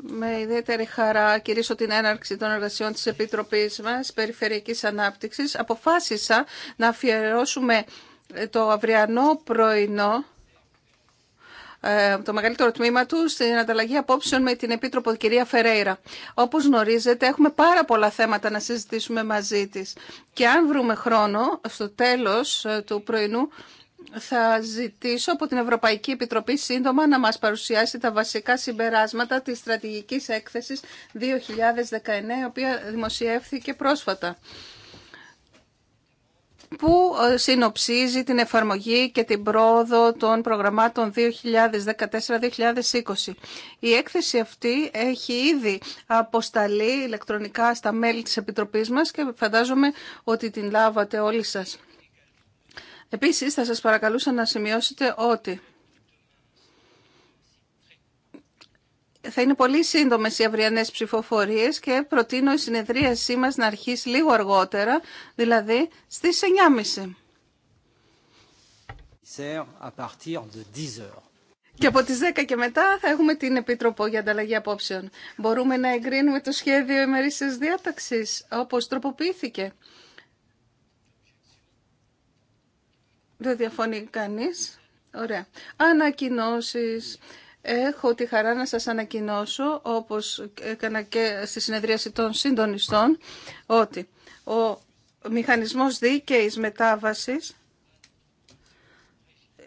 Με ιδιαίτερη χαρά κηρύσω την έναρξη των εργασιών της Επιτροπής μας Περιφερειακής Ανάπτυξης. Αποφάσισα να αφιερώσουμε ε, το αυριανό πρωινό ε, το μεγαλύτερο τμήμα του στην ανταλλαγή απόψεων με την Επίτροπο κυρία Φερέιρα. Όπως γνωρίζετε έχουμε πάρα πολλά θέματα να συζητήσουμε μαζί της και αν βρούμε χρόνο στο τέλος ε, του πρωινού θα ζητήσω από την Ευρωπαϊκή Επιτροπή σύντομα να μας παρουσιάσει τα βασικά συμπεράσματα της στρατηγικής έκθεσης 2019, η οποία δημοσιεύθηκε πρόσφατα που ε, συνοψίζει την εφαρμογή και την πρόοδο των προγραμμάτων 2014-2020. Η έκθεση αυτή έχει ήδη αποσταλεί ηλεκτρονικά στα μέλη της Επιτροπής μας και φαντάζομαι ότι την λάβατε όλοι σας. Επίσης, θα σας παρακαλούσα να σημειώσετε ότι θα είναι πολύ σύντομες οι αυριανές ψηφοφορίες και προτείνω η συνεδρίασή μας να αρχίσει λίγο αργότερα, δηλαδή στις 9.30. Και από τις 10 και μετά θα έχουμε την Επίτροπο για ανταλλαγή απόψεων. Μπορούμε να εγκρίνουμε το σχέδιο ημερήσιας διάταξης, όπως τροποποιήθηκε. Δεν διαφωνεί κανείς. Ωραία. Ανακοινώσεις. Έχω τη χαρά να σας ανακοινώσω, όπως έκανα και στη συνεδρίαση των συντονιστών, ότι ο μηχανισμός δίκαιης μετάβασης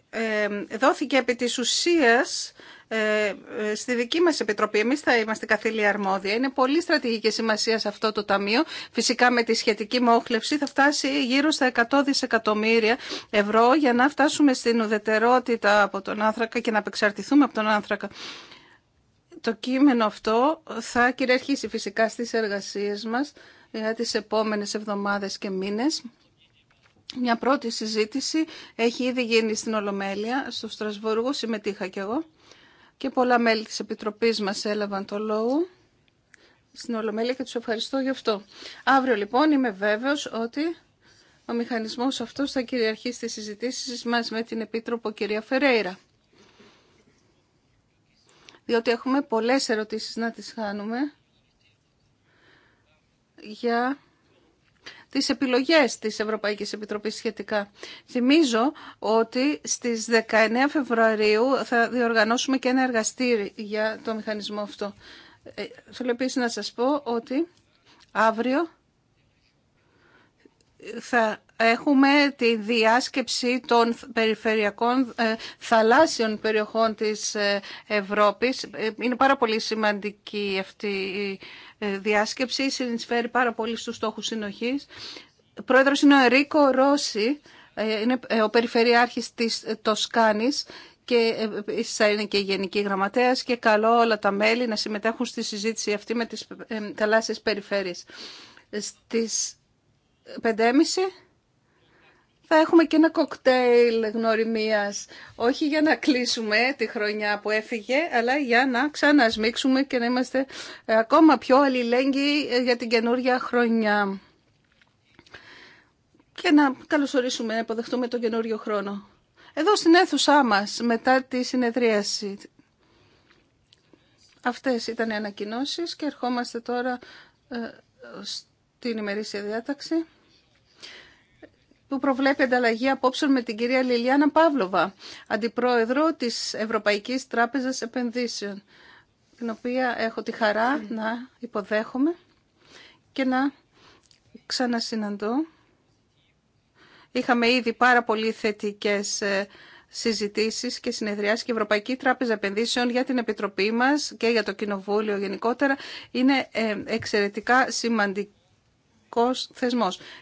ε, δόθηκε επί της ουσίας ε, ε, στη δική μας Επιτροπή. Εμείς θα είμαστε καθήλια αρμόδια. Είναι πολύ στρατηγική σημασία σε αυτό το Ταμείο. Φυσικά με τη σχετική μόχλευση θα φτάσει γύρω στα 100 δισεκατομμύρια ευρώ για να φτάσουμε στην ουδετερότητα από τον άνθρακα και να απεξαρτηθούμε από τον άνθρακα. Το κείμενο αυτό θα κυριαρχήσει φυσικά στις εργασίες μας για τις επόμενες εβδομάδες και μήνες. Μια πρώτη συζήτηση έχει ήδη γίνει στην Ολομέλεια, στο Στρασβούργο, συμμετείχα κι εγώ και πολλά μέλη της Επιτροπής μας έλαβαν το λόγο στην Ολομέλεια και τους ευχαριστώ γι' αυτό. Αύριο λοιπόν είμαι βέβαιος ότι ο μηχανισμός αυτός θα κυριαρχεί στις συζητήσεις μας με την Επίτροπο κυρία Φερέιρα. Διότι έχουμε πολλές ερωτήσεις να τις χάνουμε για τις επιλογές της Ευρωπαϊκής Επιτροπής σχετικά. Θυμίζω ότι στις 19 Φεβρουαρίου θα διοργανώσουμε και ένα εργαστήρι για το μηχανισμό αυτό. Ε, θέλω επίσης να σας πω ότι αύριο θα έχουμε τη διάσκεψη των περιφερειακών ε, θαλάσσιων περιοχών της ε, Ευρώπης. Είναι πάρα πολύ σημαντική αυτή η ε, διάσκεψη, συνεισφέρει πάρα πολύ στους στόχους συνοχής. πρόεδρος είναι ο Ερίκο Ρώση, ε, είναι ε, ο περιφερειάρχης της Τοσκάνης και επίσης είναι και Γενική Γραμματέας και καλό όλα τα μέλη να συμμετέχουν στη συζήτηση αυτή με τις θαλάσσιες περιφέρειες. Στις 5.30 θα έχουμε και ένα κοκτέιλ γνωριμίας, όχι για να κλείσουμε τη χρονιά που έφυγε, αλλά για να ξανασμίξουμε και να είμαστε ε, ακόμα πιο αλληλέγγυοι ε, για την καινούργια χρονιά. Και να καλωσορίσουμε, να υποδεχτούμε τον καινούριο χρόνο. Εδώ στην αίθουσά μας, μετά τη συνεδρίαση. Αυτές ήταν οι ανακοινώσεις και ερχόμαστε τώρα ε, στην ημερήσια διάταξη που προβλέπει ανταλλαγή απόψεων με την κυρία Λιλιάνα Παύλοβα, αντιπρόεδρο της Ευρωπαϊκής Τράπεζας Επενδύσεων, την οποία έχω τη χαρά να υποδέχομαι και να ξανασυναντώ. Είχαμε ήδη πάρα πολύ θετικές ε, συζητήσεις και συνεδριάσεις και η Ευρωπαϊκή Τράπεζα Επενδύσεων για την Επιτροπή μας και για το Κοινοβούλιο γενικότερα είναι ε, εξαιρετικά σημαντική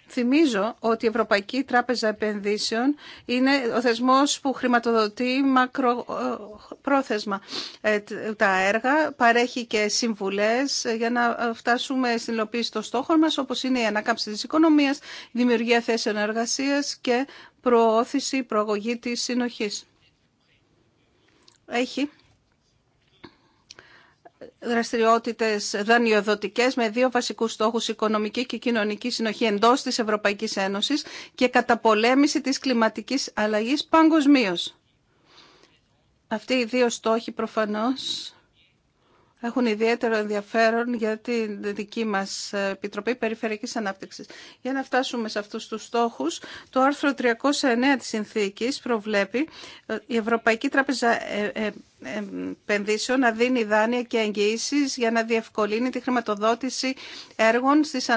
Θυμίζω ότι η Ευρωπαϊκή Τράπεζα Επενδύσεων είναι ο θεσμός που χρηματοδοτεί μακροπρόθεσμα ε, τα έργα, παρέχει και συμβουλέ για να φτάσουμε στην υλοποίηση των στόχων μας, όπως είναι η ανάκαμψη της οικονομίας, δημιουργία θέσεων εργασία και προώθηση, προαγωγή τη συνοχής. Έχει δραστηριότητες δανειοδοτικές με δύο βασικούς στόχους, οικονομική και κοινωνική συνοχή εντός της Ευρωπαϊκής Ένωσης και καταπολέμηση της κλιματικής αλλαγής παγκοσμίω. Αυτοί οι δύο στόχοι προφανώς έχουν ιδιαίτερο ενδιαφέρον για την δική μας Επιτροπή Περιφερειακής Ανάπτυξης. Για να φτάσουμε σε αυτούς τους στόχους, το άρθρο 309 της Συνθήκης προβλέπει ε, η Ευρωπαϊκή Τράπεζα ε, ε, Επενδύσεων να δίνει δάνεια και εγγυήσεις για να διευκολύνει τη χρηματοδότηση έργων στις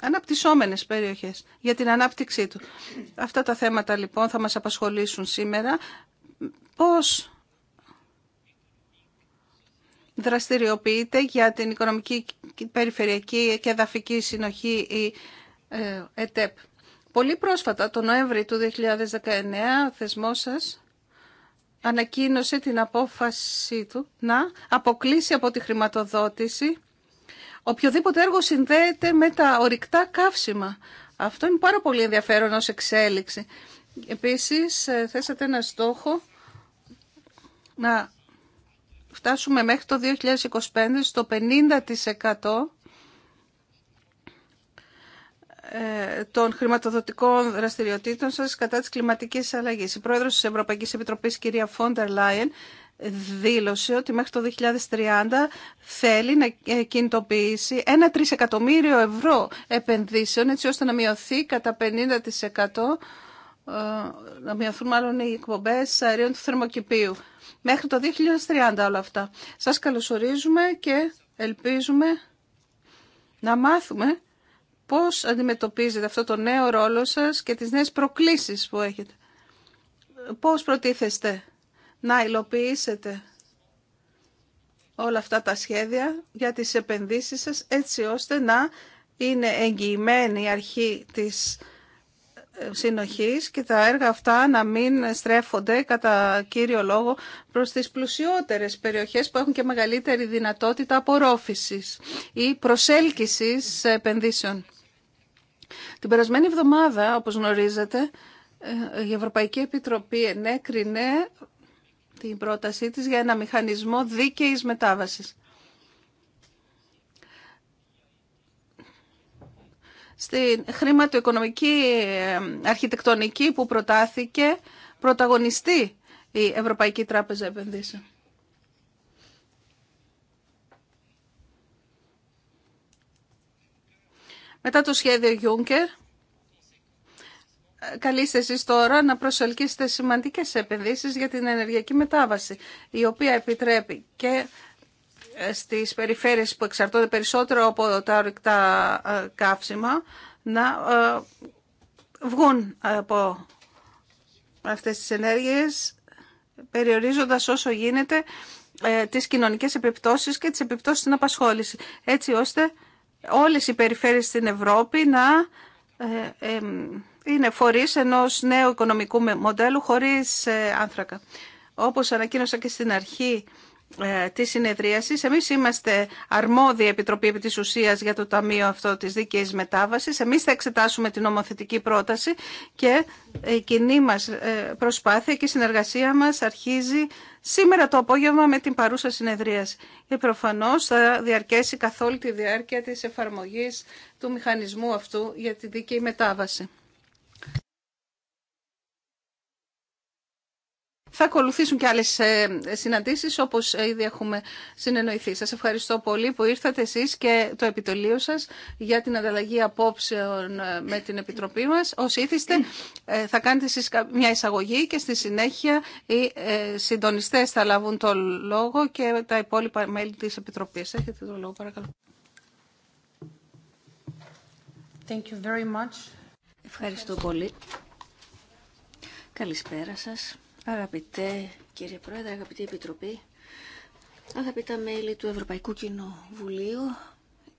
αναπτυσσόμενες περιοχές για την ανάπτυξή του. Αυτά τα θέματα λοιπόν θα μας απασχολήσουν σήμερα. Πώς δραστηριοποιείται για την οικονομική, περιφερειακή και εδαφική συνοχή η ε, ΕΤΕΠ. Πολύ πρόσφατα, τον Νοέμβρη του 2019, ο θεσμός σας ανακοίνωσε την απόφαση του να αποκλείσει από τη χρηματοδότηση οποιοδήποτε έργο συνδέεται με τα ορυκτά καύσιμα. Αυτό είναι πάρα πολύ ενδιαφέρον ως εξέλιξη. Επίσης, ε, θέσατε ένα στόχο να φτάσουμε μέχρι το 2025 στο 50% ε, των χρηματοδοτικών δραστηριοτήτων σας κατά της κλιματικής αλλαγής. Η πρόεδρος της Ευρωπαϊκής Επιτροπής, κυρία Φόντερ Λάιεν, δήλωσε ότι μέχρι το 2030 θέλει να ε, κινητοποιήσει ένα τρισεκατομμύριο ευρώ επενδύσεων έτσι ώστε να μειωθεί κατά 50% να μειωθούν μάλλον οι εκπομπέ αερίων του θερμοκηπίου. Μέχρι το 2030 όλα αυτά. Σας καλωσορίζουμε και ελπίζουμε να μάθουμε πώς αντιμετωπίζετε αυτό το νέο ρόλο σας και τις νέες προκλήσεις που έχετε. Πώς προτίθεστε να υλοποιήσετε όλα αυτά τα σχέδια για τις επενδύσεις σας έτσι ώστε να είναι εγγυημένη η αρχή της συνοχής και τα έργα αυτά να μην στρέφονται κατά κύριο λόγο προς τις πλουσιότερες περιοχές που έχουν και μεγαλύτερη δυνατότητα απορρόφησης ή προσέλκυσης επενδύσεων. Την περασμένη εβδομάδα, όπως γνωρίζετε, ε, η Ευρωπαϊκή Επιτροπή ενέκρινε την πρότασή της για ένα μηχανισμό δίκαιης μετάβασης. στην χρηματοοικονομική ε, αρχιτεκτονική που προτάθηκε πρωταγωνιστή η Ευρωπαϊκή Τράπεζα Επενδύσεων. Μετά το σχέδιο Juncker, ε, καλείστε εσείς τώρα να προσελκύσετε σημαντικές επενδύσεις για την ενεργειακή μετάβαση, η οποία επιτρέπει και στις περιφέρειες που εξαρτώνται περισσότερο από τα ορυκτά ε, καύσιμα να ε, βγουν από αυτές τις ενέργειες περιορίζοντας όσο γίνεται ε, τις κοινωνικές επιπτώσεις και τις επιπτώσεις στην απασχόληση. Έτσι ώστε όλες οι περιφέρειες στην Ευρώπη να είναι φορείς ενός νέου οικονομικού μοντέλου χωρίς άνθρακα. Όπως ανακοίνωσα και στην αρχή, ε, τη συνεδρίαση. Εμεί είμαστε αρμόδια επιτροπή επί της ουσίας για το Ταμείο αυτό της Δίκαιη Μετάβασης. Εμεί θα εξετάσουμε την νομοθετική πρόταση και η κοινή μας ε, προσπάθεια και η συνεργασία μας αρχίζει σήμερα το απόγευμα με την παρούσα συνεδρίαση. Και προφανώς θα διαρκέσει καθ' τη διάρκεια της εφαρμογής του μηχανισμού αυτού για τη δίκαιη μετάβαση. Θα ακολουθήσουν και άλλες ε, συναντήσεις όπως ήδη έχουμε συνεννοηθεί. Σας ευχαριστώ πολύ που ήρθατε εσείς και το επιτολείο σας για την ανταλλαγή απόψεων ε, με την Επιτροπή μας. Ως ήθιστε ε, θα κάνετε εσείς μια εισαγωγή και στη συνέχεια οι συντονιστές θα λάβουν το λόγο και τα υπόλοιπα μέλη της Επιτροπής. Έχετε το λόγο παρακαλώ. Thank you very much. Ευχαριστώ πολύ. Καλησπέρα σας. Αγαπητέ κύριε Πρόεδρε, αγαπητή Επιτροπή, αγαπητά μέλη του Ευρωπαϊκού Κοινοβουλίου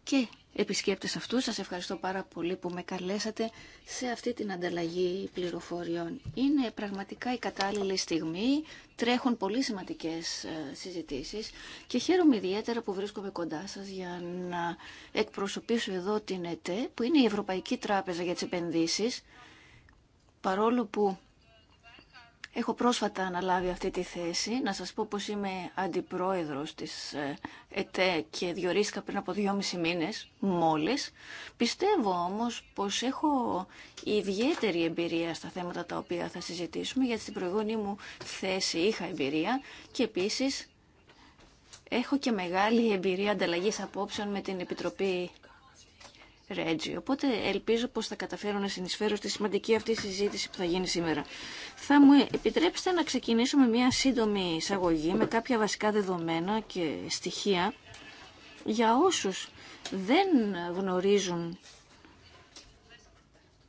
και επισκέπτες αυτούς, σας ευχαριστώ πάρα πολύ που με καλέσατε σε αυτή την ανταλλαγή πληροφοριών. Είναι πραγματικά η κατάλληλη στιγμή, τρέχουν πολύ σημαντικές ε, συζητήσεις και χαίρομαι ιδιαίτερα που βρίσκομαι κοντά σας για να εκπροσωπήσω εδώ την ΕΤΕ, που είναι η Ευρωπαϊκή Τράπεζα για τις Επενδύσεις, παρόλο που Έχω πρόσφατα αναλάβει αυτή τη θέση. Να σας πω πως είμαι αντιπρόεδρος της ε, ΕΤΕ και διορίστηκα πριν από δυόμισι μήνες μόλις. Πιστεύω όμως πως έχω ιδιαίτερη εμπειρία στα θέματα τα οποία θα συζητήσουμε γιατί στην προηγούμενη μου θέση είχα εμπειρία και επίσης έχω και μεγάλη εμπειρία ανταλλαγή απόψεων με την Επιτροπή Ρέτζι. Οπότε ελπίζω πως θα καταφέρω να συνεισφέρω στη σημαντική αυτή συζήτηση που θα γίνει σήμερα. Θα μου επιτρέψετε να ξεκινήσω με μια σύντομη εισαγωγή με κάποια βασικά δεδομένα και στοιχεία για όσους δεν γνωρίζουν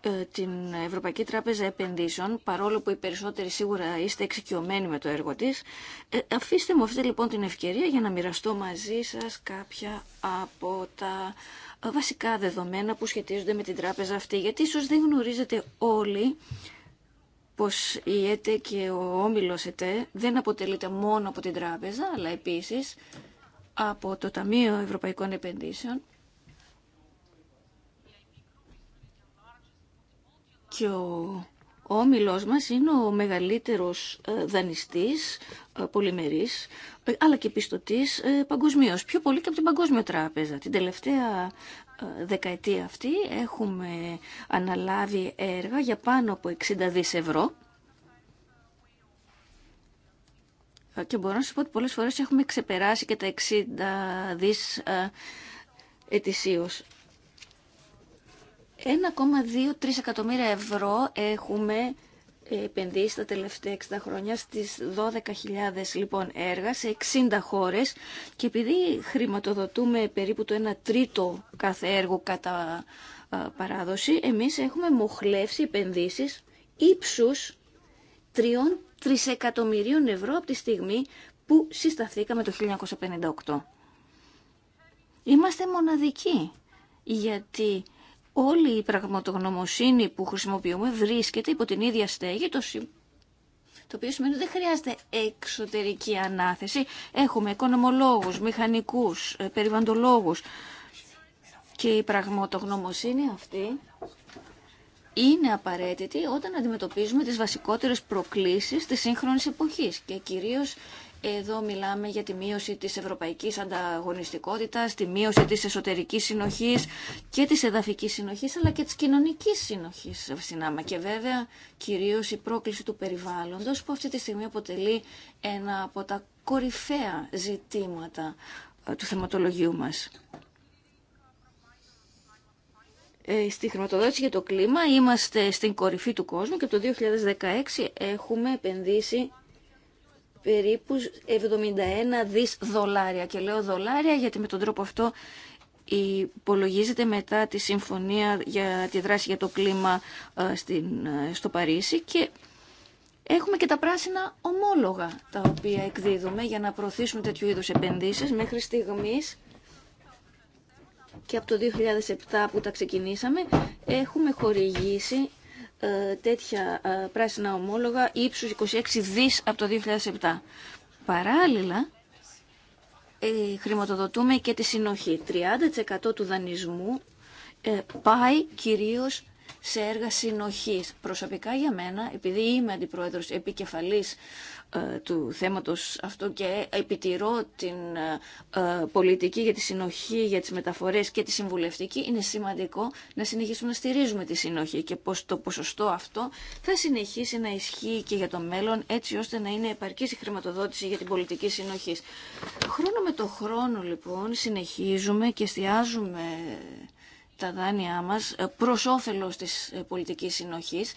ε, την Ευρωπαϊκή Τράπεζα Επενδύσεων, παρόλο που οι περισσότεροι σίγουρα είστε εξοικειωμένοι με το έργο της, ε, αφήστε μου αυτή λοιπόν την ευκαιρία για να μοιραστώ μαζί σας κάποια από τα βασικά δεδομένα που σχετίζονται με την τράπεζα αυτή. Γιατί ίσως δεν γνωρίζετε όλοι πως η ΕΤΕ και ο όμιλος ΕΤΕ δεν αποτελείται μόνο από την τράπεζα, αλλά επίσης από το Ταμείο Ευρωπαϊκών Επενδύσεων και ο ο όμιλός μας είναι ο μεγαλύτερος ε, δανειστής ε, πολυμερής, ε, αλλά και πιστωτής παγκοσμίω. πιο πολύ και από την Παγκόσμια Τράπεζα. Την τελευταία δεκαετία αυτή έχουμε αναλάβει έργα για πάνω από 60 δις ευρώ. Και μπορώ να σας πω ότι πολλές φορές έχουμε ξεπεράσει και τα 60 δις ετησίως. 1,2-3 εκατομμύρια ευρώ έχουμε επενδύσει τα τελευταία 60 χρόνια στις 12.000 λοιπόν έργα σε 60 χώρες και επειδή χρηματοδοτούμε περίπου το 1 τρίτο κάθε έργο κατά παράδοση, εμείς έχουμε μοχλεύσει επενδύσεις ύψους 3 εκατομμυρίων ευρώ από τη στιγμή που συσταθήκαμε το 1958. Είμαστε μοναδικοί γιατί όλη η πραγματογνωμοσύνη που χρησιμοποιούμε βρίσκεται υπό την ίδια στέγη, το, το οποίο σημαίνει ότι δεν χρειάζεται εξωτερική ανάθεση. Έχουμε οικονομολόγους, μηχανικούς, ε, περιβαντολόγους και η πραγματογνωμοσύνη αυτή είναι απαραίτητη όταν αντιμετωπίζουμε τις βασικότερες προκλήσεις της σύγχρονης εποχής και κυρίως εδώ μιλάμε για τη μείωση της ευρωπαϊκής ανταγωνιστικότητας, τη μείωση της εσωτερικής συνοχής και της εδαφικής συνοχής, αλλά και της κοινωνικής συνοχής συνάμα. Και βέβαια κυρίως η πρόκληση του περιβάλλοντος που αυτή τη στιγμή αποτελεί ένα από τα κορυφαία ζητήματα ε, του θεματολογίου μας. Ε, στη χρηματοδότηση για το κλίμα είμαστε στην κορυφή του κόσμου και το 2016 έχουμε επενδύσει περίπου 71 δις δολάρια. Και λέω δολάρια γιατί με τον τρόπο αυτό υπολογίζεται μετά τη συμφωνία για τη δράση για το κλίμα ε, ε, στο Παρίσι και έχουμε και τα πράσινα ομόλογα τα οποία εκδίδουμε για να προωθήσουμε τέτοιου είδους επενδύσεις μέχρι στιγμής και από το 2007 που τα ξεκινήσαμε έχουμε χορηγήσει ε, τέτοια ε, πράσινα ομόλογα ύψους 26 δις από το 2007. Παράλληλα, ε, χρηματοδοτούμε και τη συνοχή. 30% του δανεισμού πάει κυρίως σε έργα συνοχής. Προσωπικά για μένα, επειδή είμαι αντιπρόεδρος επικεφαλής ε, του θέματος αυτό και επιτηρώ την ε, πολιτική για τη συνοχή, για τις μεταφορές και τη συμβουλευτική, είναι σημαντικό να συνεχίσουμε να στηρίζουμε τη συνοχή και πως το ποσοστό αυτό θα συνεχίσει να ισχύει και για το μέλλον έτσι ώστε να είναι επαρκής η χρηματοδότηση για την πολιτική συνοχή. Χρόνο με το χρόνο λοιπόν συνεχίζουμε και εστιάζουμε τα δάνειά μας προς όφελος της ε, πολιτικής συνοχής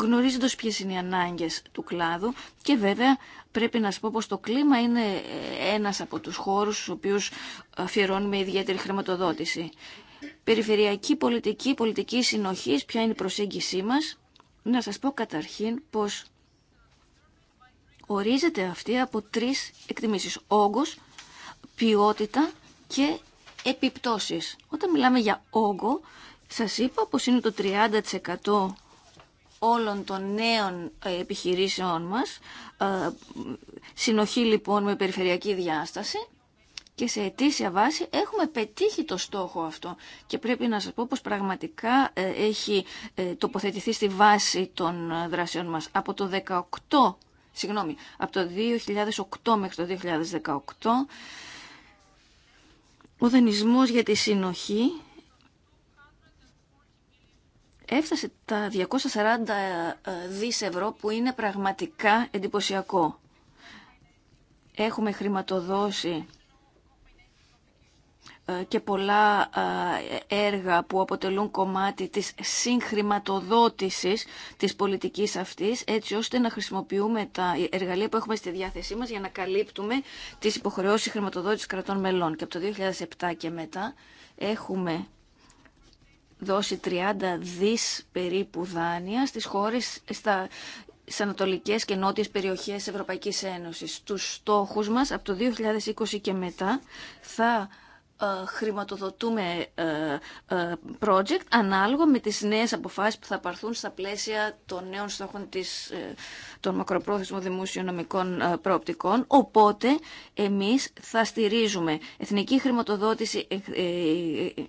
γνωρίζοντας ποιες είναι οι ανάγκες του κλάδου και βέβαια πρέπει να σας πω πως το κλίμα είναι ε, ένας από τους χώρους στους οποίους αφιερώνουμε ιδιαίτερη χρηματοδότηση. Περιφερειακή πολιτική, πολιτική συνοχής, ποια είναι η προσέγγισή μας. Να σας πω καταρχήν πως ορίζεται αυτή από τρεις εκτιμήσεις. Όγκος, ποιότητα και επιπτώσεις. Όταν μιλάμε για όγκο, σας είπα πως είναι το 30% όλων των νέων ε, επιχειρήσεών μας, ε, συνοχή λοιπόν με περιφερειακή διάσταση και σε αιτήσια βάση έχουμε πετύχει το στόχο αυτό και πρέπει να σας πω πως πραγματικά ε, έχει τοποθετηθεί στη βάση των δράσεων μας. Από το 18, συγγνώμη, από το 2008 μέχρι το 2018 ο δανεισμός για τη συνοχή έφτασε τα 240 ε, δις ευρώ που είναι πραγματικά εντυπωσιακό. Έχουμε χρηματοδόσει ε, και πολλά ε, έργα που αποτελούν κομμάτι της συγχρηματοδότησης της πολιτικής αυτής, έτσι ώστε να χρησιμοποιούμε τα εργαλεία που έχουμε στη διάθεσή μας για να καλύπτουμε τις υποχρεώσεις χρηματοδότησης κρατών μελών. Και από το 2007 και μετά έχουμε δώσει 30 δις περίπου δάνεια στις χώρες, στα, στις ανατολικές και νότιες περιοχές Ευρωπαϊκής Ένωσης. Τους στόχους μας από το 2020 και μετά θα ε, χρηματοδοτούμε ε, ε, project ανάλογα με τις νέες αποφάσεις που θα παρθούν στα πλαίσια των νέων στόχων της, των μακροπρόθεσμων δημοσιονομικών προοπτικών. Οπότε εμείς θα στηρίζουμε εθνική, χρηματοδότηση,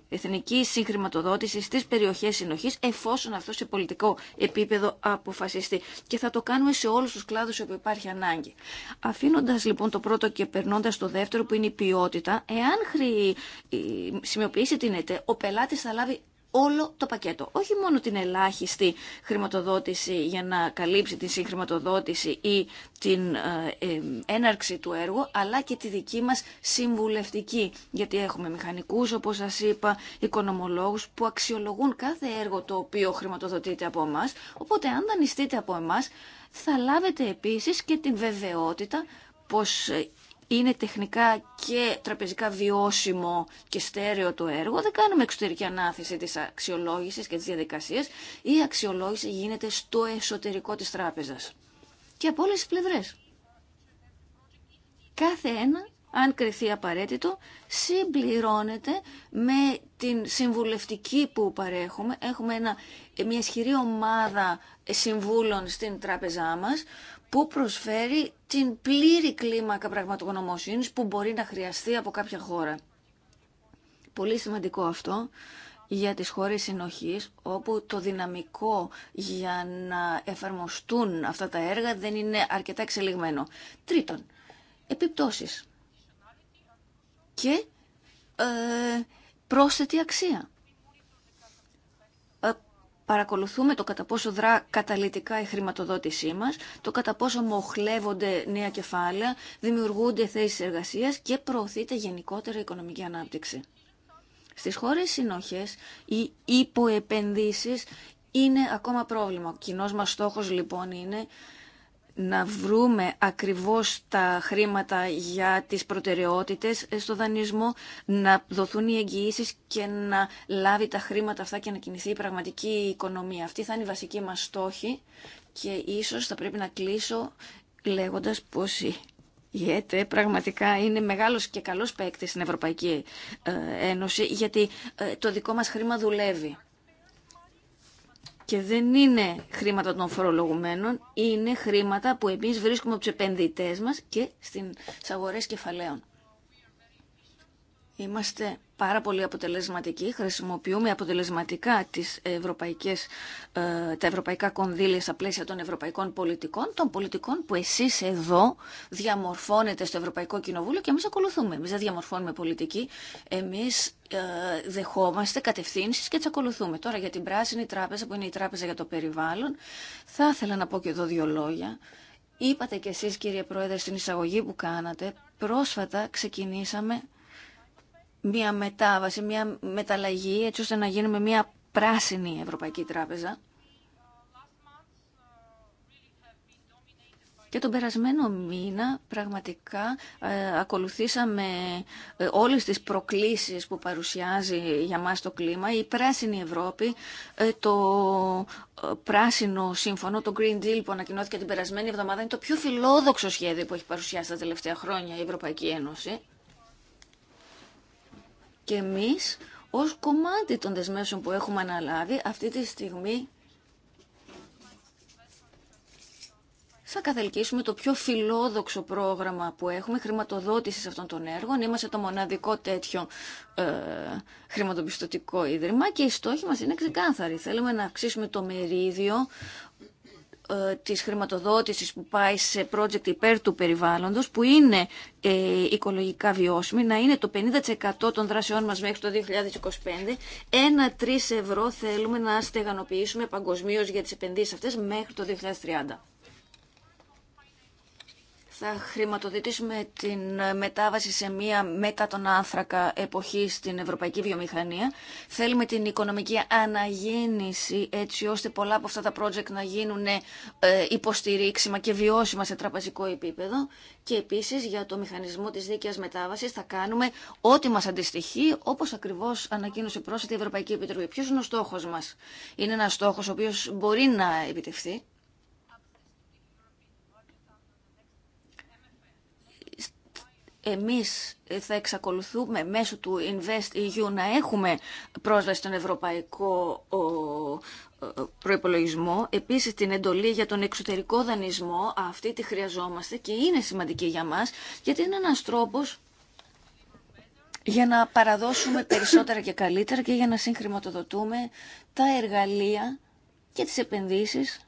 εθνική συγχρηματοδότηση στις περιοχές συνοχής εφόσον αυτό σε πολιτικό επίπεδο αποφασιστεί. Και θα το κάνουμε σε όλους τους κλάδους όπου υπάρχει ανάγκη. Αφήνοντας λοιπόν το πρώτο και περνώντας το δεύτερο που είναι η ποιότητα, εάν χρειάζεται σημειοποιήσει την ΕΤΕ, ο πελάτης θα λάβει όλο το πακέτο. Όχι μόνο την ελάχιστη χρηματοδότηση για να καλύψει την συγχρηματοδότηση ή την ε, ε, έναρξη του έργου, αλλά και τη δική μας συμβουλευτική. Γιατί έχουμε μηχανικούς, όπως σας είπα, οικονομολόγους που αξιολογούν κάθε έργο το οποίο χρηματοδοτείται από εμά. Οπότε αν δανειστείτε από εμά, θα λάβετε επίσης και την βεβαιότητα πως ε, είναι τεχνικά και τραπεζικά βιώσιμο και στέρεο το έργο, δεν κάνουμε εξωτερική ανάθεση της αξιολόγησης και της διαδικασίας. Η αξιολόγηση γίνεται στο εσωτερικό της τράπεζας. Και από όλες τις πλευρές. Κάθε ένα, αν κρυθεί απαραίτητο, συμπληρώνεται με την συμβουλευτική που παρέχουμε. Έχουμε ένα, μια ισχυρή ομάδα συμβούλων στην τράπεζά μας, που προσφέρει την πλήρη κλίμακα πραγματογνωμοσύνης που μπορεί να χρειαστεί από κάποια χώρα. Πολύ σημαντικό αυτό για τις χώρες συνοχής, όπου το δυναμικό για να εφαρμοστούν αυτά τα έργα δεν είναι αρκετά εξελιγμένο. Τρίτον, επιπτώσεις και ε, πρόσθετη αξία παρακολουθούμε το κατά πόσο δρά καταλητικά η χρηματοδότησή μας, το κατά πόσο μοχλεύονται νέα κεφάλαια, δημιουργούνται θέσει εργασία και προωθείται γενικότερα η οικονομική ανάπτυξη. Στις χώρες συνοχέ, οι υποεπενδύσεις είναι ακόμα πρόβλημα. Ο κοινός μα στόχος λοιπόν είναι να βρούμε ακριβώς τα χρήματα για τις προτεραιότητες στο δανεισμό, να δοθούν οι εγγυήσεις και να λάβει τα χρήματα αυτά και να κινηθεί η πραγματική οικονομία. Αυτή θα είναι η βασική μας στόχη και ίσως θα πρέπει να κλείσω λέγοντας πως η ΕΤΕ πραγματικά είναι μεγάλος και καλός παίκτη στην Ευρωπαϊκή ε, Ένωση γιατί ε, το δικό μας χρήμα δουλεύει και δεν είναι χρήματα των φορολογουμένων, είναι χρήματα που εμείς βρίσκουμε από τους επενδυτές μας και στις αγορές κεφαλαίων. Είμαστε πάρα πολύ αποτελεσματική. Χρησιμοποιούμε αποτελεσματικά τις ευρωπαϊκές, ε, τα ευρωπαϊκά κονδύλια στα πλαίσια των ευρωπαϊκών πολιτικών, των πολιτικών που εσείς εδώ διαμορφώνετε στο Ευρωπαϊκό Κοινοβούλιο και εμείς ακολουθούμε. Εμείς δεν διαμορφώνουμε πολιτική, εμείς ε, δεχόμαστε κατευθύνσει και τις ακολουθούμε. Τώρα για την Πράσινη Τράπεζα που είναι η Τράπεζα για το Περιβάλλον, θα ήθελα να πω και εδώ δύο λόγια. Είπατε κι εσείς κύριε Πρόεδρε στην εισαγωγή που κάνατε, πρόσφατα ξεκινήσαμε μια μετάβαση, μια μεταλλαγή έτσι ώστε να γίνουμε μια πράσινη Ευρωπαϊκή Τράπεζα. Και τον περασμένο μήνα πραγματικά ε, ακολουθήσαμε ε, όλες τις προκλήσεις που παρουσιάζει για μας το κλίμα. Η πράσινη Ευρώπη, ε, το ε, πράσινο σύμφωνο, το Green Deal που ανακοινώθηκε την περασμένη εβδομάδα, είναι το πιο φιλόδοξο σχέδιο που έχει παρουσιάσει τα τελευταία χρόνια η Ευρωπαϊκή Ένωση. Και εμείς ως κομμάτι των δεσμεύσεων που έχουμε αναλάβει αυτή τη στιγμή θα καθελκύσουμε το πιο φιλόδοξο πρόγραμμα που έχουμε χρηματοδότηση αυτών των έργων. Είμαστε το μοναδικό τέτοιο ε, χρηματοπιστωτικό ίδρυμα και οι στόχοι μας είναι ξεκάθαροι. Θέλουμε να αυξήσουμε το μερίδιο ε, της χρηματοδότησης που πάει σε project υπέρ του περιβάλλοντος που είναι ε, οικολογικά βιώσιμη να είναι το 50% των δράσεών μας μέχρι το 2025 ένα 3 ευρώ θέλουμε να στεγανοποιήσουμε παγκοσμίω για τις επενδύσεις αυτές μέχρι το 2030 θα χρηματοδοτήσουμε την μετάβαση σε μία μετά τον άνθρακα εποχή στην ευρωπαϊκή βιομηχανία. Θέλουμε την οικονομική αναγέννηση έτσι ώστε πολλά από αυτά τα project να γίνουν ε, υποστηρίξιμα και βιώσιμα σε τραπεζικό επίπεδο. Και επίσης για το μηχανισμό της δίκαιας μετάβασης θα κάνουμε ό,τι μας αντιστοιχεί όπως ακριβώς ανακοίνωσε πρόσφατα η Ευρωπαϊκή Επιτροπή. Ποιος είναι ο στόχος μας. Είναι ένας στόχος ο οποίος μπορεί να επιτευχθεί εμείς θα εξακολουθούμε μέσω του Invest EU να έχουμε πρόσβαση στον ευρωπαϊκό προϋπολογισμό. Επίσης την εντολή για τον εξωτερικό δανεισμό, αυτή τη χρειαζόμαστε και είναι σημαντική για μας, γιατί είναι ένας τρόπος για να παραδώσουμε περισσότερα και καλύτερα και για να συγχρηματοδοτούμε τα εργαλεία και τις επενδύσεις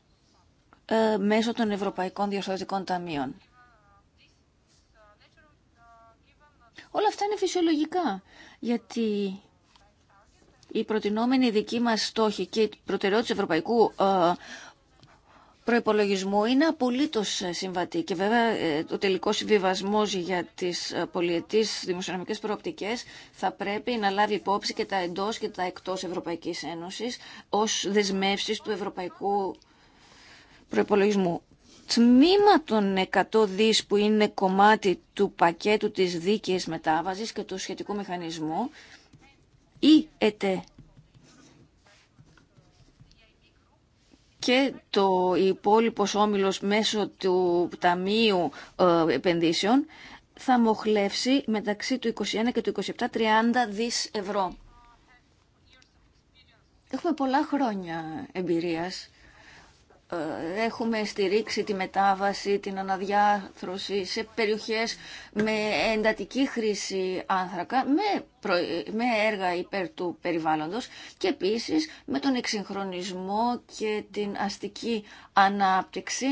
ε, μέσω των Ευρωπαϊκών Διορθωτικών Ταμείων. Όλα αυτά είναι φυσιολογικά, γιατί η προτινόμενη δική μας στόχη και η προτεραιότητα του ευρωπαϊκού ε, προϋπολογισμού είναι απολύτως ε, συμβατή και βέβαια το ε, τελικό συμβιβασμό για τις πολιετής δημοσιονομικές προοπτικές θα πρέπει να λάβει υπόψη και τα εντός και τα εκτός Ευρωπαϊκής Ένωσης ως δεσμεύσεις του ευρωπαϊκού προϋπολογισμού τμήμα των 100 δις που είναι κομμάτι του πακέτου της δίκαιης μετάβασης και του σχετικού μηχανισμού ή ΕΤΕ και το υπόλοιπο όμιλος μέσω του Ταμείου ε, Επενδύσεων θα μοχλεύσει μεταξύ του 21 και του 27 30 δις ευρώ. Έχουμε πολλά χρόνια εμπειρίας ε, έχουμε στηρίξει τη μετάβαση, την αναδιάθρωση σε περιοχές με εντατική χρήση άνθρακα, με, έργα υπέρ του περιβάλλοντος και επίσης με τον εξυγχρονισμό και την αστική ανάπτυξη.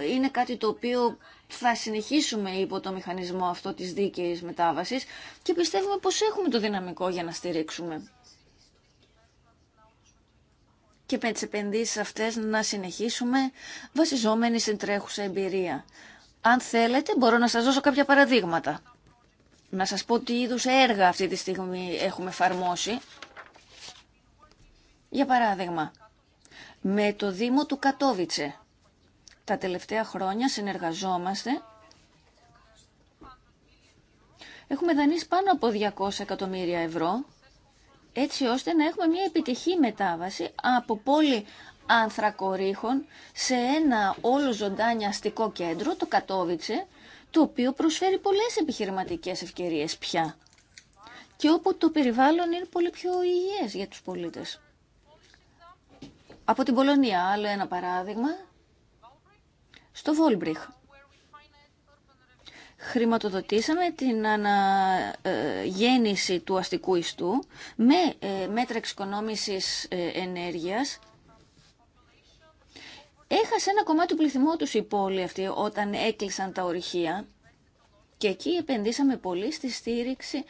Ε, είναι κάτι το οποίο θα συνεχίσουμε υπό το μηχανισμό αυτό της δίκαιης μετάβασης και πιστεύουμε πως έχουμε το δυναμικό για να στηρίξουμε και με τις επενδύσεις αυτές να συνεχίσουμε βασιζόμενοι στην τρέχουσα εμπειρία. Αν θέλετε μπορώ να σας δώσω κάποια παραδείγματα. Να σας πω τι είδους έργα αυτή τη στιγμή έχουμε εφαρμόσει. Για παράδειγμα, με το Δήμο του Κατόβιτσε. Τα τελευταία χρόνια συνεργαζόμαστε Έχουμε δανείσει πάνω από 200 εκατομμύρια ευρώ έτσι ώστε να έχουμε μια επιτυχή μετάβαση από πόλη ανθρακορίχων σε ένα όλο ζωντανια αστικό κέντρο, το Κατόβιτσε, το οποίο προσφέρει πολλές επιχειρηματικές ευκαιρίες πια και όπου το περιβάλλον είναι πολύ πιο υγιές για τους πολίτες. Από την Πολωνία, άλλο ένα παράδειγμα, στο Βόλμπριχ χρηματοδοτήσαμε την αναγέννηση ε, του αστικού ιστού με ε, μέτρα εξοικονόμησης ε, ενέργειας. Έχασε ένα κομμάτι του πληθυσμού τους η πόλη αυτή όταν έκλεισαν τα ορυχεία και εκεί επενδύσαμε πολύ στη στήριξη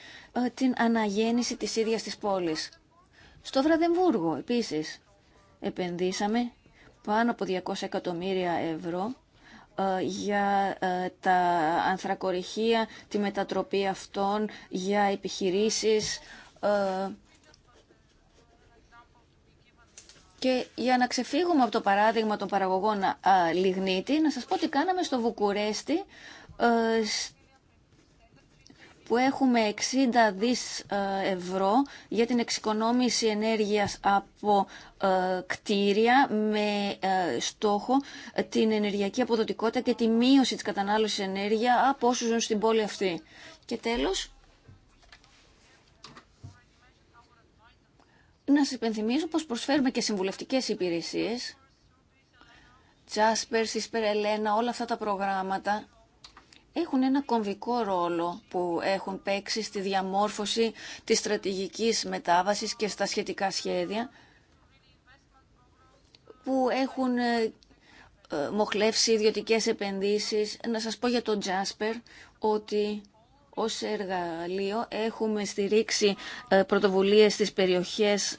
την αναγέννηση της ίδιας της πόλης. Στο Βραδεμβούργο επίσης επενδύσαμε πάνω από 200 εκατομμύρια ευρώ ε, για ε, τα ανθρακοριχεία, τη μετατροπή αυτών, για επιχειρήσεις ε, και για να ξεφύγουμε από το παράδειγμα των παραγωγών λιγνίτη, να σας πω τι κάναμε στο Βουκουρέστι που έχουμε 60 δις ε, ευρώ για την εξοικονόμηση ενέργειας από ε, κτίρια με ε, στόχο την ενεργειακή αποδοτικότητα και τη μείωση της κατανάλωσης ενέργεια από όσους ζουν στην πόλη αυτή. Και τέλος, να σας υπενθυμίσω πως προσφέρουμε και συμβουλευτικές υπηρεσίες, Τζάσπερ, Σίσπερ Ελένα, όλα αυτά τα προγράμματα έχουν ένα κομβικό ρόλο που έχουν παίξει στη διαμόρφωση της στρατηγικής μετάβασης και στα σχετικά σχέδια που έχουν ε, ε, μοχλεύσει ιδιωτικές επενδύσεις. Να σας πω για τον Τζάσπερ ότι ως εργαλείο έχουμε στηρίξει ε, πρωτοβουλίες στις περιοχές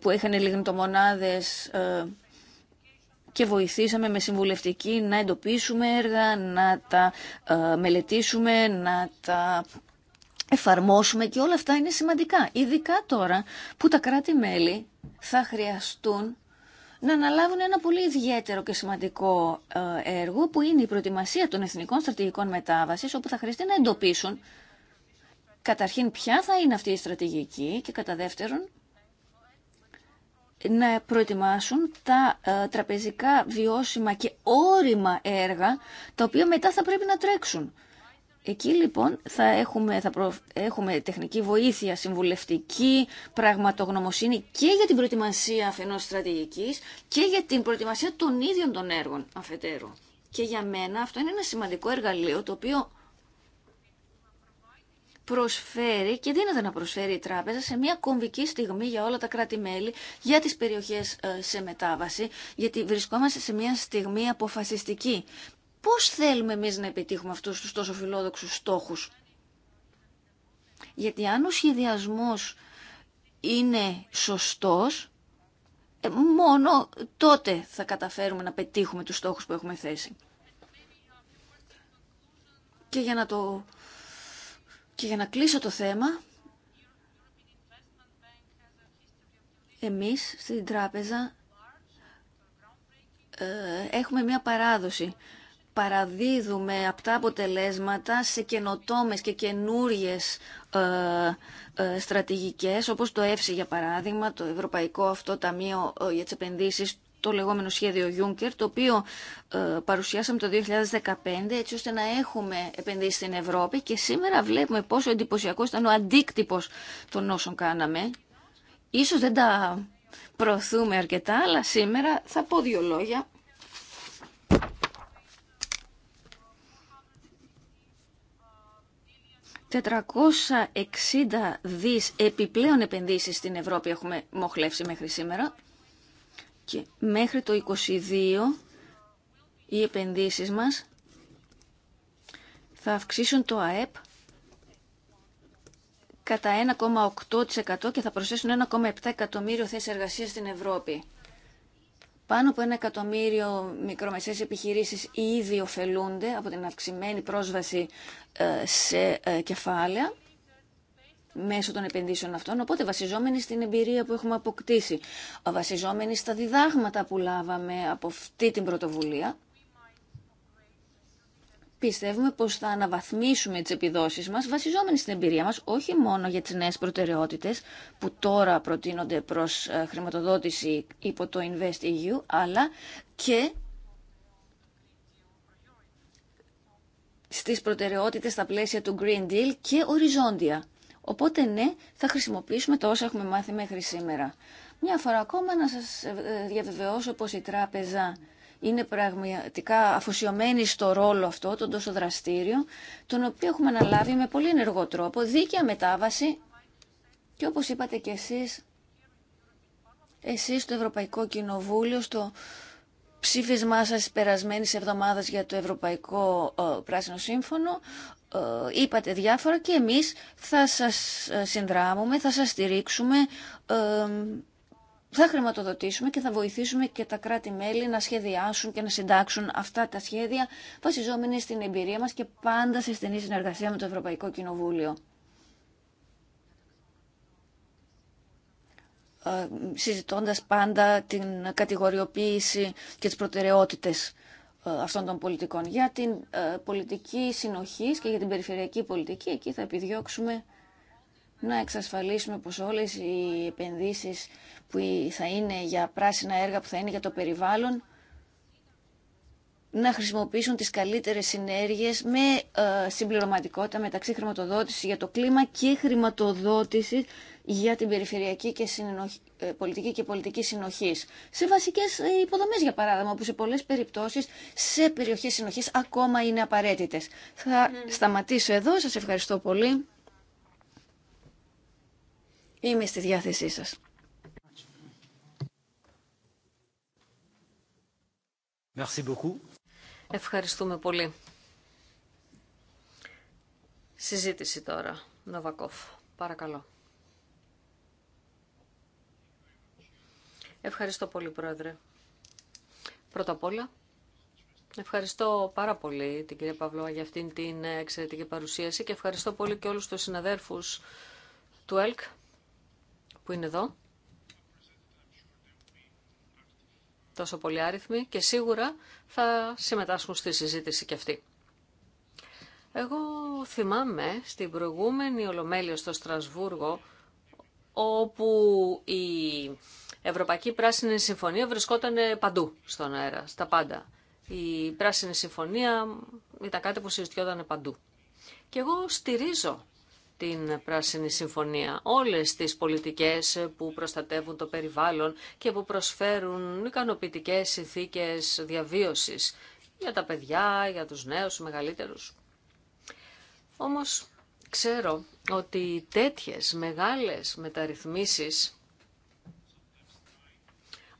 που είχαν λιγνητομονάδες και βοηθήσαμε με συμβουλευτική να εντοπίσουμε έργα, να τα ε, μελετήσουμε, να τα εφαρμόσουμε και όλα αυτά είναι σημαντικά. Ειδικά τώρα που τα κράτη-μέλη θα χρειαστούν να αναλάβουν ένα πολύ ιδιαίτερο και σημαντικό ε, έργο που είναι η προετοιμασία των εθνικών στρατηγικών μετάβασης όπου θα χρειαστεί να εντοπίσουν καταρχήν ποια θα είναι αυτή η στρατηγική και κατά δεύτερον να προετοιμάσουν τα ε, τραπεζικά βιώσιμα και όριμα έργα, τα οποία μετά θα πρέπει να τρέξουν. Εκεί λοιπόν θα έχουμε, θα έχουμε τεχνική βοήθεια, συμβουλευτική, πραγματογνωμοσύνη και για την προετοιμασία αφενός στρατηγικής και για την προετοιμασία των ίδιων των έργων αφετέρου. Και για μένα αυτό είναι ένα σημαντικό εργαλείο το οποίο προσφέρει και δίνεται να προσφέρει η τράπεζα σε μια κομβική στιγμή για όλα τα κράτη-μέλη, για τις περιοχές ε, σε μετάβαση, γιατί βρισκόμαστε σε μια στιγμή αποφασιστική. Πώς θέλουμε εμείς να επιτύχουμε αυτούς τους τόσο φιλόδοξους στόχους. Γιατί αν ο σχεδιασμός είναι σωστός, ε, μόνο τότε θα καταφέρουμε να πετύχουμε τους στόχους που έχουμε θέσει. Και για να το και για να κλείσω το θέμα, εμείς στην τράπεζα ε, έχουμε μια παράδοση. Παραδίδουμε αυτά αποτελέσματα σε καινοτόμες και καινούριες ε, ε, στρατηγικές, όπως το ΕΦΣΙ για παράδειγμα, το Ευρωπαϊκό Αυτό Ταμείο για τις Επενδύσεις το λεγόμενο σχέδιο Juncker, το οποίο ε, παρουσιάσαμε το 2015 έτσι ώστε να έχουμε επενδύσει στην Ευρώπη και σήμερα βλέπουμε πόσο εντυπωσιακό ήταν ο αντίκτυπος των όσων κάναμε. Ίσως δεν τα προωθούμε αρκετά, αλλά σήμερα θα πω δύο λόγια. «460 δις επιπλέον επενδύσεις στην Ευρώπη έχουμε μοχλεύσει μέχρι σήμερα» και μέχρι το 22 οι επενδύσεις μας θα αυξήσουν το ΑΕΠ κατά 1,8% και θα προσθέσουν 1,7 εκατομμύριο θέσεις εργασίας στην Ευρώπη. Πάνω από ένα εκατομμύριο μικρομεσαίες επιχειρήσεις ήδη ωφελούνται από την αυξημένη πρόσβαση ε, σε ε, κεφάλαια μέσω των επενδύσεων αυτών, οπότε βασιζόμενοι στην εμπειρία που έχουμε αποκτήσει, βασιζόμενοι στα διδάγματα που λάβαμε από αυτή την πρωτοβουλία, πιστεύουμε πως θα αναβαθμίσουμε τις επιδόσεις μας βασιζόμενοι στην εμπειρία μας, όχι μόνο για τις νέες προτεραιότητες που τώρα προτείνονται προς ε, χρηματοδότηση υπό το InvestEU, αλλά και στις προτεραιότητες στα πλαίσια του Green Deal και οριζόντια. Οπότε ναι, θα χρησιμοποιήσουμε το όσα έχουμε μάθει μέχρι σήμερα. Μια φορά ακόμα να σας ε, διαβεβαιώσω πως η τράπεζα είναι πραγματικά αφοσιωμένη στο ρόλο αυτό, τον τόσο δραστήριο, τον οποίο έχουμε αναλάβει με πολύ ενεργό τρόπο, δίκαια μετάβαση και όπως είπατε και εσείς, εσείς στο Ευρωπαϊκό Κοινοβούλιο, στο ψήφισμά σας περασμένη εβδομάδας για το Ευρωπαϊκό ε, Πράσινο Σύμφωνο ε, είπατε διάφορα και εμείς θα σας ε, συνδράμουμε, θα σας στηρίξουμε, θα χρηματοδοτήσουμε και θα βοηθήσουμε και τα κράτη-μέλη να σχεδιάσουν και να συντάξουν αυτά τα σχέδια βασιζόμενοι στην εμπειρία μας και πάντα σε στενή συνεργασία με το Ευρωπαϊκό Κοινοβούλιο. Ε, συζητώντας πάντα την κατηγοριοποίηση και τις προτεραιότητες ε, αυτών των πολιτικών. Για την ε, πολιτική συνοχής και για την περιφερειακή πολιτική, εκεί θα επιδιώξουμε να εξασφαλίσουμε πως όλες οι επενδύσεις που θα είναι για πράσινα έργα, που θα είναι για το περιβάλλον, να χρησιμοποιήσουν τις καλύτερες συνέργειες με συμπληρωματικότητα μεταξύ χρηματοδότηση για το κλίμα και χρηματοδότηση για την περιφερειακή και συνοχ... Ε, πολιτική και πολιτική συνοχή. Σε βασικέ ε, υποδομέ, για παράδειγμα, που σε πολλέ περιπτώσει σε περιοχέ συνοχή ακόμα είναι απαραίτητε. Θα σταματήσω εδώ. Σα ευχαριστώ πολύ. Είμαι στη διάθεσή σας. Ευχαριστούμε πολύ. Συζήτηση τώρα, Νοβακόφ. Παρακαλώ. Ευχαριστώ πολύ, Πρόεδρε. Πρώτα απ' όλα, ευχαριστώ πάρα πολύ την κυρία Παυλώα για αυτήν την εξαιρετική παρουσίαση και ευχαριστώ πολύ και όλους τους συναδέρφους του ΕΛΚ που είναι εδώ. Τόσο πολύ άριθμοι και σίγουρα θα συμμετάσχουν στη συζήτηση και αυτή. Εγώ θυμάμαι στην προηγούμενη Ολομέλεια στο Στρασβούργο όπου η Ευρωπαϊκή Πράσινη Συμφωνία βρισκόταν παντού στον αέρα, στα πάντα. Η Πράσινη Συμφωνία ήταν κάτι που συζητιόταν παντού. Και εγώ στηρίζω την Πράσινη Συμφωνία, όλες τις πολιτικές που προστατεύουν το περιβάλλον και που προσφέρουν ικανοποιητικές συνθήκες διαβίωσης για τα παιδιά, για τους νέους, τους μεγαλύτερους. Όμως ξέρω ότι τέτοιες μεγάλες μεταρρυθμίσεις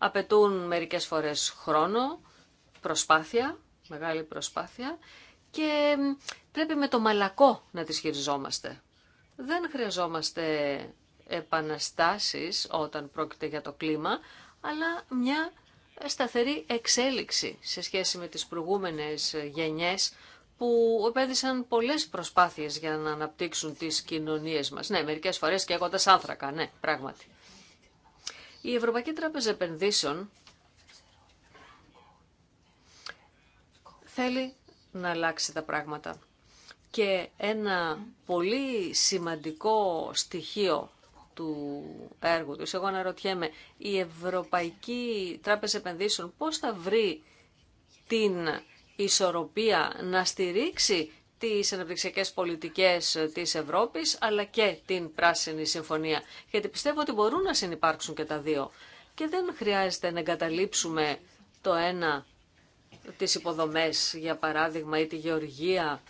απαιτούν μερικές φορές χρόνο, προσπάθεια, μεγάλη προσπάθεια και πρέπει με το μαλακό να τις χειριζόμαστε. Δεν χρειαζόμαστε επαναστάσεις όταν πρόκειται για το κλίμα, αλλά μια σταθερή εξέλιξη σε σχέση με τις προηγούμενες γενιές που επέδυσαν πολλές προσπάθειες για να αναπτύξουν τις κοινωνίες μας. Ναι, μερικές φορές και έχοντας άνθρακα, ναι, πράγματι. Η Ευρωπαϊκή Τράπεζα Επενδύσεων θέλει να αλλάξει τα πράγματα. Και ένα πολύ σημαντικό στοιχείο του έργου τους, εγώ αναρωτιέμαι, η Ευρωπαϊκή Τράπεζα Επενδύσεων πώς θα βρει την ισορροπία να στηρίξει τις αναπτυξιακές πολιτικές της Ευρώπης αλλά και την Πράσινη Συμφωνία. Γιατί πιστεύω ότι μπορούν να συνεπάρξουν και τα δύο. Και δεν χρειάζεται να εγκαταλείψουμε το ένα τις υποδομές, για παράδειγμα, ή τη γεωργία.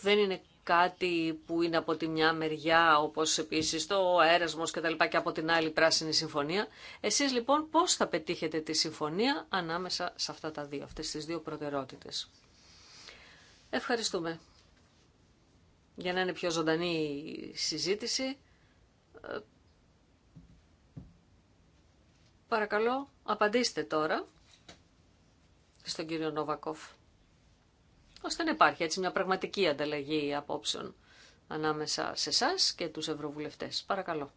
Δεν είναι κάτι που είναι από τη μια μεριά, όπως επίσης το αέρασμος και τα λοιπά και από την άλλη πράσινη συμφωνία. Εσείς λοιπόν πώς θα πετύχετε τη συμφωνία ανάμεσα σε αυτά τα δύο, αυτές τις δύο προτεραιότητες. Ευχαριστούμε. Για να είναι πιο ζωντανή η συζήτηση, ε, παρακαλώ απαντήστε τώρα στον κύριο Νόβακοφ ώστε να υπάρχει έτσι μια πραγματική ανταλλαγή απόψεων ανάμεσα σε εσά και τους ευρωβουλευτές. Παρακαλώ.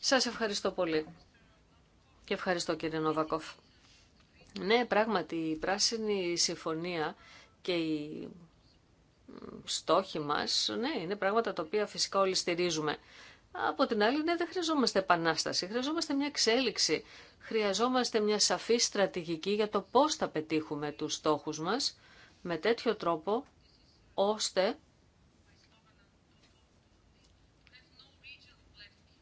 Σας ευχαριστώ πολύ. Και ευχαριστώ κύριε Νοβακόφ. Ναι, πράγματι η Πράσινη Συμφωνία και η στόχοι μας, ναι, είναι πράγματα τα οποία φυσικά όλοι στηρίζουμε. Από την άλλη, ναι, δεν χρειαζόμαστε επανάσταση, χρειαζόμαστε μια εξέλιξη. Χρειαζόμαστε μια σαφή στρατηγική για το πώς θα πετύχουμε τους στόχους μας με τέτοιο τρόπο, ώστε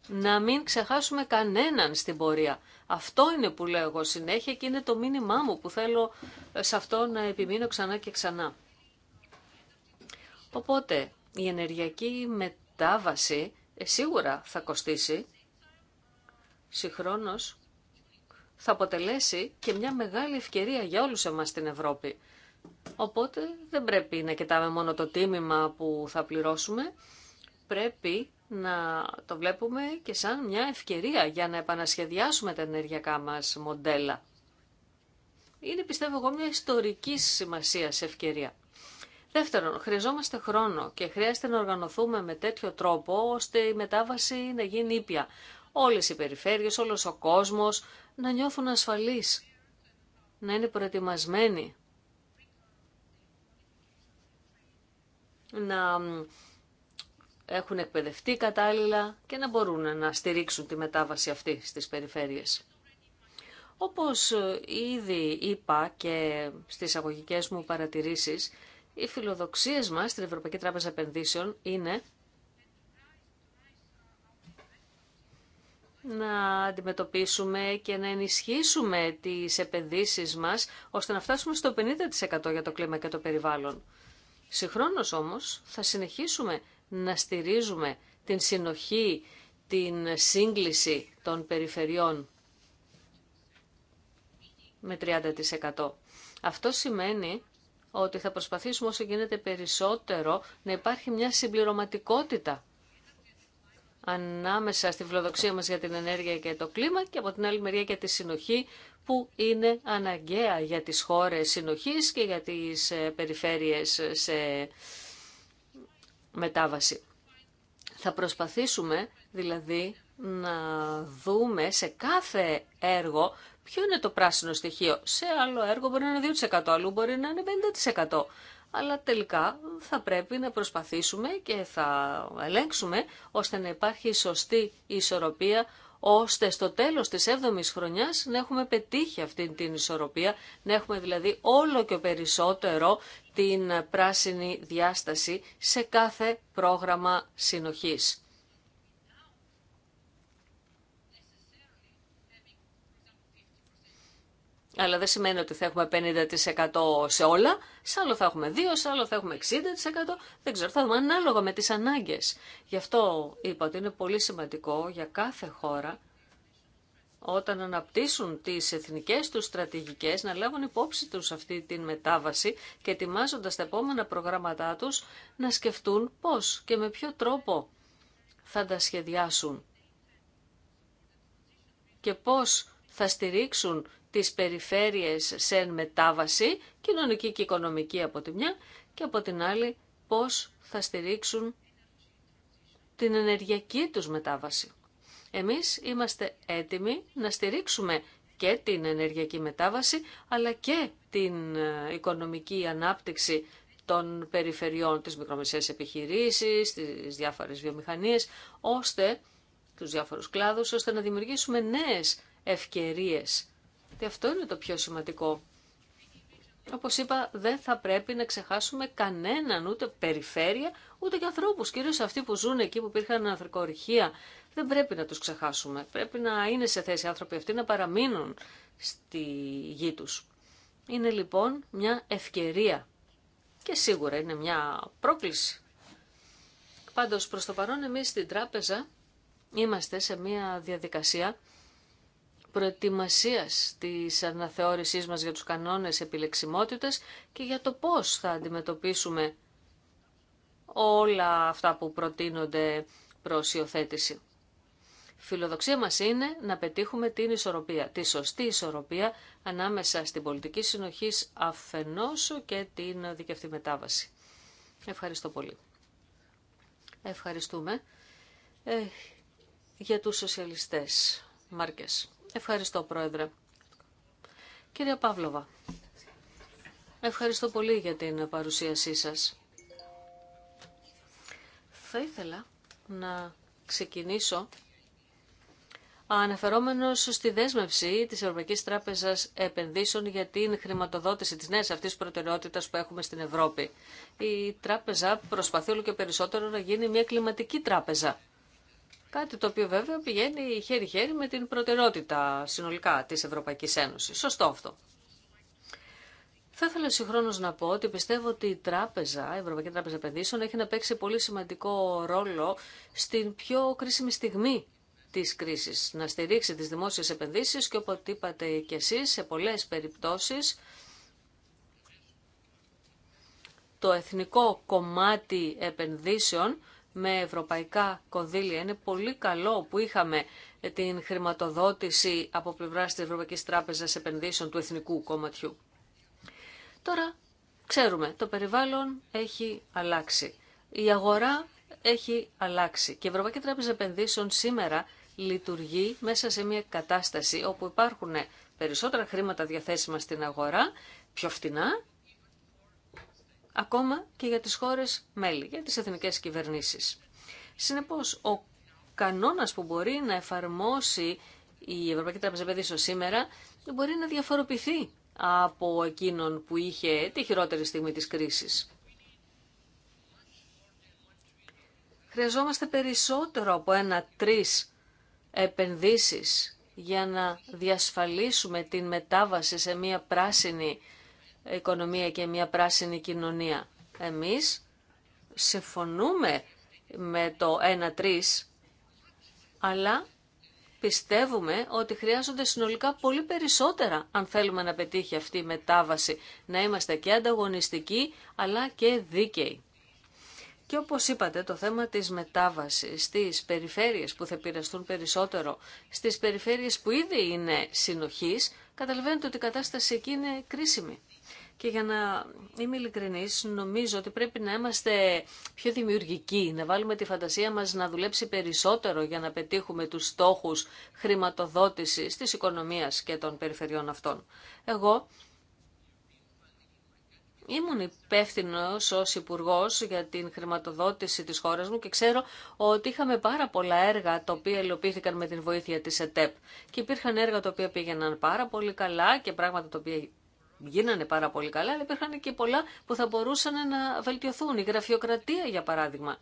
να μην ξεχάσουμε κανέναν στην πορεία. Αυτό είναι που λέω εγώ συνέχεια και είναι το μήνυμά μου που θέλω σε αυτό να επιμείνω ξανά και ξανά. Οπότε, η ενεργειακή μετάβαση ε, σίγουρα θα κοστίσει, συγχρόνως θα αποτελέσει και μια μεγάλη ευκαιρία για όλους εμάς στην Ευρώπη. Οπότε δεν πρέπει να κοιτάμε μόνο το τίμημα που θα πληρώσουμε, πρέπει να το βλέπουμε και σαν μια ευκαιρία για να επανασχεδιάσουμε τα ενεργειακά μας μοντέλα. Είναι πιστεύω εγώ μια ιστορική σημασία ευκαιρία. Δεύτερον, χρειαζόμαστε χρόνο και χρειάζεται να οργανωθούμε με τέτοιο τρόπο ώστε η μετάβαση να γίνει ήπια. Όλες οι περιφέρειες, όλος ο κόσμος να νιώθουν ασφαλείς, να είναι προετοιμασμένοι, να έχουν εκπαιδευτεί κατάλληλα και να μπορούν να στηρίξουν τη μετάβαση αυτή στις περιφέρειες. Όπως ε, ήδη είπα και στις αγωγικές μου παρατηρήσεις, οι φιλοδοξίε μας στην Ευρωπαϊκή Τράπεζα Επενδύσεων είναι να αντιμετωπίσουμε και να ενισχύσουμε τις επενδύσεις μας ώστε να φτάσουμε στο 50% για το κλίμα και το περιβάλλον. Συγχρόνως όμως θα συνεχίσουμε να στηρίζουμε την συνοχή, την σύγκληση των περιφερειών με 30%. Αυτό σημαίνει ότι θα προσπαθήσουμε όσο γίνεται περισσότερο να υπάρχει μια συμπληρωματικότητα ανάμεσα στη φιλοδοξία μας για την ενέργεια και το κλίμα και από την άλλη μεριά για τη συνοχή που είναι αναγκαία για τις χώρες συνοχής και για τις ε, περιφέρειες σε μετάβαση. Θα προσπαθήσουμε δηλαδή να δούμε σε κάθε έργο Ποιο είναι το πράσινο στοιχείο. Σε άλλο έργο μπορεί να είναι 2%, αλλού μπορεί να είναι 50%. Αλλά τελικά θα πρέπει να προσπαθήσουμε και θα ελέγξουμε ώστε να υπάρχει σωστή ισορροπία ώστε στο τέλος της 7ης χρονιάς να έχουμε πετύχει αυτή την ισορροπία, να έχουμε δηλαδή όλο και περισσότερο την πράσινη διάσταση σε κάθε πρόγραμμα συνοχής. Αλλά δεν σημαίνει ότι θα έχουμε 50% σε όλα. Σε άλλο θα έχουμε 2, σε άλλο θα έχουμε 60%. Δεν ξέρω, θα δούμε ανάλογα με τις ανάγκες. Γι' αυτό είπα ότι είναι πολύ σημαντικό για κάθε χώρα όταν αναπτύσσουν τις εθνικές τους στρατηγικές να λάβουν υπόψη τους αυτή την μετάβαση και ετοιμάζοντας τα επόμενα προγράμματά τους να σκεφτούν πώς και με ποιο τρόπο θα τα σχεδιάσουν και πώς θα στηρίξουν τις περιφέρειες σε μετάβαση, κοινωνική και οικονομική από τη μια και από την άλλη πώς θα στηρίξουν την ενεργειακή τους μετάβαση. Εμείς είμαστε έτοιμοι να στηρίξουμε και την ενεργειακή μετάβαση, αλλά και την ε, οικονομική ανάπτυξη των περιφερειών, της μικρομεσαίες επιχειρήσεις, τις διάφορες βιομηχανίες, ώστε τους διάφορους κλάδους, ώστε να δημιουργήσουμε νέες ευκαιρίες και αυτό είναι το πιο σημαντικό. Όπως είπα, δεν θα πρέπει να ξεχάσουμε κανέναν, ούτε περιφέρεια, ούτε και ανθρώπους. Κυρίως αυτοί που ζουν εκεί που υπήρχαν ανθρικορυχεία. Δεν πρέπει να τους ξεχάσουμε. Πρέπει να είναι σε θέση οι άνθρωποι αυτοί να παραμείνουν στη γη τους. Είναι λοιπόν μια ευκαιρία και σίγουρα είναι μια πρόκληση. Πάντως προς το παρόν εμείς στην τράπεζα είμαστε σε μια διαδικασία προετοιμασίας της αναθεώρησής μας για τους κανόνες επιλεξιμότητας και για το πώς θα αντιμετωπίσουμε όλα αυτά που προτείνονται προς υιοθέτηση. Φιλοδοξία μας είναι να πετύχουμε την ισορροπία, τη σωστή ισορροπία ανάμεσα στην πολιτική συνοχής αφενός και την δικαιωτή μετάβαση. Ευχαριστώ πολύ. Ευχαριστούμε. Ε, για τους σοσιαλιστές, Μάρκες. Ευχαριστώ, Πρόεδρε. Κυρία Παύλοβα, ευχαριστώ πολύ για την παρουσίασή σας. Θα ήθελα να ξεκινήσω αναφερόμενος στη δέσμευση της Ευρωπαϊκής Τράπεζας Επενδύσεων για την χρηματοδότηση της νέας αυτής προτεραιότητας που έχουμε στην Ευρώπη. Η τράπεζα προσπαθεί όλο και περισσότερο να γίνει μια κλιματική τράπεζα. Κάτι το οποίο βέβαια πηγαίνει χέρι-χέρι με την προτεραιότητα συνολικά της Ευρωπαϊκής Ένωσης. Σωστό αυτό. Θα ήθελα συγχρόνω να πω ότι πιστεύω ότι η τράπεζα, η Ευρωπαϊκή Τράπεζα Επενδύσεων, έχει να παίξει πολύ σημαντικό ρόλο στην πιο κρίσιμη στιγμή τη κρίση. Να στηρίξει τι δημόσιε επενδύσει και όπω είπατε κι εσεί, σε πολλέ περιπτώσει το εθνικό κομμάτι επενδύσεων με ευρωπαϊκά κονδύλια. Είναι πολύ καλό που είχαμε την χρηματοδότηση από πλευρά τη Ευρωπαϊκή Τράπεζα Επενδύσεων του Εθνικού Κομματιού. Τώρα ξέρουμε, το περιβάλλον έχει αλλάξει. Η αγορά έχει αλλάξει και η Ευρωπαϊκή Τράπεζα Επενδύσεων σήμερα λειτουργεί μέσα σε μια κατάσταση όπου υπάρχουν περισσότερα χρήματα διαθέσιμα στην αγορά, πιο φτηνά ακόμα και για τις χώρες μέλη, για τις εθνικές κυβερνήσεις. Συνεπώς, ο κανόνας που μπορεί να εφαρμόσει η Ευρωπαϊκή Τράπεζα Επενδύσεων σήμερα μπορεί να διαφοροποιηθεί από εκείνον που είχε τη χειρότερη στιγμή της κρίσης. Χρειαζόμαστε περισσότερο από ένα τρεις επενδύσεις για να διασφαλίσουμε την μετάβαση σε μια πράσινη οικονομία και μια πράσινη κοινωνία. Εμείς συμφωνούμε με το 1-3, αλλά πιστεύουμε ότι χρειάζονται συνολικά πολύ περισσότερα αν θέλουμε να πετύχει αυτή η μετάβαση, να είμαστε και ανταγωνιστικοί αλλά και δίκαιοι. Και όπως είπατε, το θέμα της μετάβασης στις περιφέρειες που θα επηρεαστούν περισσότερο, στις περιφέρειες που ήδη είναι συνοχής, καταλαβαίνετε ότι η κατάσταση εκεί είναι κρίσιμη. Και για να είμαι ειλικρινή, νομίζω ότι πρέπει να είμαστε πιο δημιουργικοί, να βάλουμε τη φαντασία μας να δουλέψει περισσότερο για να πετύχουμε τους στόχους χρηματοδότησης της οικονομίας και των περιφερειών αυτών. Εγώ Ήμουν υπεύθυνο ω υπουργό για την χρηματοδότηση τη χώρα μου και ξέρω ότι είχαμε πάρα πολλά έργα τα οποία υλοποιήθηκαν με την βοήθεια τη ΕΤΕΠ. Και υπήρχαν έργα τα οποία πήγαιναν πάρα πολύ καλά και πράγματα τα οποία γίνανε πάρα πολύ καλά, αλλά υπήρχαν και πολλά που θα μπορούσαν να βελτιωθούν. Η γραφειοκρατία, για παράδειγμα.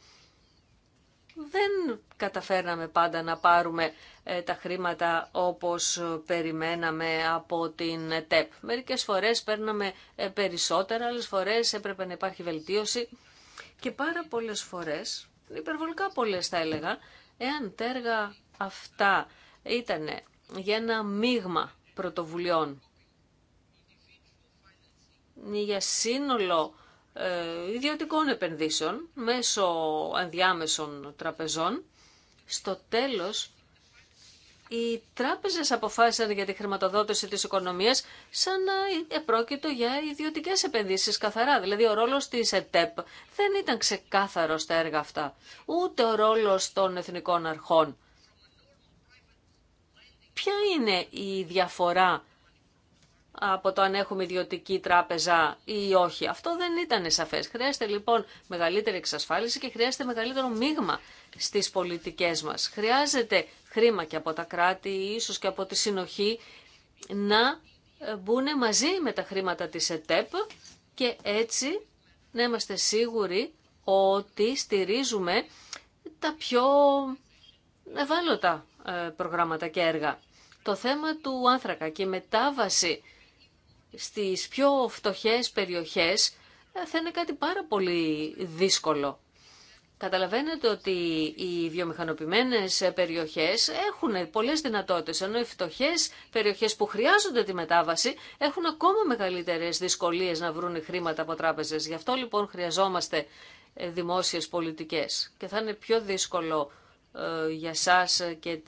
Δεν καταφέραμε πάντα να πάρουμε ε, τα χρήματα όπως περιμέναμε από την ΤΕΠ. Μερικές φορές παίρναμε ε, περισσότερα, άλλες φορές έπρεπε να υπάρχει βελτίωση. Και πάρα πολλές φορές, υπερβολικά πολλές θα έλεγα, εάν τα έργα αυτά ήταν για ένα μείγμα πρωτοβουλειών για σύνολο ε, ιδιωτικών επενδύσεων μέσω ενδιάμεσων τραπεζών. Στο τέλος, οι τράπεζες αποφάσισαν για τη χρηματοδότηση της οικονομίας σαν να επρόκειτο για ιδιωτικές επενδύσεις καθαρά. Δηλαδή ο ρόλος της ΕΤΕΠ δεν ήταν ξεκάθαρος στα έργα αυτά, ούτε ο ρόλος των εθνικών αρχών. Ποια είναι η διαφορά από το αν έχουμε ιδιωτική τράπεζα ή όχι. Αυτό δεν ήταν σαφές. Χρειάζεται λοιπόν μεγαλύτερη εξασφάλιση και χρειάζεται μεγαλύτερο μείγμα στις πολιτικές μας. Χρειάζεται χρήμα και από τα κράτη, ίσως και από τη συνοχή, να μπουν μαζί με τα χρήματα της ΕΤΕΠ και έτσι να είμαστε σίγουροι ότι στηρίζουμε τα πιο ευάλωτα ε, προγράμματα και έργα. Το θέμα του άνθρακα και η μετάβαση στις πιο φτωχές περιοχές ε, θα είναι κάτι πάρα πολύ δύσκολο. Καταλαβαίνετε ότι οι βιομηχανοποιημένες περιοχές έχουν πολλές δυνατότητες, ενώ οι φτωχές περιοχές που χρειάζονται τη μετάβαση έχουν ακόμα μεγαλύτερες δυσκολίες να βρουν χρήματα από τράπεζες. Γι' αυτό λοιπόν χρειαζόμαστε ε, δημόσιες πολιτικές και θα είναι πιο δύσκολο ε, για σας και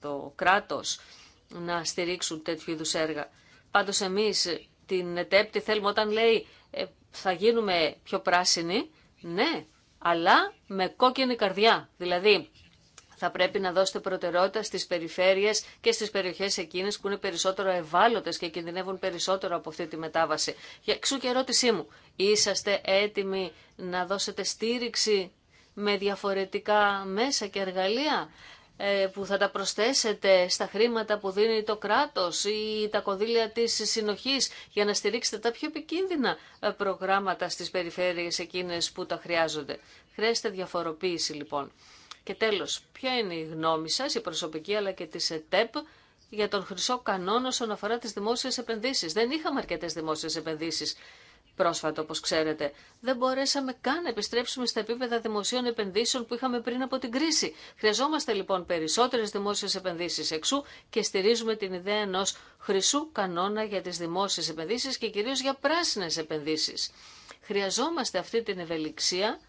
το κράτος να στηρίξουν τέτοιου είδους έργα. Πάντω εμεί, την ΕΤΕΠ θέλουμε όταν λέει «Ε, θα γίνουμε πιο πράσινοι, ναι, αλλά με κόκκινη καρδιά. Δηλαδή θα πρέπει να δώσετε προτεραιότητα στις περιφέρειες και στις περιοχές εκείνες που είναι περισσότερο ευάλωτες και κινδυνεύουν περισσότερο από αυτή τη μετάβαση. Για εξού και ερώτησή μου, είσαστε έτοιμοι να δώσετε στήριξη με διαφορετικά μέσα και εργαλεία ε, που θα τα προσθέσετε στα χρήματα που δίνει το κράτος ή τα κονδύλια της συνοχής για να στηρίξετε τα πιο επικίνδυνα ε, προγράμματα στις περιφέρειες εκείνες που τα χρειάζονται. Χρειάζεται διαφοροποίηση λοιπόν. Και τέλος, ποια είναι η γνώμη σας, η προσωπική αλλά και της ΕΤΕΠ, για τον χρυσό κανόνα όσον αφορά τις δημόσιες επενδύσεις. Δεν είχαμε αρκετές δημόσιες επενδύσεις πρόσφατο, όπως ξέρετε. Δεν μπορέσαμε καν να επιστρέψουμε στα επίπεδα δημοσίων επενδύσεων που είχαμε πριν από την κρίση. Χρειαζόμαστε λοιπόν περισσότερες δημόσιες επενδύσεις εξού και στηρίζουμε την ιδέα ενός χρυσού κανόνα για τις δημόσιες επενδύσεις και κυρίως για πράσινες επενδύσεις. Χρειαζόμαστε αυτή την ευελιξία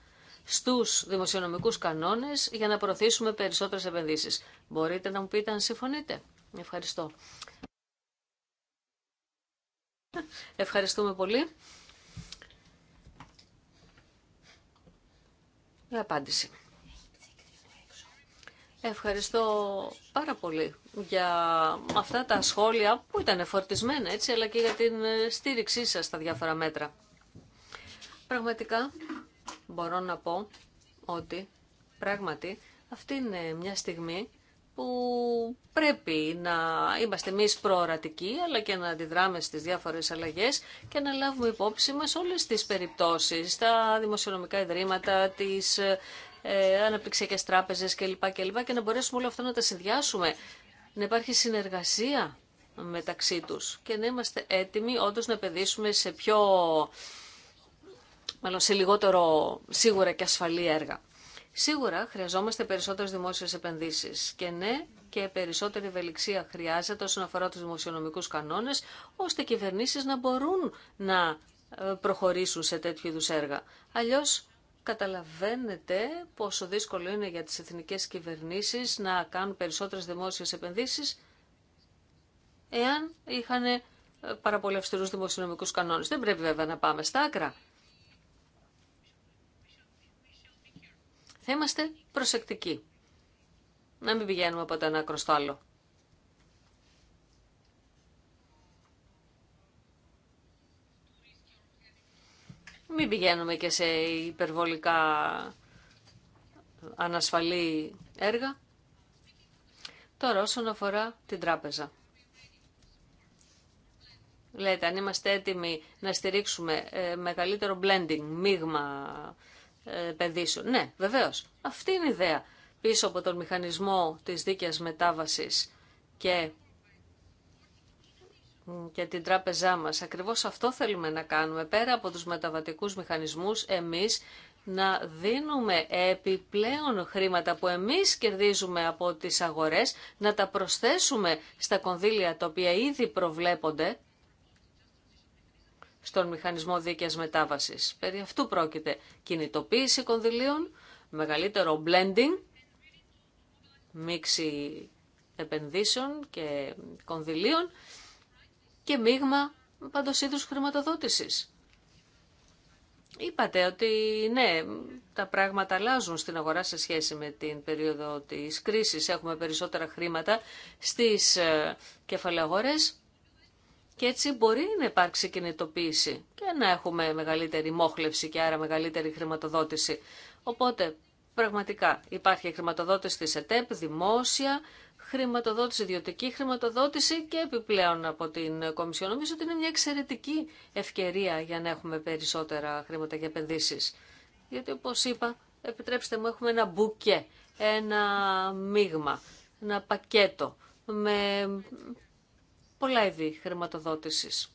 στους δημοσιονομικούς κανόνες για να προωθήσουμε περισσότερες επενδύσεις. Μπορείτε να μου πείτε αν συμφωνείτε. Ευχαριστώ. Ευχαριστούμε πολύ. η απάντηση. Ευχαριστώ πάρα πολύ για αυτά τα σχόλια που ήταν εφορτισμένα, έτσι, αλλά και για την ε, στήριξή σας στα διάφορα μέτρα. Πραγματικά μπορώ να πω ότι πράγματι αυτή είναι μια στιγμή που πρέπει να είμαστε εμεί προορατικοί, αλλά και να αντιδράμε στις διάφορες αλλαγές και να λάβουμε υπόψη μας όλες τις περιπτώσεις, τα δημοσιονομικά ιδρύματα, τις ε, αναπτυξιακές τράπεζες κλπ. και να μπορέσουμε όλα αυτά να τα συνδυάσουμε, να υπάρχει συνεργασία μεταξύ τους και να είμαστε έτοιμοι όντως να επενδύσουμε σε πιο, σε λιγότερο σίγουρα και ασφαλή έργα. Σίγουρα χρειαζόμαστε περισσότερες δημόσιες επενδύσεις και ναι και περισσότερη ευελιξία χρειάζεται όσον αφορά του δημοσιονομικού κανόνε, ώστε οι κυβερνήσεις να μπορούν να ε, προχωρήσουν σε τέτοιου είδου έργα. Αλλιώ, καταλαβαίνετε πόσο δύσκολο είναι για τις εθνικές κυβερνήσεις να κάνουν περισσότερες δημόσιες επενδύσεις εάν είχαν ε, πάρα πολύ αυστηρούς δημοσιονομικούς κανόνες. Δεν πρέπει βέβαια να πάμε στα άκρα. Θα είμαστε προσεκτικοί. Να μην πηγαίνουμε από το ένα άκρο στο άλλο. Μην πηγαίνουμε και σε υπερβολικά ανασφαλή έργα. Τώρα όσον αφορά την τράπεζα. Λέτε, αν είμαστε έτοιμοι να στηρίξουμε ε, μεγαλύτερο blending, μείγμα ναι, βεβαίως. Αυτή είναι η ιδέα πίσω από τον μηχανισμό της δίκαια μετάβασης και, και την τράπεζά μας. Ακριβώς αυτό θέλουμε να κάνουμε. Πέρα από τους μεταβατικούς μηχανισμούς, εμείς να δίνουμε επιπλέον χρήματα που εμείς κερδίζουμε από τις αγορές, να τα προσθέσουμε στα κονδύλια τα οποία ήδη προβλέπονται στον μηχανισμό δίκαιας μετάβασης. Περί αυτού πρόκειται κινητοποίηση κονδυλίων, μεγαλύτερο blending, μίξη επενδύσεων και κονδυλίων και μείγμα παντός χρηματοδότησης. Είπατε ότι ναι, τα πράγματα αλλάζουν στην αγορά σε σχέση με την περίοδο της κρίσης. Έχουμε περισσότερα χρήματα στις ε, κεφαλαγορές και έτσι μπορεί να υπάρξει κινητοποίηση και να έχουμε μεγαλύτερη μόχλευση και άρα μεγαλύτερη χρηματοδότηση. Οπότε, πραγματικά, υπάρχει χρηματοδότηση της ΕΤΕΠ, δημόσια, χρηματοδότηση, ιδιωτική χρηματοδότηση και επιπλέον από την Κομισιό. Νομίζω ότι είναι μια εξαιρετική ευκαιρία για να έχουμε περισσότερα χρήματα για επενδύσεις. Γιατί, όπως είπα, επιτρέψτε μου, έχουμε ένα μπουκέ, ένα μείγμα, ένα πακέτο με πολλά είδη χρηματοδότησης.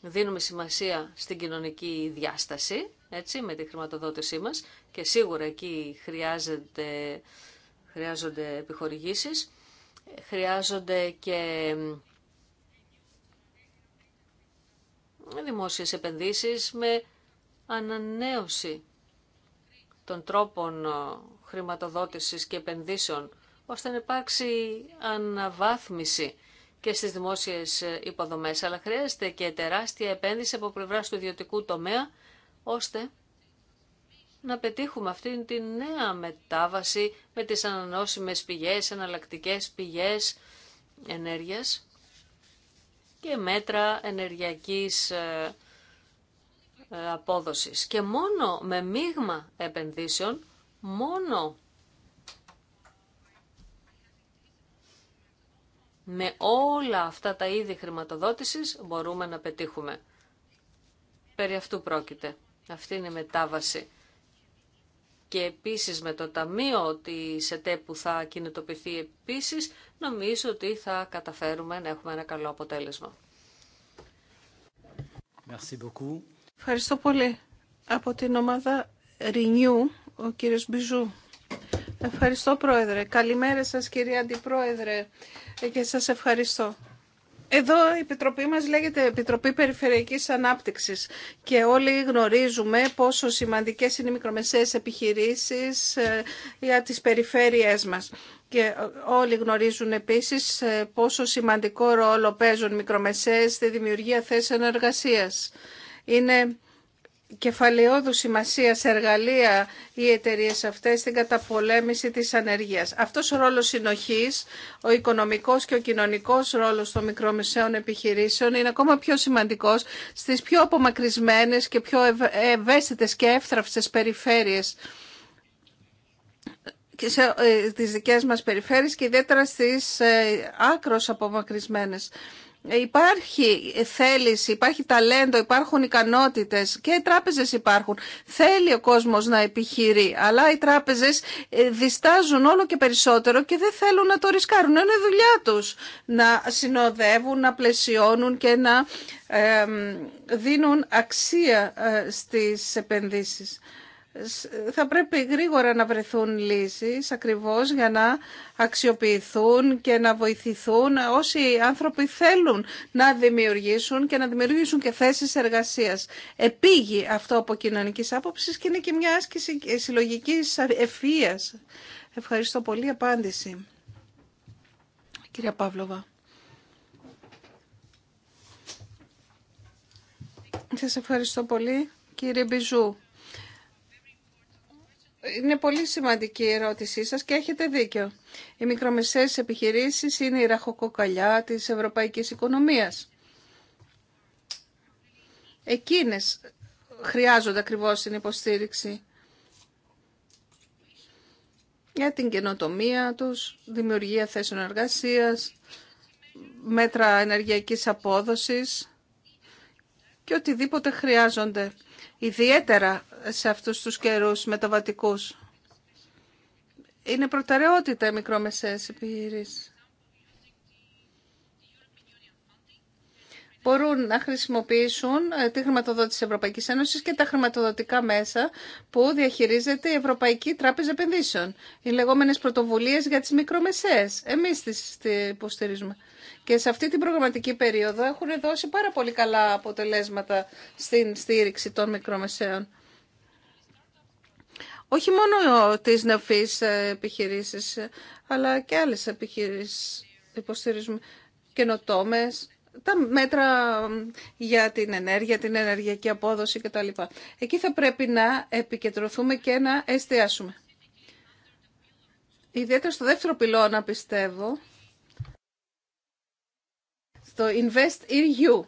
Δίνουμε σημασία στην κοινωνική διάσταση, έτσι, με τη χρηματοδότησή μας και σίγουρα εκεί χρειάζεται, χρειάζονται επιχορηγήσεις, χρειάζονται και δημόσιες επενδύσεις με ανανέωση των τρόπων χρηματοδότησης και επενδύσεων ώστε να υπάρξει αναβάθμιση και στις δημόσιες υποδομές, αλλά χρειάζεται και τεράστια επένδυση από πλευρά του ιδιωτικού τομέα, ώστε να πετύχουμε αυτή τη νέα μετάβαση με τις ανανόσιμες πηγές, εναλλακτικέ πηγές ενέργειας και μέτρα ενεργειακής ε, ε, απόδοσης. Και μόνο με μείγμα επενδύσεων, μόνο με όλα αυτά τα είδη χρηματοδότησης μπορούμε να πετύχουμε. Περί αυτού πρόκειται. Αυτή είναι η μετάβαση. Και επίσης με το ταμείο της ΕΤΕ που θα κινητοποιηθεί επίσης, νομίζω ότι θα καταφέρουμε να έχουμε ένα καλό αποτέλεσμα. Ευχαριστώ πολύ. Από την ομάδα Renew, ο κύριος Μπιζού. Ευχαριστώ Πρόεδρε. Καλημέρα σας κυρία Αντιπρόεδρε ε, και σας ευχαριστώ. Εδώ η Επιτροπή μας λέγεται Επιτροπή Περιφερειακής Ανάπτυξης και όλοι γνωρίζουμε πόσο σημαντικές είναι οι μικρομεσαίες επιχειρήσεις ε, για τις περιφέρειές μας. Και ε, όλοι γνωρίζουν επίσης πόσο σημαντικό ρόλο παίζουν μικρομεσαίες στη δημιουργία θέσεων εργασίας. Είναι κεφαλαιόδου σημασία σε εργαλεία οι εταιρείε αυτές στην καταπολέμηση της ανεργίας. Αυτό ο ρόλος συνοχής, ο οικονομικός και ο κοινωνικός ρόλος των μικρομεσαίων επιχειρήσεων είναι ακόμα πιο σημαντικός στις πιο απομακρυσμένες και πιο ευαίσθητε και εύθραυστε περιφέρειες και σε ε, τις δικές μας περιφέρειες και ιδιαίτερα στις ε, άκρως απομακρυσμένες. Υπάρχει θέληση, υπάρχει ταλέντο, υπάρχουν ικανότητες και οι τράπεζες υπάρχουν. Θέλει ο κόσμος να επιχειρεί, αλλά οι τράπεζες ε, διστάζουν όλο και περισσότερο και δεν θέλουν να το ρισκάρουν. Είναι δουλειά τους να συνοδεύουν, να πλαισιώνουν και να ε, δίνουν αξία ε, στις επενδύσεις θα πρέπει γρήγορα να βρεθούν λύσεις ακριβώς για να αξιοποιηθούν και να βοηθηθούν όσοι άνθρωποι θέλουν να δημιουργήσουν και να δημιουργήσουν και θέσεις εργασίας. Επίγει αυτό από κοινωνική άποψη και είναι και μια άσκηση συλλογική ευφυία. Ευχαριστώ πολύ. Απάντηση. Κυρία Παύλοβα. Σας ευχαριστώ πολύ κύριε Μπιζού. Είναι πολύ σημαντική η ερώτησή σας και έχετε δίκιο. Οι μικρομεσαίες επιχειρήσεις είναι η ραχοκοκαλιά της ευρωπαϊκής οικονομίας. Εκείνες χρειάζονται ακριβώς την υποστήριξη για την καινοτομία τους, δημιουργία θέσεων εργασίας, μέτρα ενεργειακής απόδοσης και οτιδήποτε χρειάζονται ιδιαίτερα σε αυτούς τους καιρούς μεταβατικούς. Είναι προτεραιότητα οι μικρομεσαίες μπορούν να χρησιμοποιήσουν ε, τη χρηματοδότηση της Ευρωπαϊκής Ένωσης και τα χρηματοδοτικά μέσα που διαχειρίζεται η Ευρωπαϊκή Τράπεζα Επενδύσεων. Οι λεγόμενες πρωτοβουλίες για τις μικρομεσαίες. Εμείς τις υποστηρίζουμε. Και σε αυτή την προγραμματική περίοδο έχουν δώσει πάρα πολύ καλά αποτελέσματα στην στήριξη των μικρομεσαίων. Όχι μόνο τις νεοφύς ε, επιχειρήσεις, αλλά και άλλες επιχειρήσεις υποστηρίζουμε καινοτόμες, τα μέτρα για την ενέργεια, την ενεργειακή απόδοση κτλ. Εκεί θα πρέπει να επικεντρωθούμε και να εστιάσουμε. Ιδιαίτερα στο δεύτερο πυλώνα πιστεύω, στο Invest in You.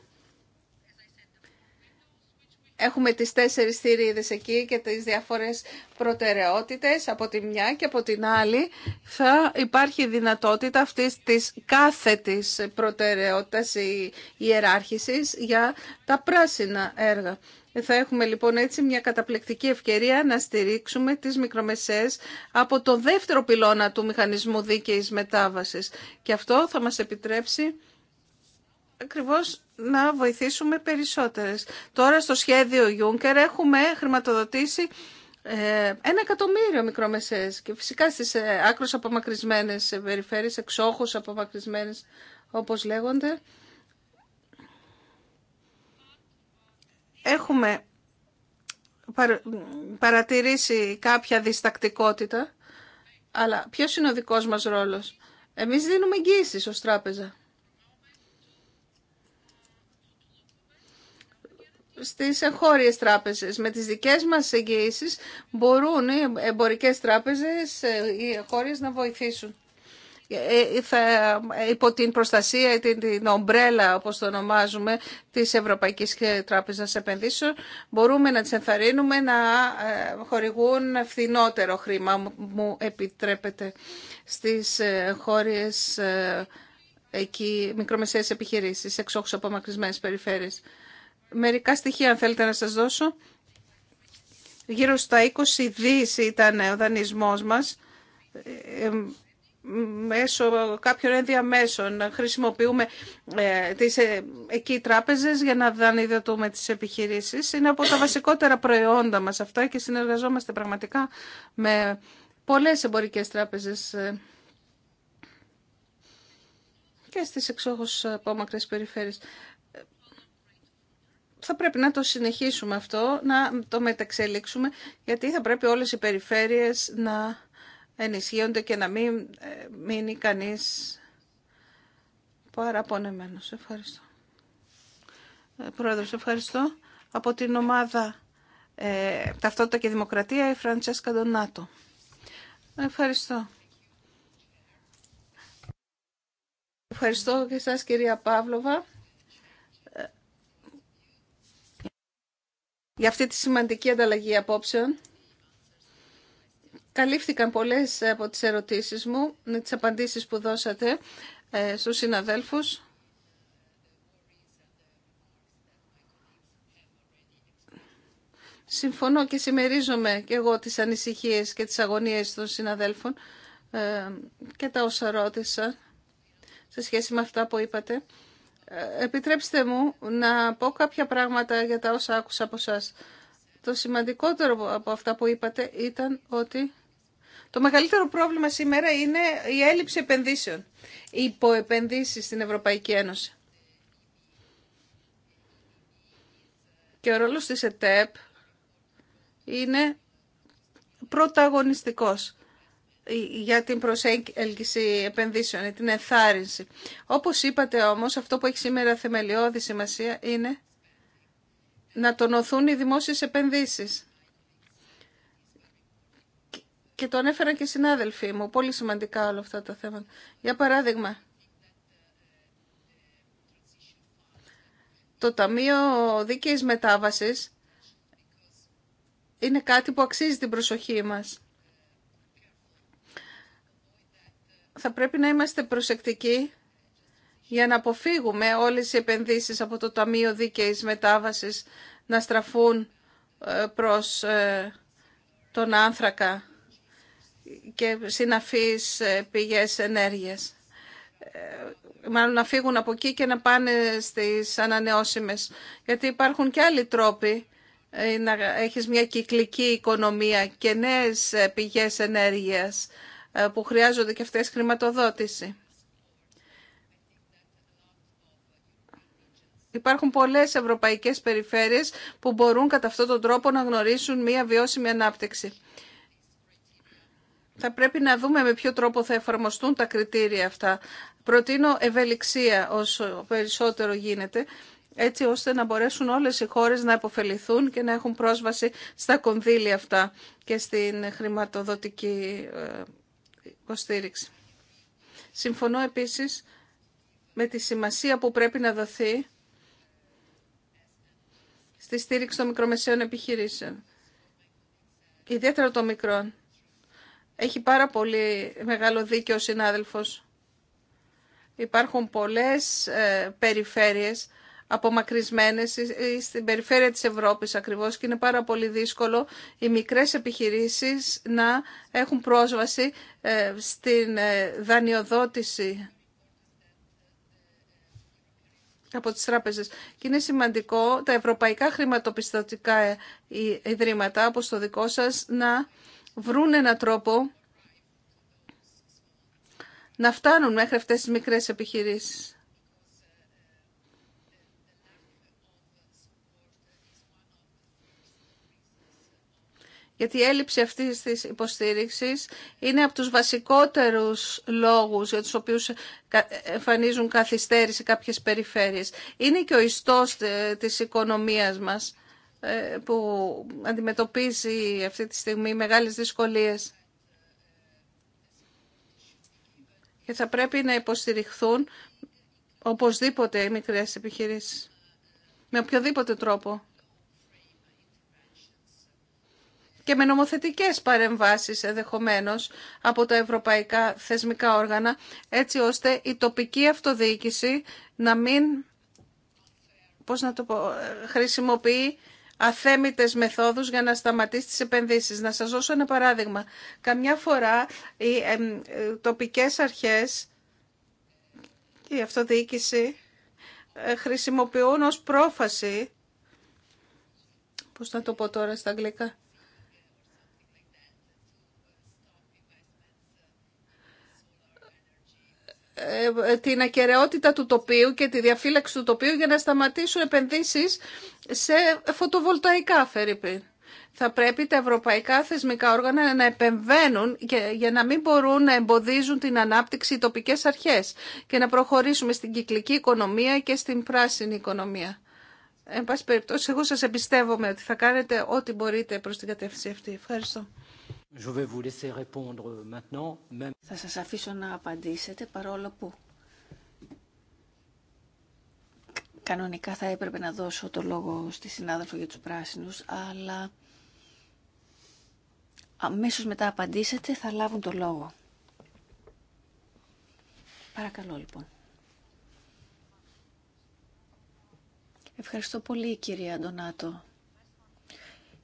Έχουμε τις τέσσερις θηρίδες εκεί και τις διάφορες προτεραιότητες από τη μια και από την άλλη θα υπάρχει δυνατότητα αυτής της κάθετης προτεραιότητας ή ιεράρχησης για τα πράσινα έργα. Θα έχουμε λοιπόν έτσι μια καταπληκτική ευκαιρία να στηρίξουμε τις μικρομεσαίες από το δεύτερο πυλώνα του Μηχανισμού Δίκαιης Μετάβασης και αυτό θα μας επιτρέψει ακριβώς να βοηθήσουμε περισσότερες. Τώρα στο σχέδιο Juncker έχουμε χρηματοδοτήσει ε, ένα εκατομμύριο μικρομεσαίες και φυσικά στις ε, άκρως απομακρυσμένες περιφέρειες, εξόχως απομακρυσμένες όπως λέγονται. Έχουμε παρατηρήσει κάποια διστακτικότητα, αλλά ποιος είναι ο δικός μας ρόλος. Εμείς δίνουμε εγγύηση ως τράπεζα. στις εγχώριες τράπεζες. Με τις δικές μας εγγυήσεις μπορούν οι εμπορικές τράπεζες, ε, οι εγχώριες να βοηθήσουν. Ε, ε, θα, υπό την προστασία την, την ομπρέλα, όπως το ονομάζουμε, της Ευρωπαϊκής Τράπεζας Επενδύσεων, μπορούμε να τις ενθαρρύνουμε να χορηγούν φθηνότερο χρήμα, μου επιτρέπεται, στις χώρες εκεί μικρομεσαίες επιχειρήσεις, εξόχως απομακρυσμένες περιφέρειες. Μερικά στοιχεία αν θέλετε να σας δώσω. Γύρω στα 20 δις ήταν ο δανεισμός μας ε, μέσω κάποιων ενδιαμέσων. Χρησιμοποιούμε ε, τις ε, εκεί τράπεζες για να δανειδοτούμε τις επιχειρήσεις. Είναι από τα βασικότερα προϊόντα μας αυτά και συνεργαζόμαστε πραγματικά με πολλές εμπορικές τράπεζες ε, και στις εξόχως απόμακρες περιφέρειες θα πρέπει να το συνεχίσουμε αυτό, να το μεταξελίξουμε, γιατί θα πρέπει όλες οι περιφέρειες να ενισχύονται και να μην ε, μείνει κανείς παραπονεμένος. Ευχαριστώ. Ε, πρόεδρος, ευχαριστώ. Από την ομάδα ε, Ταυτότητα και Δημοκρατία, η Φραντσέσκα Ντονάτο. Ευχαριστώ. Ευχαριστώ και σας κυρία Παύλοβα για αυτή τη σημαντική ανταλλαγή απόψεων. Καλύφθηκαν πολλές από τις ερωτήσεις μου, τις απαντήσεις που δώσατε ε, στους συναδέλφους. Συμφωνώ και συμμερίζομαι και εγώ τις ανησυχίες και τις αγωνίες των συναδέλφων ε, και τα όσα ρώτησα σε σχέση με αυτά που είπατε επιτρέψτε μου να πω κάποια πράγματα για τα όσα άκουσα από σας. Το σημαντικότερο από αυτά που είπατε ήταν ότι το μεγαλύτερο πρόβλημα σήμερα είναι η έλλειψη επενδύσεων, η υποεπενδύσεις στην Ευρωπαϊκή Ένωση. Και ο ρόλος της ΕΤΕΠ είναι πρωταγωνιστικός για την προσέγγιση επενδύσεων, την ενθάρρυνση. Όπως είπατε όμως, αυτό που έχει σήμερα θεμελιώδη σημασία είναι να τονωθούν οι δημόσιες επενδύσεις. Και το ανέφεραν και οι συνάδελφοί μου, πολύ σημαντικά όλα αυτά τα θέματα. Για παράδειγμα, το Ταμείο Δίκαιης Μετάβασης είναι κάτι που αξίζει την προσοχή μας θα πρέπει να είμαστε προσεκτικοί για να αποφύγουμε όλες οι επενδύσεις από το Ταμείο Δίκαιης Μετάβασης να στραφούν ε, προς ε, τον άνθρακα και συναφείς ε, πηγές ενέργειας. Μάλλον να φύγουν από εκεί και να πάνε στις ανανεώσιμες. Γιατί υπάρχουν και άλλοι τρόποι να έχεις μια κυκλική οικονομία και νέες πηγές ενέργειας ε, που χρειάζονται και αυτές χρηματοδότηση. Υπάρχουν πολλές ευρωπαϊκές περιφέρειες που μπορούν κατά αυτόν τον τρόπο να γνωρίσουν μία βιώσιμη ανάπτυξη. Θα πρέπει να δούμε με ποιο τρόπο θα εφαρμοστούν τα κριτήρια αυτά. Προτείνω ευελιξία όσο περισσότερο γίνεται, έτσι ώστε να μπορέσουν όλες οι χώρες να υποφεληθούν και να έχουν πρόσβαση στα κονδύλια αυτά και στην χρηματοδοτική ε, υποστήριξη. Συμφωνώ επίσης με τη σημασία που πρέπει να δοθεί στη στήριξη των μικρομεσαίων επιχειρήσεων. Ιδιαίτερα των μικρών. Έχει πάρα πολύ μεγάλο δίκιο ο συνάδελφος. Υπάρχουν πολλές ε, περιφέρειες απομακρυσμένες ε, ε, στην περιφέρεια της Ευρώπης ακριβώς και είναι πάρα πολύ δύσκολο οι μικρές επιχειρήσεις να έχουν πρόσβαση ε, στην δανειοδότηση από τις τράπεζες. Και είναι σημαντικό τα ευρωπαϊκά χρηματοπιστωτικά ιδρύματα, όπως το δικό σας, να βρουν έναν τρόπο να φτάνουν μέχρι αυτές τις μικρές επιχειρήσεις. γιατί η έλλειψη αυτής της υποστήριξης είναι από τους βασικότερους λόγους για τους οποίους εμφανίζουν καθυστέρηση κάποιες περιφέρειες. Είναι και ο ιστό ε, της οικονομίας μας ε, που αντιμετωπίζει αυτή τη στιγμή μεγάλες δυσκολίες. Και θα πρέπει να υποστηριχθούν οπωσδήποτε οι μικρές επιχειρήσεις. Με οποιοδήποτε τρόπο. και με νομοθετικές παρεμβάσεις ενδεχομένω από τα ευρωπαϊκά θεσμικά όργανα, έτσι ώστε η τοπική αυτοδιοίκηση να μην πώς να το χρησιμοποιεί αθέμητες μεθόδους για να σταματήσει τις επενδύσεις. Να σας δώσω ένα παράδειγμα. Καμιά φορά οι τοπικές αρχές και η αυτοδιοίκηση ε, χρησιμοποιούν ως πρόφαση, πώς να το πω τώρα στα αγγλικά, Ε, την ακαιρεότητα του τοπίου και τη διαφύλαξη του τοπίου για να σταματήσουν επενδύσεις σε φωτοβολταϊκά, Φερρυπίν. Θα πρέπει τα ευρωπαϊκά θεσμικά όργανα να επεμβαίνουν για να μην μπορούν να εμποδίζουν την ανάπτυξη οι τοπικές αρχές και να προχωρήσουμε στην κυκλική οικονομία και στην πράσινη οικονομία. Εν πάση περιπτώσει, εγώ σας εμπιστεύομαι ότι θα κάνετε ό,τι μπορείτε προς την κατεύθυνση αυτή. Ευχαριστώ. Θα σας αφήσω να απαντήσετε παρόλο που κανονικά θα έπρεπε να δώσω το λόγο στη συνάδελφο για τους πράσινους, αλλά αμέσως μετά απαντήσετε θα λάβουν το λόγο. Παρακαλώ λοιπόν. Ευχαριστώ πολύ κυρία Αντωνάτο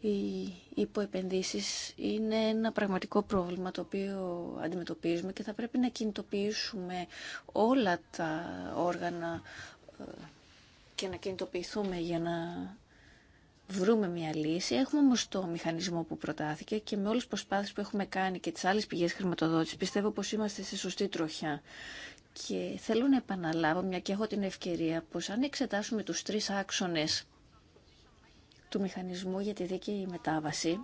οι υποεπενδύσεις είναι ένα πραγματικό πρόβλημα το οποίο αντιμετωπίζουμε και θα πρέπει να κινητοποιήσουμε όλα τα όργανα ε, και να κινητοποιηθούμε για να βρούμε μια λύση. Έχουμε όμω το μηχανισμό που προτάθηκε και με όλες τις προσπάθειες που έχουμε κάνει και τις άλλες πηγές χρηματοδότησης πιστεύω πως είμαστε σε σωστή τροχιά. Και θέλω να επαναλάβω, μια και έχω την ευκαιρία, πως αν εξετάσουμε τους τρεις άξονες του Μηχανισμού για τη Δίκαιη Μετάβαση.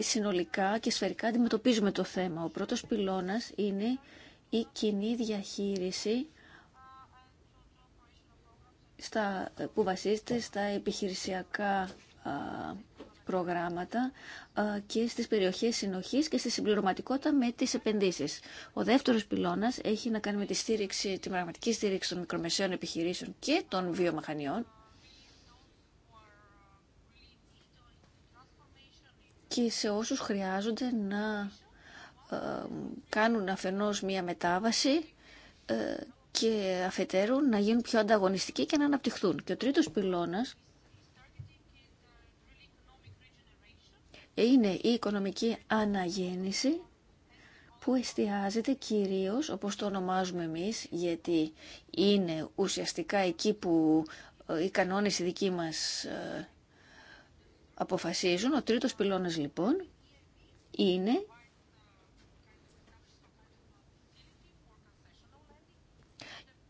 Συνολικά και σφαιρικά αντιμετωπίζουμε το θέμα. Ο πρώτος πυλώνας είναι η κοινή διαχείριση στα, που βασίζεται στα επιχειρησιακά προγράμματα και στις περιοχές συνοχής και στη συμπληρωματικότητα με τις επενδύσεις. Ο δεύτερος πυλώνας έχει να κάνει με τη στήριξη, τη πραγματική στήριξη των μικρομεσαίων επιχειρήσεων και των βιομηχανιών και σε όσους χρειάζονται να κάνουν αφενός μία μετάβαση και αφετέρου να γίνουν πιο ανταγωνιστικοί και να αναπτυχθούν. Και ο τρίτος πυλώνας είναι η οικονομική αναγέννηση που εστιάζεται κυρίως, όπως το ονομάζουμε εμείς, γιατί είναι ουσιαστικά εκεί που ε, οι κανόνες οι δικοί μας ε, αποφασίζουν. Ο τρίτος πυλώνας λοιπόν είναι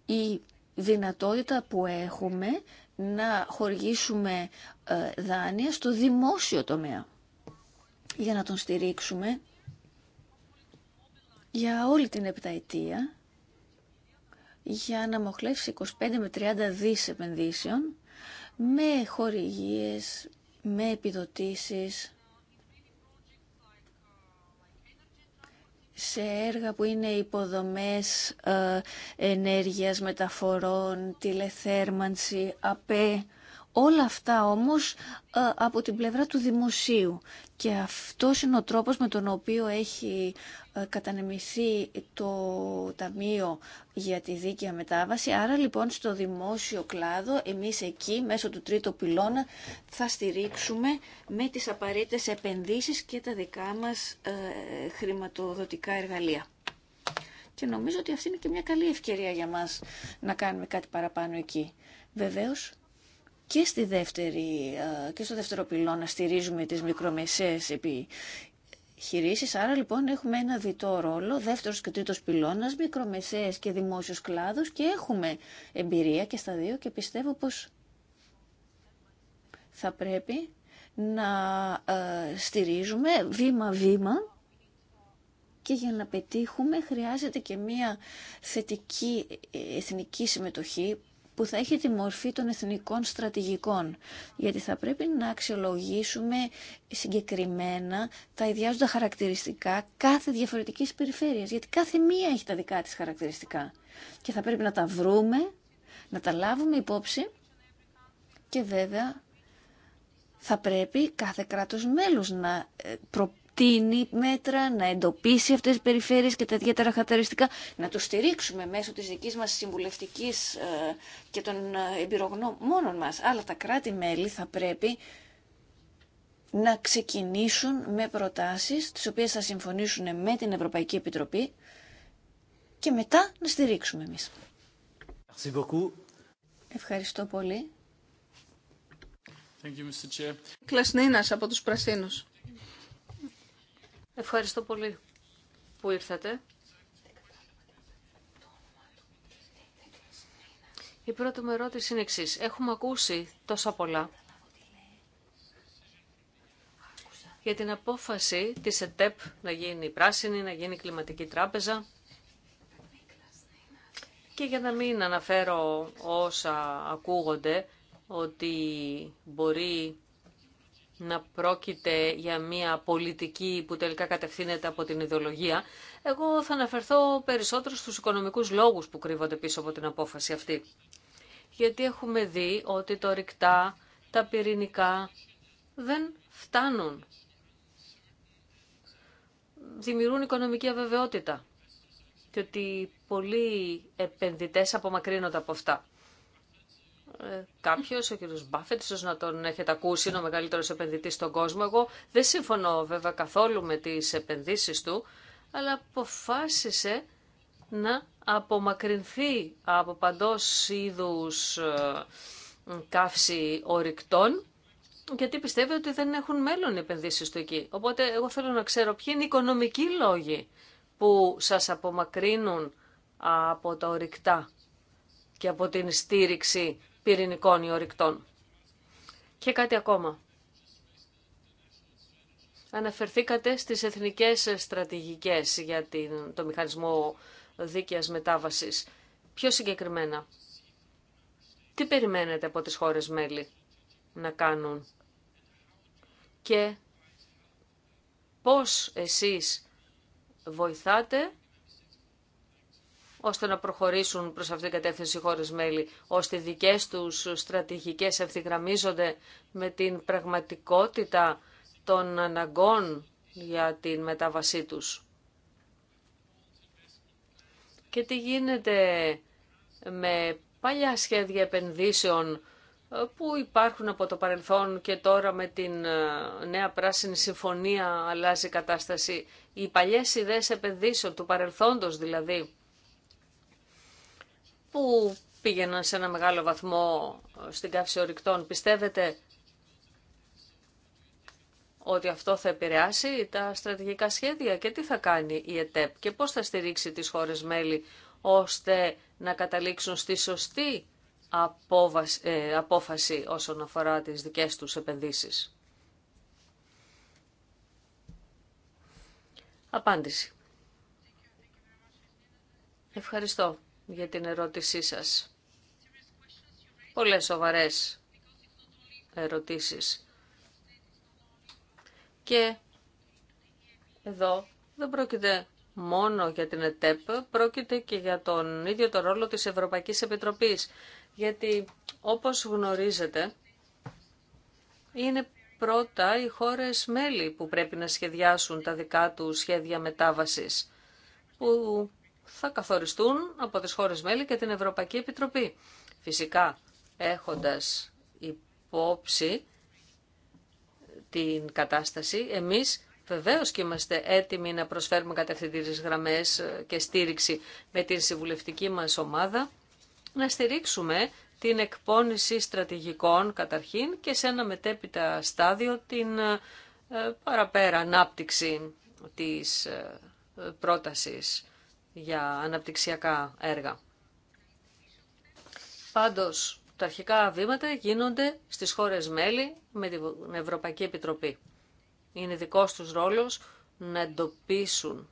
η δυνατότητα που έχουμε να χορηγήσουμε ε, δάνεια στο δημόσιο τομέα για να τον στηρίξουμε για όλη την επταετία για να μοχλεύσει 25 με 30 δις επενδύσεων με χορηγίες, με επιδοτήσεις σε έργα που είναι υποδομές ε, ενέργειας, μεταφορών, τηλεθέρμανση, ΑΠΕ Όλα αυτά όμως ε, από την πλευρά του δημοσίου. Και αυτό είναι ο τρόπος με τον οποίο έχει ε, κατανεμηθεί το Ταμείο για τη Δίκαια Μετάβαση. Άρα λοιπόν στο δημόσιο κλάδο εμείς εκεί μέσω του τρίτου πυλώνα θα στηρίξουμε με τις απαραίτητες επενδύσεις και τα δικά μας ε, χρηματοδοτικά εργαλεία. Και νομίζω ότι αυτή είναι και μια καλή ευκαιρία για μας να κάνουμε κάτι παραπάνω εκεί. Βεβαίως και, στη δεύτερη, ε, και στο δεύτερο πυλώνα στηρίζουμε τις μικρομεσαίες επιχειρήσεις. Άρα λοιπόν έχουμε ένα διτό ρόλο, δεύτερος και τρίτος πυλώνας, μικρομεσαίες και δημόσιος κλάδος και έχουμε εμπειρία και στα δύο και πιστεύω πως θα πρέπει να ε, στηρίζουμε βήμα-βήμα και για να πετύχουμε χρειάζεται και μία θετική ε, εθνική συμμετοχή που θα έχει τη μορφή των εθνικών στρατηγικών. Γιατί θα πρέπει να αξιολογήσουμε συγκεκριμένα τα ιδιάζοντα χαρακτηριστικά κάθε διαφορετικής περιφέρειας. Γιατί κάθε μία έχει τα δικά της χαρακτηριστικά. Και θα πρέπει να τα βρούμε, να τα λάβουμε υπόψη και βέβαια θα πρέπει κάθε κράτος μέλος να ε, προ η μέτρα, να εντοπίσει αυτές τις περιφέρειες και τα ιδιαίτερα χαρακτηριστικά, να το στηρίξουμε μέσω της δικής μας συμβουλευτικής ε, και των ε, εμπειρογνώμων μας. Αλλά τα κράτη-μέλη θα πρέπει να ξεκινήσουν με προτάσεις, τις οποίες θα συμφωνήσουν με την Ευρωπαϊκή Επιτροπή και μετά να στηρίξουμε εμείς. Ευχαριστώ πολύ. Κλασνίνας από τους Πρασίνους. Ευχαριστώ πολύ που ήρθατε. Η πρώτη μου ερώτηση είναι εξής. Έχουμε ακούσει τόσα πολλά για την απόφαση της ΕΤΕΠ να γίνει πράσινη, να γίνει κλιματική τράπεζα και για να μην αναφέρω όσα ακούγονται ότι μπορεί να πρόκειται για μια πολιτική που τελικά κατευθύνεται από την ιδεολογία. Εγώ θα αναφερθώ περισσότερο στους οικονομικούς λόγους που κρύβονται πίσω από την απόφαση αυτή. Γιατί έχουμε δει ότι το ρηκτά, τα πυρηνικά δεν φτάνουν. Δημιουργούν οικονομική αβεβαιότητα και ότι πολλοί επενδυτές απομακρύνονται από αυτά. Ε, κάποιο, ο κ. Μπάφετ, ίσω να τον έχετε ακούσει, είναι ο μεγαλύτερο επενδυτή στον κόσμο. Εγώ δεν συμφωνώ βέβαια καθόλου με τι επενδύσει του, αλλά αποφάσισε να απομακρυνθεί από παντός είδου ε, καύση ορυκτών γιατί πιστεύει ότι δεν έχουν μέλλον οι επενδύσεις του εκεί. Οπότε εγώ θέλω να ξέρω ποιοι είναι οι οικονομικοί λόγοι που σας απομακρύνουν από τα ορυκτά και από την στήριξη πυρηνικών ή Και κάτι ακόμα. Αναφερθήκατε στις εθνικές στρατηγικές για το μηχανισμό δίκαιας μετάβασης. Πιο συγκεκριμένα, τι περιμένετε από τις χώρες μέλη να κάνουν και πώς εσείς βοηθάτε ώστε να προχωρήσουν προς αυτήν την κατεύθυνση οι μέλη, ώστε οι δικές τους στρατηγικές ευθυγραμμίζονται με την πραγματικότητα των αναγκών για την μετάβασή του. Και τι γίνεται με παλιά σχέδια επενδύσεων που υπάρχουν από το παρελθόν και τώρα με την ε, νέα πράσινη συμφωνία αλλάζει η κατάσταση. Οι παλιές ιδέες επενδύσεων του παρελθόντος δηλαδή που πήγαιναν σε ένα μεγάλο βαθμό ε, στην καύση ορυκτών. Πιστεύετε ότι αυτό θα επηρεάσει τα στρατηγικά σχέδια και τι θα κάνει η ΕΤΕΠ και πώς θα στηρίξει τις χώρες μέλη ώστε να καταλήξουν στη σωστή ε, απόφαση όσον αφορά τις δικές τους επενδύσεις. Απάντηση. Ευχαριστώ για την ερώτησή σας. Πολλές σοβαρές ερωτήσεις. Και εδώ δεν πρόκειται μόνο για την ΕΤΕΠ, πρόκειται και για τον ίδιο το ρόλο της Ευρωπαϊκής Επιτροπής. Γιατί όπως γνωρίζετε, είναι πρώτα οι χώρες μέλη που πρέπει να σχεδιάσουν τα δικά του σχέδια μετάβασης, που θα καθοριστούν από τις χώρες μέλη και την Ευρωπαϊκή Επιτροπή. Φυσικά, έχοντας υπόψη την κατάσταση, εμείς Βεβαίω και είμαστε έτοιμοι να προσφέρουμε κατευθυντήριε γραμμέ και στήριξη με την συμβουλευτική μα ομάδα, να στηρίξουμε την εκπόνηση στρατηγικών καταρχήν και σε ένα μετέπειτα στάδιο την ε, παραπέρα ανάπτυξη της ε, πρότασης για αναπτυξιακά έργα. Πάντως, τα αρχικά βήματα γίνονται στις χώρες μέλη με την Ευρωπαϊκή Επιτροπή. Είναι δικός τους ρόλος να εντοπίσουν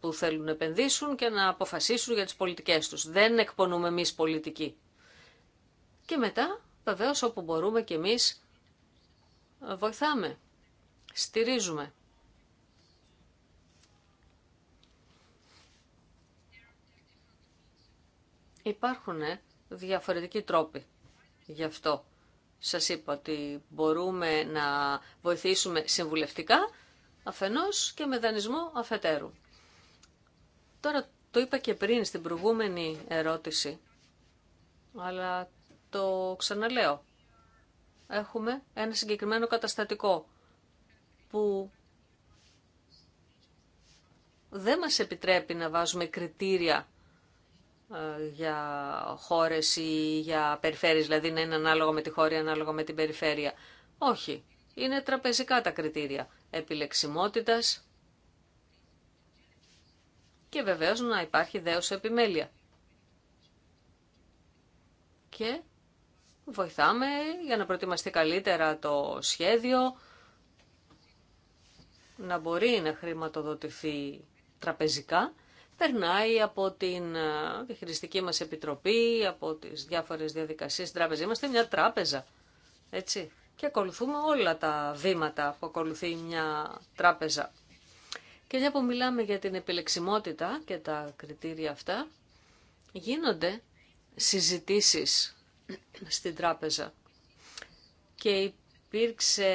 που θέλουν να επενδύσουν και να αποφασίσουν για τις πολιτικές τους. Δεν εκπονούμε εμείς πολιτική. Και μετά, βεβαίω όπου μπορούμε και εμείς, ε, βοηθάμε, στηρίζουμε. Υπάρχουν ε, διαφορετικοί τρόποι γι' αυτό. Σας είπα ότι μπορούμε να βοηθήσουμε συμβουλευτικά αφενός και με δανεισμό αφετέρου. Τώρα το είπα και πριν στην προηγούμενη ερώτηση, αλλά το ξαναλέω. Έχουμε ένα συγκεκριμένο καταστατικό που δεν μας επιτρέπει να βάζουμε κριτήρια ε, για χώρες ή για περιφέρειες, δηλαδή να είναι ανάλογα με τη χώρα ή ανάλογα με την περιφέρεια. Όχι. Είναι τραπεζικά τα κριτήρια επιλεξιμότητας και βεβαίως να υπάρχει δέος επιμέλεια. Και βοηθάμε για να προετοιμαστεί καλύτερα το σχέδιο, να μπορεί να χρηματοδοτηθεί τραπεζικά περνάει από την ε, χρηστική μας επιτροπή, από τις διάφορες διαδικασίες στην τράπεζα. Είμαστε μια τράπεζα, έτσι. Και ακολουθούμε όλα τα βήματα που ακολουθεί μια τράπεζα. Και μια που μιλάμε για την επιλεξιμότητα και τα κριτήρια αυτά, γίνονται συζητήσεις στην τράπεζα. Και υπήρξε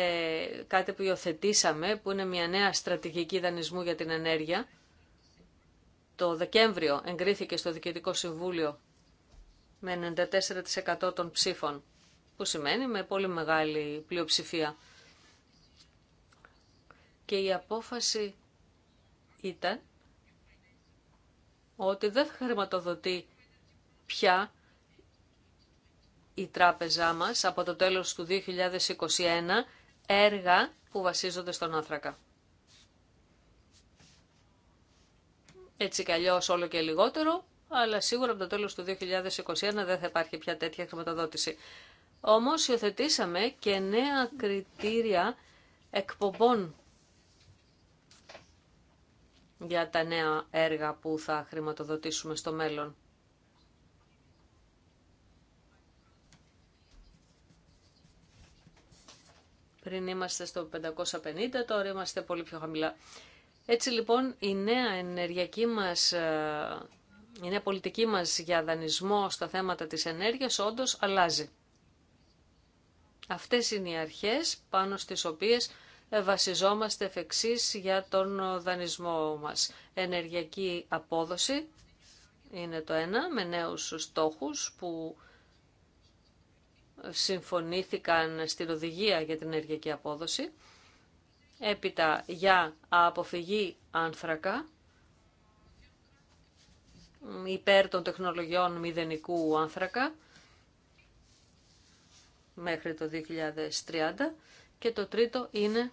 κάτι που υιοθετήσαμε, που είναι μια νέα στρατηγική δανεισμού για την ενέργεια, το Δεκέμβριο εγκρίθηκε στο Διοικητικό Συμβούλιο με 94% των ψήφων, που σημαίνει με πολύ μεγάλη πλειοψηφία. Και η απόφαση ήταν ότι δεν θα χρηματοδοτεί πια η τράπεζά μας από το τέλος του 2021 έργα που βασίζονται στον άνθρακα. Έτσι κι αλλιώς όλο και λιγότερο, αλλά σίγουρα από το τέλος του 2021 δεν θα υπάρχει πια τέτοια χρηματοδότηση. Όμως υιοθετήσαμε και νέα κριτήρια εκπομπών για τα νέα έργα που θα χρηματοδοτήσουμε στο μέλλον. Πριν είμαστε στο 550, τώρα είμαστε πολύ πιο χαμηλά. Έτσι λοιπόν η νέα ενεργειακή μας, ε, η νέα πολιτική μας για δανεισμό στα θέματα της ενέργειας όντως αλλάζει. Αυτές είναι οι αρχές πάνω στις οποίες ε, βασιζόμαστε εφ' για τον δανεισμό μας. Ενεργειακή απόδοση είναι το ένα, με νέους στόχους που συμφωνήθηκαν στην οδηγία για την ενεργειακή απόδοση έπειτα για αποφυγή άνθρακα υπέρ των τεχνολογιών μηδενικού άνθρακα μέχρι το 2030 και το τρίτο είναι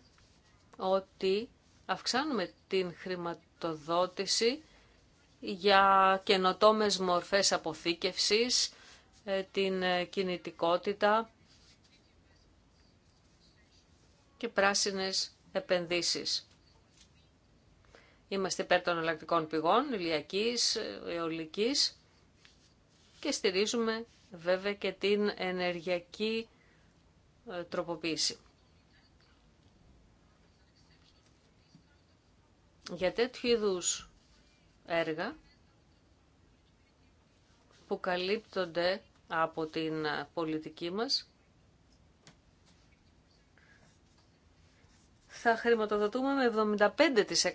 ότι αυξάνουμε την χρηματοδότηση για καινοτόμες μορφές αποθήκευσης, ε, την ε, κινητικότητα και πράσινες επενδύσεις. Είμαστε υπέρ των ελλακτικών πηγών, ηλιακής, αιωλικής και στηρίζουμε βέβαια και την ενεργειακή ε, τροποποίηση. Για τέτοιου είδου έργα που καλύπτονται από την ε, πολιτική μας, θα χρηματοδοτούμε με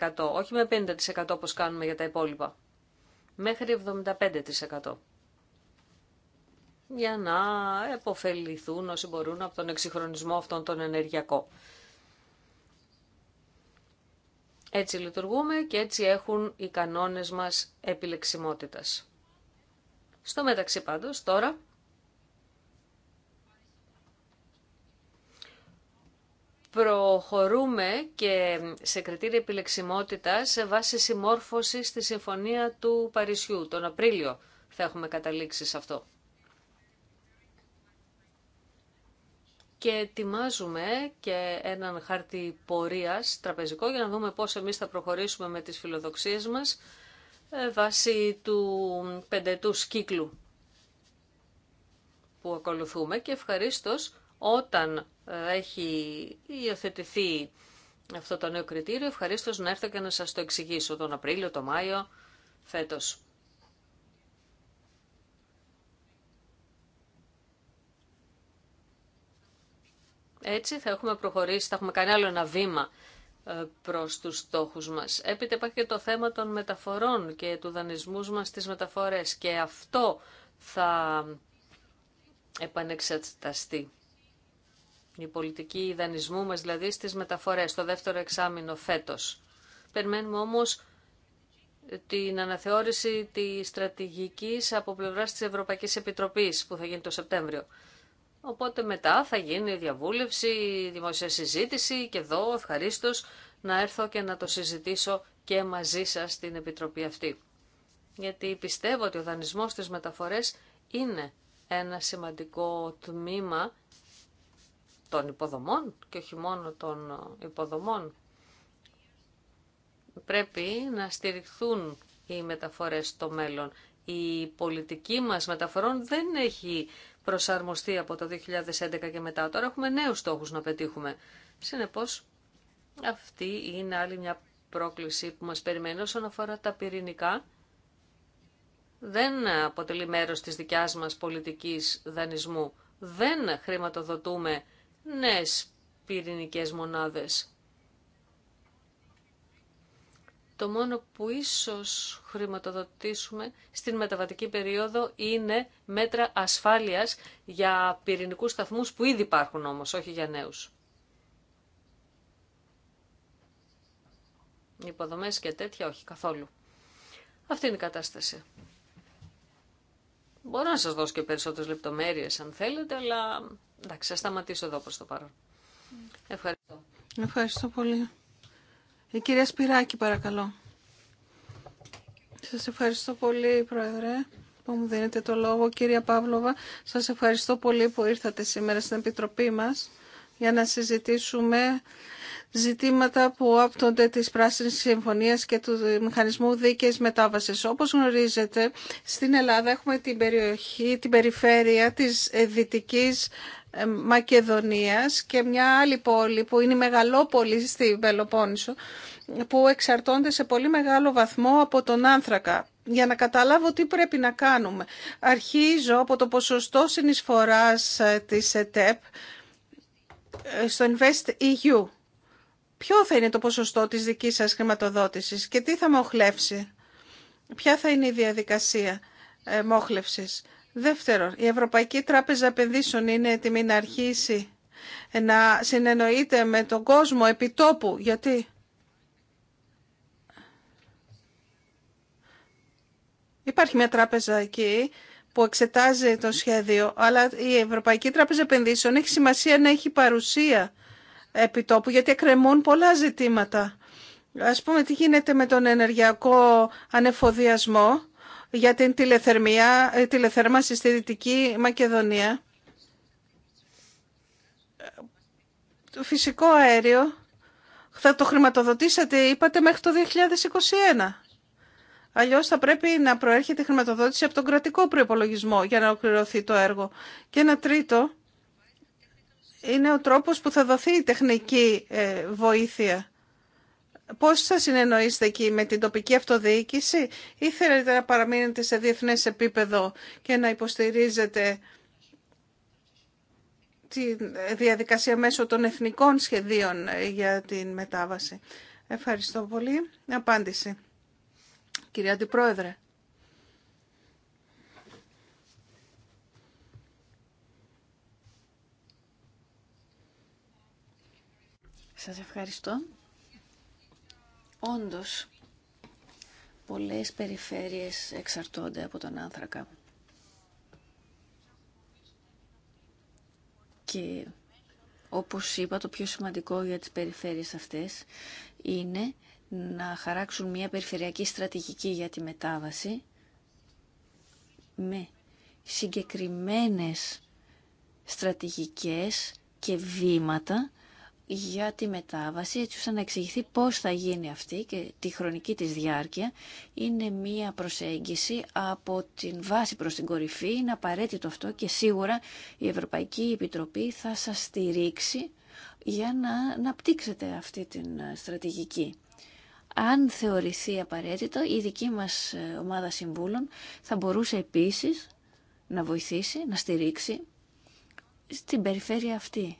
75%, όχι με 50% όπως κάνουμε για τα υπόλοιπα. Μέχρι 75% για να επωφεληθούν όσοι μπορούν από τον εξυγχρονισμό αυτόν τον ενεργειακό. Έτσι λειτουργούμε και έτσι έχουν οι κανόνες μας επιλεξιμότητας. Στο μεταξύ πάντως τώρα προχωρούμε και σε κριτήρια επιλεξιμότητα σε βάση συμμόρφωση στη Συμφωνία του Παρισιού. Τον Απρίλιο θα έχουμε καταλήξει σε αυτό. Και ετοιμάζουμε και έναν χάρτη πορείας τραπεζικό για να δούμε πώς εμείς θα προχωρήσουμε με τις φιλοδοξίες μας ε, βάσει του πεντετούς κύκλου που ακολουθούμε και ευχαρίστως όταν ε, έχει υιοθετηθεί αυτό το νέο κριτήριο, ευχαρίστως να έρθω και να σας το εξηγήσω τον Απρίλιο, τον Μάιο, φέτος. Έτσι θα έχουμε προχωρήσει, θα έχουμε κάνει άλλο ένα βήμα ε, προς τους στόχους μας. Έπειτα υπάρχει και το θέμα των μεταφορών και του δανεισμού μας στις μεταφορές και αυτό θα επανεξεταστεί η πολιτική δανεισμού μας δηλαδή στις μεταφορές, το δεύτερο εξάμεινο φέτος. Περιμένουμε όμως την αναθεώρηση της στρατηγικής από πλευράς της Ευρωπαϊκής Επιτροπής που θα γίνει το Σεπτέμβριο. Οπότε μετά θα γίνει διαβούλευση, δημοσία συζήτηση και εδώ ευχαρίστω να έρθω και να το συζητήσω και μαζί σας στην Επιτροπή αυτή. Γιατί πιστεύω ότι ο δανεισμός στις μεταφορές είναι ένα σημαντικό τμήμα των υποδομών και όχι μόνο των υποδομών. Πρέπει να στηριχθούν οι μεταφορές στο μέλλον. Η πολιτική μας μεταφορών δεν έχει προσαρμοστεί από το 2011 και μετά. Τώρα έχουμε νέους στόχους να πετύχουμε. Συνεπώς, αυτή είναι άλλη μια πρόκληση που μας περιμένει όσον αφορά τα πυρηνικά. Δεν αποτελεί μέρος της δικιάς μας πολιτικής δανεισμού. Δεν χρηματοδοτούμε νέες πυρηνικές μονάδες. Το μόνο που ίσως χρηματοδοτήσουμε στην μεταβατική περίοδο είναι μέτρα ασφάλειας για πυρηνικούς σταθμούς που ήδη υπάρχουν όμως, όχι για νέους. Υποδομές και τέτοια όχι καθόλου. Αυτή είναι η κατάσταση. Μπορώ να σας δώσω και περισσότερες λεπτομέρειες αν θέλετε, αλλά Εντάξει, θα σταματήσω εδώ προς το παρόν. Ευχαριστώ. Ευχαριστώ πολύ. Η κυρία Σπυράκη, παρακαλώ. Σας ευχαριστώ πολύ, Πρόεδρε, που μου δίνετε το λόγο. Κυρία Παύλοβα, σας ευχαριστώ πολύ που ήρθατε σήμερα στην Επιτροπή μας για να συζητήσουμε ζητήματα που άπτονται της Πράσινης Συμφωνίας και του Μηχανισμού Δίκαιης Μετάβασης. Όπως γνωρίζετε, στην Ελλάδα έχουμε την περιοχή, την περιφέρεια της Δυτικής ε, Μακεδονίας και μια άλλη πόλη που είναι η μεγαλόπολη στη Πελοπόννησο που εξαρτώνται σε πολύ μεγάλο βαθμό από τον άνθρακα. Για να καταλάβω τι πρέπει να κάνουμε. Αρχίζω από το ποσοστό συνεισφοράς ε, της ΕΤΕΠ ε, στο Invest EU. Ποιο θα είναι το ποσοστό της δικής σας χρηματοδότησης και τι θα μοχλεύσει. Ποια θα είναι η διαδικασία μόχλευσης. Δεύτερον, η Ευρωπαϊκή Τράπεζα Επενδύσεων είναι έτοιμη να αρχίσει να συνεννοείται με τον κόσμο επιτόπου. Γιατί υπάρχει μια τράπεζα εκεί που εξετάζει το σχέδιο, αλλά η Ευρωπαϊκή Τράπεζα Επενδύσεων έχει σημασία να έχει παρουσία επιτόπου, γιατί εκκρεμούν πολλά ζητήματα. Ας πούμε τι γίνεται με τον ενεργειακό ανεφοδιασμό για την τηλεθερμία, ε, τηλεθέρμανση στη Δυτική Μακεδονία. Το φυσικό αέριο θα το χρηματοδοτήσατε, είπατε, μέχρι το 2021. Αλλιώς θα πρέπει να προέρχεται η χρηματοδότηση από τον κρατικό προϋπολογισμό για να ολοκληρωθεί το έργο. Και ένα τρίτο είναι ο τρόπος που θα δοθεί η τεχνική ε, βοήθεια Πώς θα συνεννοήσετε εκεί με την τοπική αυτοδιοίκηση ή θέλετε να παραμείνετε σε διεθνές επίπεδο και να υποστηρίζετε τη διαδικασία μέσω των εθνικών σχεδίων για την μετάβαση. Ευχαριστώ πολύ. Απάντηση. Κυρία Αντιπρόεδρε. Σας ευχαριστώ. Όντως, πολλές περιφέρειες εξαρτώνται από τον άνθρακα. Και όπως είπα, το πιο σημαντικό για τις περιφέρειες αυτές είναι να χαράξουν μια περιφερειακή στρατηγική για τη μετάβαση με συγκεκριμένες στρατηγικές και βήματα για τη μετάβαση, έτσι ώστε να εξηγηθεί πώς θα γίνει αυτή και τη χρονική της διάρκεια. Είναι μία προσέγγιση από την βάση προς την κορυφή, είναι απαραίτητο αυτό και σίγουρα η Ευρωπαϊκή Επιτροπή θα σας στηρίξει για να αναπτύξετε αυτή την ε, στρατηγική. Αν θεωρηθεί απαραίτητο, η δική μας ε, ομάδα συμβούλων θα μπορούσε επίσης να βοηθήσει, να στηρίξει στην περιφέρεια αυτή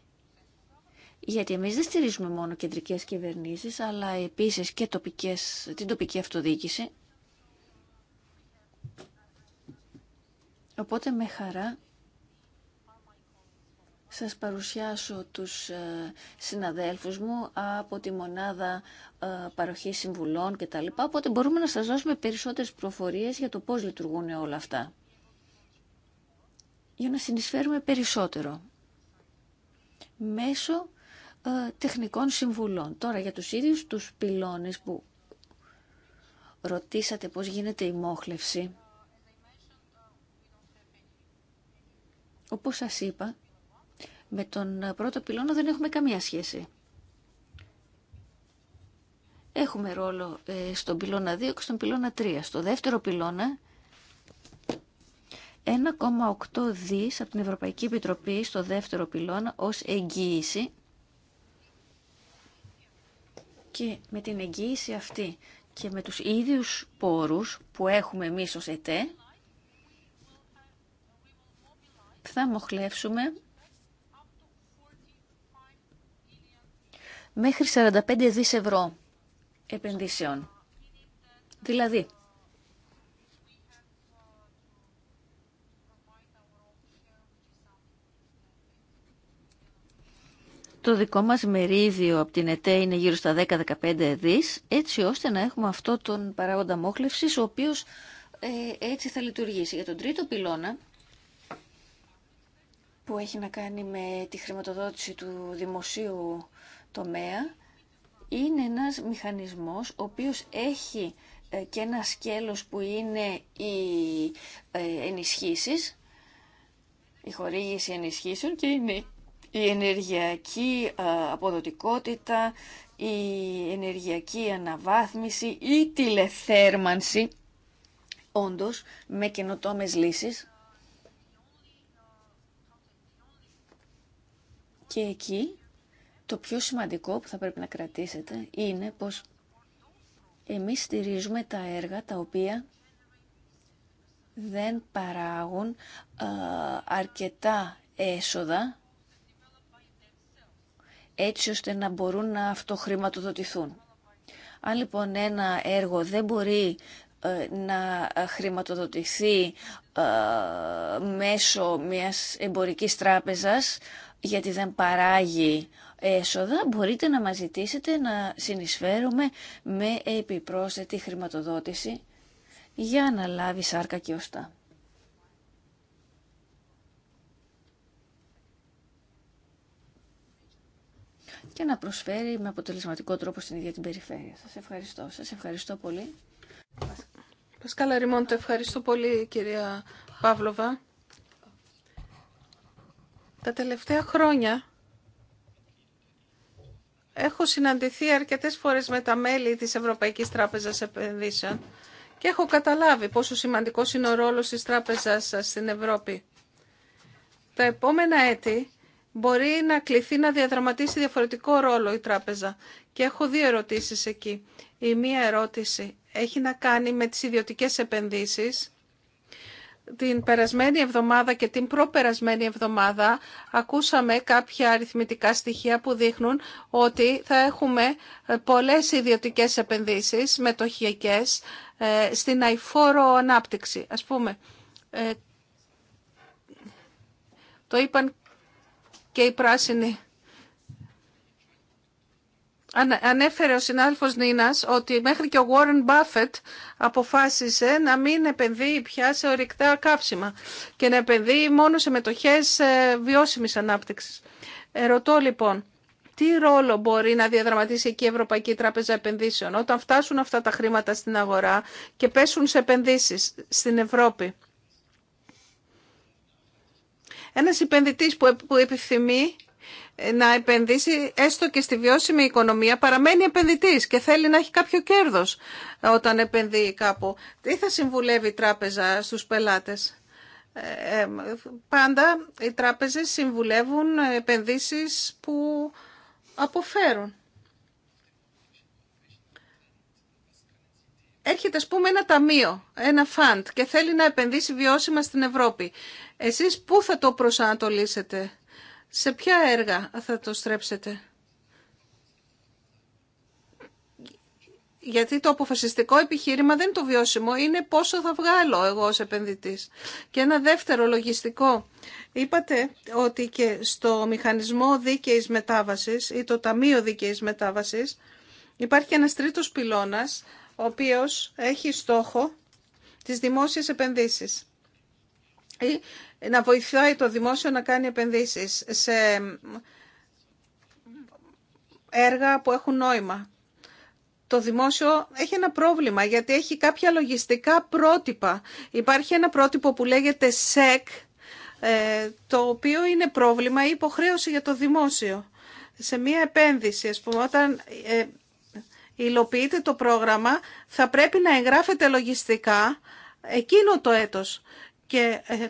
γιατί εμείς δεν στηρίζουμε μόνο κεντρικές κυβερνήσεις, αλλά επίσης και τοπικές, την τοπική αυτοδιοίκηση. Οπότε με χαρά σας παρουσιάσω τους ε, συναδέλφους μου από τη μονάδα ε, παροχής συμβουλών κτλ. Οπότε μπορούμε να σας δώσουμε περισσότερες προφορίες για το πώς λειτουργούν όλα αυτά. Για να συνεισφέρουμε περισσότερο. Μέσω ε, τεχνικών συμβουλών. Τώρα για τους ίδιους τους πυλώνες που ρωτήσατε πώς γίνεται η μόχλευση. Όπως σας είπα, με τον πρώτο πυλώνα δεν έχουμε καμία σχέση. Έχουμε ρόλο ε, στον πυλώνα 2 και στον πυλώνα 3. Στο δεύτερο πυλώνα 1,8 δις από την Ευρωπαϊκή Επιτροπή στο δεύτερο πυλώνα ως εγγύηση και με την εγγύηση αυτή και με τους ίδιους πόρους που έχουμε εμείς ως ΕΤΕ, θα μοχλεύσουμε μέχρι 45 δις ευρώ επενδύσεων. Δηλαδή, Το δικό μας μερίδιο από την ΕΤΕ είναι γύρω στα 10-15 δις, έτσι ώστε να έχουμε αυτό τον παράγοντα μόχλευσης, ο οποίος ε, έτσι θα λειτουργήσει. Για τον τρίτο πυλώνα, που έχει να κάνει με τη χρηματοδότηση του δημοσίου τομέα, είναι ένας μηχανισμός ο οποίος έχει ε, και ένα σκέλος που είναι οι ε, ενισχύσεις, η χορήγηση ενισχύσεων και είναι η ενεργειακή ε, αποδοτικότητα, η ενεργειακή αναβάθμιση ή τηλεθέρμανση, όντως, με καινοτόμες λύσεις. Και εκεί το πιο σημαντικό που θα πρέπει να κρατήσετε είναι πως εμείς στηρίζουμε τα έργα τα οποία δεν παράγουν ε, αρκετά έσοδα έτσι ώστε να μπορούν να αυτοχρηματοδοτηθούν. Αν λοιπόν ένα έργο δεν μπορεί ε, να χρηματοδοτηθεί ε, μέσω μιας εμπορικής τράπεζας γιατί δεν παράγει έσοδα, μπορείτε να μας ζητήσετε να συνεισφέρουμε με επιπρόσθετη χρηματοδότηση για να λάβει σάρκα και οστά. και να προσφέρει με αποτελεσματικό τρόπο στην ίδια την περιφέρεια. Σας ευχαριστώ. Σας ευχαριστώ πολύ. Πασκάλα Ριμόντο, ευχαριστώ πολύ κυρία Παύλοβα. Τα τελευταία χρόνια έχω συναντηθεί αρκετές φορές με τα μέλη της Ευρωπαϊκής Τράπεζας Επενδύσεων και έχω καταλάβει πόσο σημαντικός είναι ο ρόλος της τράπεζας στην Ευρώπη. Τα επόμενα έτη μπορεί να κληθεί να διαδραματίσει διαφορετικό ρόλο η τράπεζα. Και έχω δύο ερωτήσεις εκεί. Η μία ερώτηση έχει να κάνει με τις ιδιωτικές επενδύσεις. Την περασμένη εβδομάδα και την προπερασμένη εβδομάδα ακούσαμε κάποια αριθμητικά στοιχεία που δείχνουν ότι θα έχουμε ε, πολλές ιδιωτικές επενδύσεις μετοχιακές ε, στην αηφόρο ανάπτυξη. Ας πούμε, ε, το είπαν και η πράσινη Ανέφερε ο συνάδελφος Νίνας ότι μέχρι και ο Warren Buffett αποφάσισε να μην επενδύει πια σε ορυκτά κάψιμα και να επενδύει μόνο σε μετοχές ε, βιώσιμης ανάπτυξης. Ερωτώ λοιπόν, τι ρόλο μπορεί να διαδραματίσει εκεί η Ευρωπαϊκή Τράπεζα Επενδύσεων όταν φτάσουν αυτά τα χρήματα στην αγορά και πέσουν σε επενδύσεις στην Ευρώπη. Ένας επενδυτής που επιθυμεί ε, να επενδύσει έστω και στη βιώσιμη οικονομία παραμένει επενδυτής και θέλει να έχει κάποιο κέρδος όταν επενδύει κάπου. Τι θα συμβουλεύει η τράπεζα στους πελάτες. Ε, ε, πάντα οι τράπεζες συμβουλεύουν επενδύσεις που αποφέρουν. έρχεται ας πούμε ένα ταμείο, ένα φαντ και θέλει να επενδύσει βιώσιμα στην Ευρώπη. Εσείς πού θα το προσανατολίσετε, σε ποια έργα θα το στρέψετε. Γιατί το αποφασιστικό επιχείρημα δεν είναι το βιώσιμο, είναι πόσο θα βγάλω εγώ ως επενδυτής. Και ένα δεύτερο λογιστικό. Είπατε ότι και στο μηχανισμό δίκαιης μετάβασης ή το Ταμείο Δίκαιης Μετάβασης υπάρχει ένας τρίτος πυλώνας ο οποίος έχει στόχο τις δημόσιες επενδύσεις ή να βοηθάει το δημόσιο να κάνει επενδύσεις σε έργα που έχουν νόημα. Το δημόσιο έχει ένα πρόβλημα γιατί έχει κάποια λογιστικά πρότυπα. Υπάρχει ένα πρότυπο που λέγεται SEC, ε, το οποίο είναι πρόβλημα ή υποχρέωση για το δημόσιο. Σε μία επένδυση, ας πούμε, όταν ε, υλοποιείτε το πρόγραμμα θα πρέπει να εγγράφετε λογιστικά εκείνο το έτος. Και ε,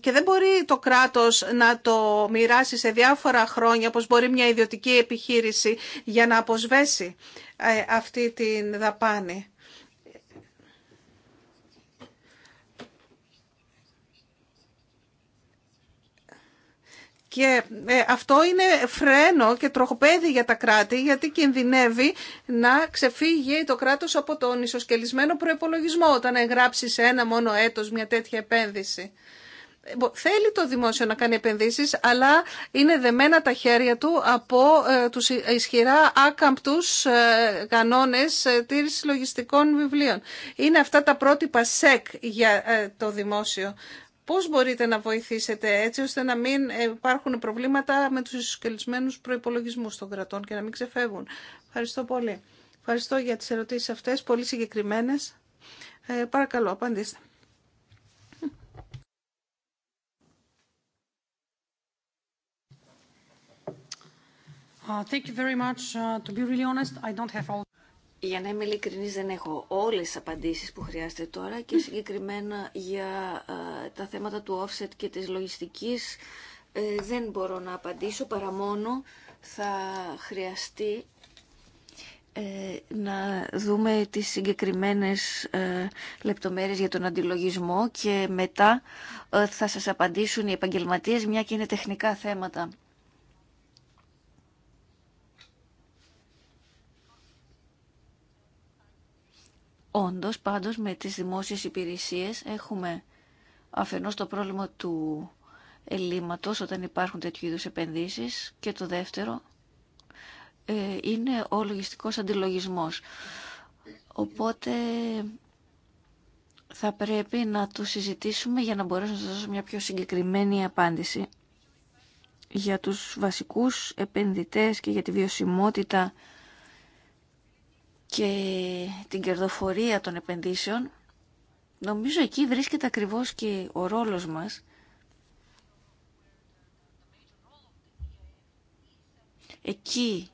και δεν μπορεί το κράτος να το μοιράσει σε διάφορα χρόνια, όπως μπορεί μια ιδιωτική επιχείρηση, για να αποσβέσει ε, αυτή την δαπάνη. Και ε, αυτό είναι φρένο και τροχοπέδι για τα κράτη, γιατί κινδυνεύει να ξεφύγει το κράτος από τον ισοσκελισμένο προπολογισμό όταν εγγράψει σε ένα μόνο έτος μια τέτοια επένδυση. Ε, θέλει το δημόσιο να κάνει επενδύσεις, αλλά είναι δεμένα τα χέρια του από ε, τους ισχυρά άκαμπτους κανόνες τήρησης λογιστικών βιβλίων. Είναι αυτά τα πρότυπα ΣΕΚ για το δημόσιο Πώς μπορείτε να βοηθήσετε έτσι ώστε να μην υπάρχουν προβλήματα με τους ισοσκελισμένους προϋπολογισμούς των κρατών και να μην ξεφεύγουν. Ευχαριστώ πολύ. Ευχαριστώ για τις ερωτήσεις αυτές, πολύ συγκεκριμένες. Ε, παρακαλώ, απαντήστε. Uh, thank you very much. Uh, to be really honest, I don't have all. Για να είμαι ειλικρινή, δεν έχω όλες τις απαντήσεις που χρειάζεται τώρα και συγκεκριμένα για ε, τα θέματα του offset και της λογιστικής ε, δεν μπορώ να απαντήσω παρά μόνο θα χρειαστεί ε, να δούμε τις συγκεκριμένες λεπτομέρειες για τον αντιλογισμό και μετά θα σας απαντήσουν οι επαγγελματίες μια και είναι τεχνικά θέματα. Όντως, πάντως, με τις δημόσιες υπηρεσίες έχουμε αφενός το πρόβλημα του ελλείμματος όταν υπάρχουν τέτοιου είδους επενδύσεις και το δεύτερο ε, είναι ο λογιστικός αντιλογισμός. Οπότε θα πρέπει να το συζητήσουμε για να μπορέσω να σας δώσω μια πιο συγκεκριμένη απάντηση για τους βασικούς επενδυτές και για τη βιωσιμότητα και την κερδοφορία των επενδύσεων, νομίζω εκεί βρίσκεται ακριβώς και ο ρόλος μας. Εκεί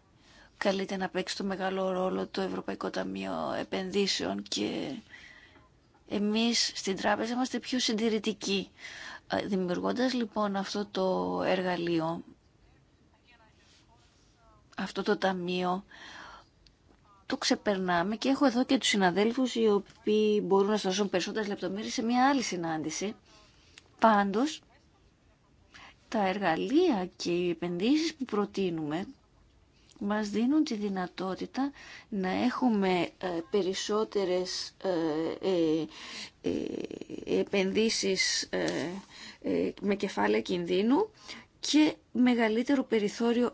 καλείται να παίξει το μεγάλο ρόλο το Ευρωπαϊκό Ταμείο Επενδύσεων και εμείς στην τράπεζα είμαστε πιο συντηρητικοί. Ε, δημιουργώντας λοιπόν αυτό το εργαλείο, αυτό το ταμείο, το ξεπερνάμε και έχω εδώ και τους συναδέλφους οι οποίοι μπορούν να σας δώσουν περισσότερες λεπτομέρειες σε μια άλλη συνάντηση. Πάντως, τα εργαλεία και οι επενδύσεις που προτείνουμε μας δίνουν τη δυνατότητα να έχουμε ε, περισσότερες ε, ε, επενδύσεις με κεφάλαια κινδύνου και μεγαλύτερο περιθώριο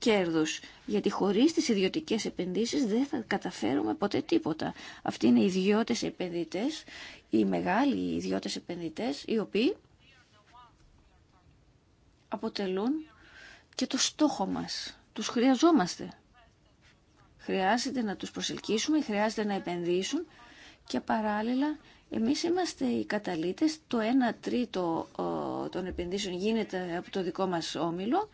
κέρδους. Γιατί χωρίς τις ιδιωτικές επενδύσεις δεν θα καταφέρουμε ποτέ τίποτα. Αυτοί είναι οι ιδιώτες επενδυτές, οι μεγάλοι ιδιώτες επενδυτές, οι οποίοι αποτελούν και το στόχο μας. Τους χρειαζόμαστε. Χρειάζεται να τους προσελκύσουμε, χρειάζεται να επενδύσουν και παράλληλα εμείς είμαστε οι καταλήτες, το 1 τρίτο ε, των επενδύσεων γίνεται από το δικό μας όμιλο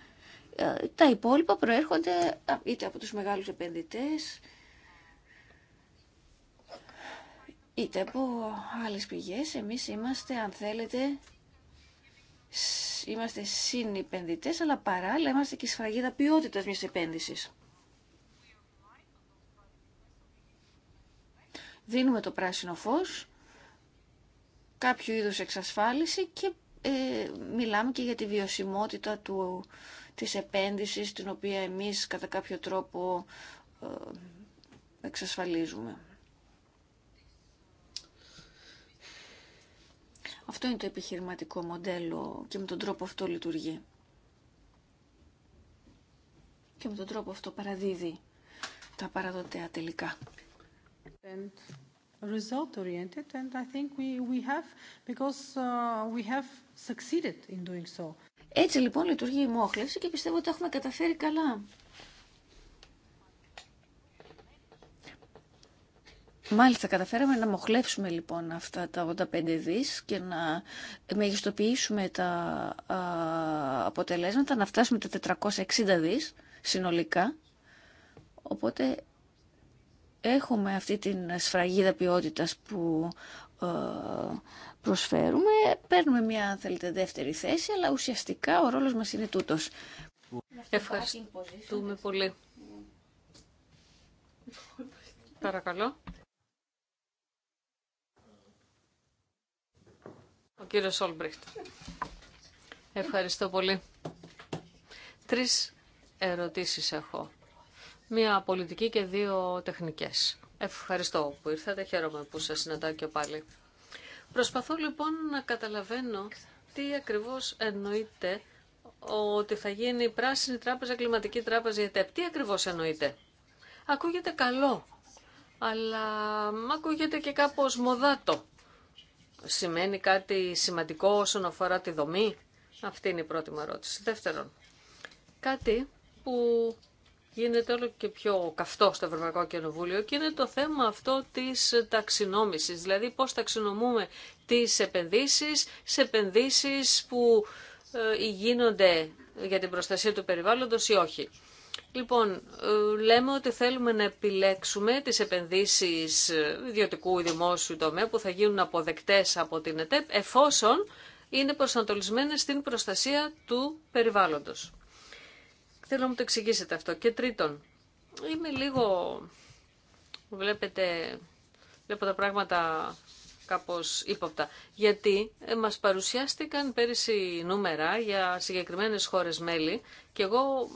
ε, τα υπόλοιπα προέρχονται είτε από τους μεγάλους επενδυτές, είτε από άλλες πηγές. Εμείς είμαστε, αν θέλετε, είμαστε συνυπενδυτές, αλλά παράλληλα είμαστε και σφραγίδα ποιότητας μιας επένδυσης. Δίνουμε το πράσινο φως, κάποιο είδους εξασφάλιση και ε, μιλάμε και για τη βιωσιμότητα του της επένδυσης την οποία εμείς κατά κάποιο τρόπο ε, εξασφαλίζουμε. Αυτό είναι το επιχειρηματικό μοντέλο και με τον τρόπο αυτό λειτουργεί. Και με τον τρόπο αυτό παραδίδει τα παραδοτέα τελικά. result oriented doing έτσι λοιπόν λειτουργεί η μόχλευση και πιστεύω ότι έχουμε καταφέρει καλά. Μάλιστα, καταφέραμε να μοχλεύσουμε λοιπόν αυτά τα 85 δις και να μεγιστοποιήσουμε τα αποτελέσματα, να φτάσουμε τα 460 δις συνολικά. Οπότε έχουμε αυτή την σφραγίδα ποιότητας που ε, προσφέρουμε. Παίρνουμε μια, αν θέλετε, δεύτερη θέση, αλλά ουσιαστικά ο ρόλος μας είναι τούτος. Ευχαριστούμε πολύ. Παρακαλώ. Ο κύριος Όλμπριχτ. Ευχαριστώ πολύ. Τρεις ερωτήσεις έχω. Μία πολιτική και δύο τεχνικές. Ευχαριστώ που ήρθατε. Χαίρομαι που σας συναντάω και πάλι. Προσπαθώ λοιπόν να καταλαβαίνω τι ακριβώς εννοείται ότι θα γίνει η πράσινη τράπεζα, κλιματική τράπεζα, η ΕΤΕΠ. Τι ακριβώς εννοείται. Ακούγεται καλό, αλλά ακούγεται και κάπως μοδάτο. Σημαίνει κάτι σημαντικό όσον αφορά τη δομή. Αυτή είναι η πρώτη μου ερώτηση. Δεύτερον, κάτι που γίνεται όλο και πιο καυτό στο Ευρωπαϊκό Κοινοβούλιο και είναι το θέμα αυτό της ταξινόμησης, δηλαδή πώς ταξινομούμε τις επενδύσεις σε επενδύσεις που ε, γίνονται για την προστασία του περιβάλλοντος ή όχι. Λοιπόν, ε, λέμε ότι θέλουμε να επιλέξουμε τις επενδύσεις ιδιωτικού ή δημόσιου τομέα που θα γίνουν αποδεκτές από την ΕΤΕΠ εφόσον είναι προσανατολισμένες στην προστασία του περιβάλλοντος. Θέλω να μου το εξηγήσετε αυτό. Και τρίτον, είμαι λίγο, βλέπετε, βλέπω τα πράγματα κάπως ύποπτα. Γιατί ε, μας παρουσιάστηκαν πέρυσι νούμερα για συγκεκριμένες χώρες μέλη και εγώ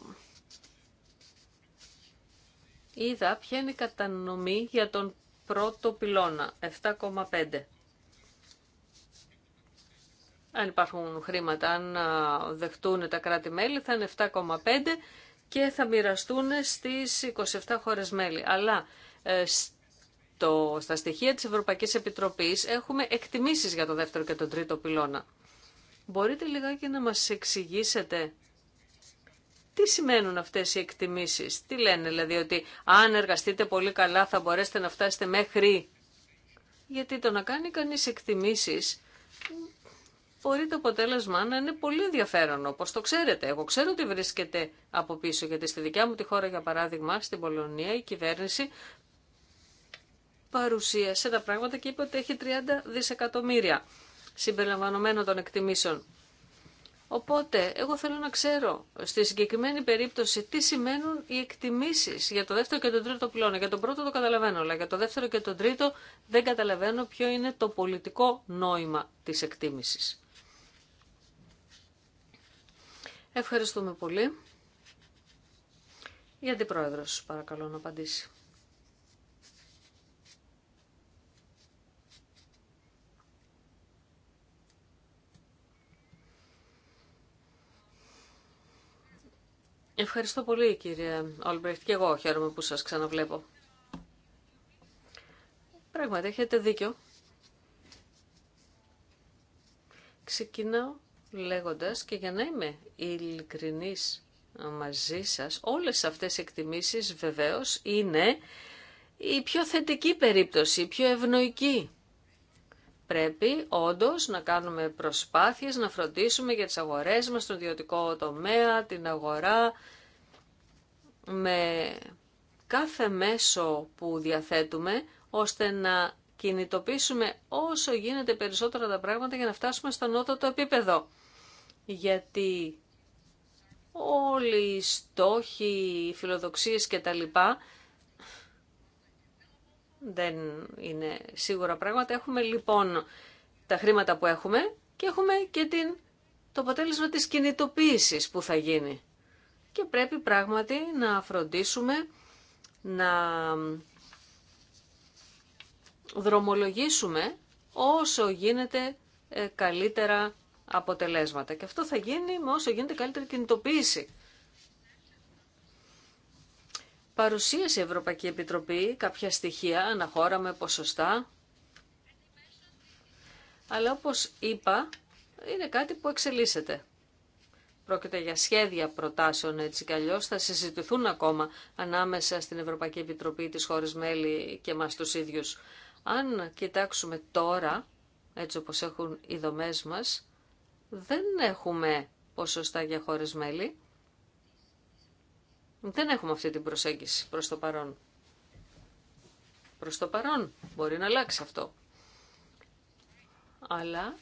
είδα ποια είναι η κατανομή για τον πρώτο πυλώνα, 7,5 αν υπάρχουν χρήματα, αν δεχτούν τα κράτη-μέλη, θα είναι 7,5 και θα μοιραστούν στις 27 χώρες μέλη. Αλλά ε, στο, στα στοιχεία της Ευρωπαϊκής Επιτροπής έχουμε εκτιμήσεις για το δεύτερο και τον τρίτο πυλώνα. Μπορείτε λιγάκι να μας εξηγήσετε τι σημαίνουν αυτές οι εκτιμήσεις. Τι λένε δηλαδή ότι αν εργαστείτε πολύ καλά θα μπορέσετε να φτάσετε μέχρι. Γιατί το να κάνει κανείς εκτιμήσεις μπορεί το αποτέλεσμα να είναι πολύ ενδιαφέρον, όπω το ξέρετε. Εγώ ξέρω ότι βρίσκεται από πίσω, γιατί στη δικιά μου τη χώρα, για παράδειγμα, στην Πολωνία, η κυβέρνηση παρουσίασε τα πράγματα και είπε ότι έχει 30 δισεκατομμύρια συμπεριλαμβανομένων των εκτιμήσεων. Οπότε, εγώ θέλω να ξέρω στη συγκεκριμένη περίπτωση τι σημαίνουν οι εκτιμήσει για το δεύτερο και τον τρίτο πυλώνα. Για τον πρώτο το καταλαβαίνω, αλλά για το δεύτερο και τον τρίτο δεν καταλαβαίνω ποιο είναι το πολιτικό νόημα τη εκτίμηση. Ευχαριστούμε πολύ. Η Αντιπρόεδρος, παρακαλώ να απαντήσει. Ευχαριστώ πολύ κύριε Όλμπρεχτ και εγώ χαίρομαι που σας ξαναβλέπω. Πράγματι έχετε δίκιο. Ξεκινάω λέγοντας και για να είμαι ειλικρινής μαζί σας, όλες αυτές οι εκτιμήσεις βεβαίως είναι η πιο θετική περίπτωση, η πιο ευνοϊκή. Πρέπει όντως να κάνουμε προσπάθειες, να φροντίσουμε για τις αγορές μας, τον ιδιωτικό τομέα, την αγορά, με κάθε μέσο που διαθέτουμε, ώστε να κινητοποιήσουμε όσο γίνεται περισσότερα τα πράγματα για να φτάσουμε στον νότο επίπεδο γιατί όλοι οι στόχοι, οι φιλοδοξίες και τα λοιπά δεν είναι σίγουρα πράγματα. Έχουμε λοιπόν τα χρήματα που έχουμε και έχουμε και την, το αποτέλεσμα της κινητοποίησης που θα γίνει. Και πρέπει πράγματι να φροντίσουμε να δρομολογήσουμε όσο γίνεται ε, καλύτερα αποτελέσματα. Και αυτό θα γίνει με όσο γίνεται καλύτερη κινητοποίηση. Παρουσίασε η Ευρωπαϊκή Επιτροπή κάποια στοιχεία, αναχώρα με ποσοστά. Αλλά όπως είπα, είναι κάτι που εξελίσσεται. Πρόκειται για σχέδια προτάσεων έτσι κι αλλιώς, θα συζητηθούν ακόμα ανάμεσα στην Ευρωπαϊκή Επιτροπή, τις χώρες μέλη και μας τους ίδιους. Αν κοιτάξουμε τώρα, έτσι όπως έχουν οι δομές μας, δεν έχουμε ποσοστά για χώρες μέλη. Δεν έχουμε αυτή την προσέγγιση προς το παρόν. Προς το παρόν μπορεί να αλλάξει αυτό. Αλλά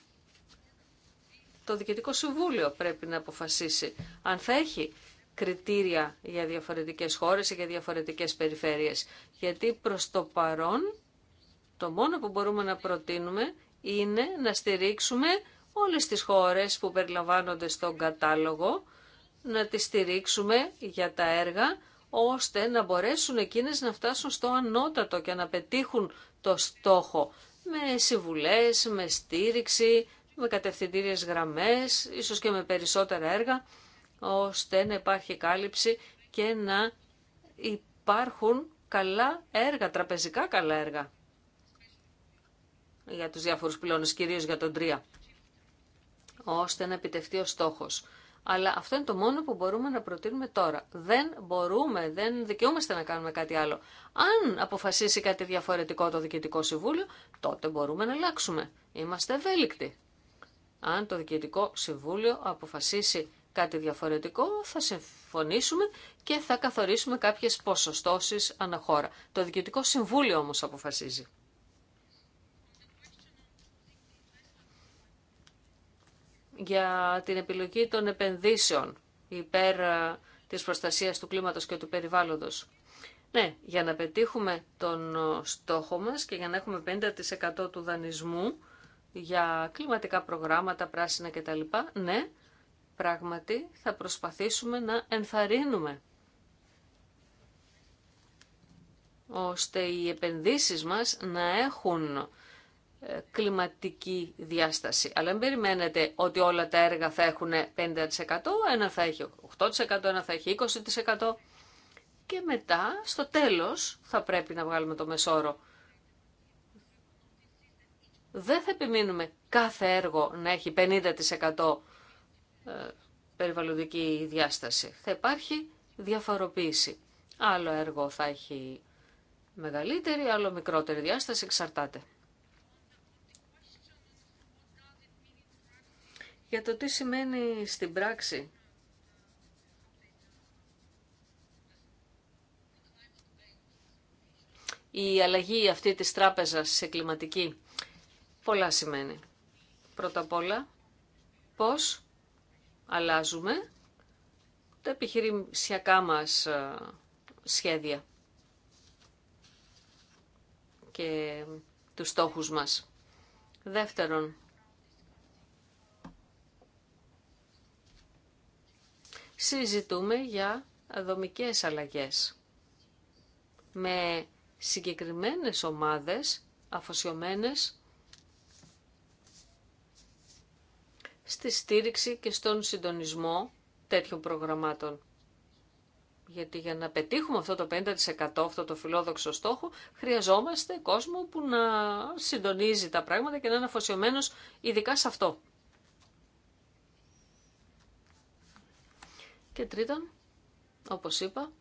το Διοικητικό Συμβούλιο πρέπει να αποφασίσει αν θα έχει κριτήρια για διαφορετικές χώρες ή για διαφορετικές περιφέρειες. Γιατί προς το παρόν το μόνο που μπορούμε να προτείνουμε είναι να στηρίξουμε όλες τις χώρες που περιλαμβάνονται στον κατάλογο να τις στηρίξουμε για τα έργα ώστε να μπορέσουν εκείνες να φτάσουν στο ανώτατο και να πετύχουν το στόχο με συμβουλές, με στήριξη, με κατευθυντήριες γραμμές, ίσως και με περισσότερα έργα, ώστε να υπάρχει κάλυψη και να υπάρχουν καλά έργα, τραπεζικά καλά έργα για τους διάφορους πυλώνες, κυρίως για τον τρία ώστε να επιτευχθεί ο στόχος. Αλλά αυτό είναι το μόνο που μπορούμε να προτείνουμε τώρα. Δεν μπορούμε, δεν δικαιούμαστε να κάνουμε κάτι άλλο. Αν αποφασίσει κάτι διαφορετικό το Διοικητικό Συμβούλιο, τότε μπορούμε να αλλάξουμε. Είμαστε ευέλικτοι. Αν το Διοικητικό Συμβούλιο αποφασίσει κάτι διαφορετικό, θα συμφωνήσουμε και θα καθορίσουμε κάποιες ποσοστώσεις αναχώρα. Το Διοικητικό Συμβούλιο όμως αποφασίζει. για την επιλογή των επενδύσεων υπέρ ε, της προστασίας του κλίματος και του περιβάλλοντος. Ναι, για να πετύχουμε τον ε, στόχο μας και για να έχουμε 50% του δανεισμού για κλιματικά προγράμματα, πράσινα κτλ. Ναι, πράγματι θα προσπαθήσουμε να ενθαρρύνουμε ώστε οι επενδύσεις μας να έχουν κλιματική διάσταση. Αλλά μην περιμένετε ότι όλα τα έργα θα έχουν 50%, ένα θα έχει 8%, ένα θα έχει 20% και μετά στο τέλος θα πρέπει να βγάλουμε το μεσόρο. Δεν θα επιμείνουμε κάθε έργο να έχει 50% ε, περιβαλλοντική διάσταση. Θα υπάρχει διαφοροποίηση. Άλλο έργο θα έχει μεγαλύτερη, άλλο μικρότερη διάσταση, εξαρτάται. για το τι σημαίνει στην πράξη η αλλαγή αυτή της τράπεζας σε κλιματική. Πολλά σημαίνει. Πρώτα απ' όλα, πώς αλλάζουμε τα επιχειρησιακά μας ε, σχέδια και τους στόχους μας. Δεύτερον, συζητούμε για δομικές αλλαγές με συγκεκριμένες ομάδες αφοσιωμένες στη στήριξη και στον συντονισμό τέτοιων προγραμμάτων. Γιατί για να πετύχουμε αυτό το 50% αυτό το φιλόδοξο στόχο χρειαζόμαστε κόσμο που να συντονίζει τα πράγματα και να είναι αφοσιωμένος ειδικά σε αυτό. Και τρίτον, όπως είπα,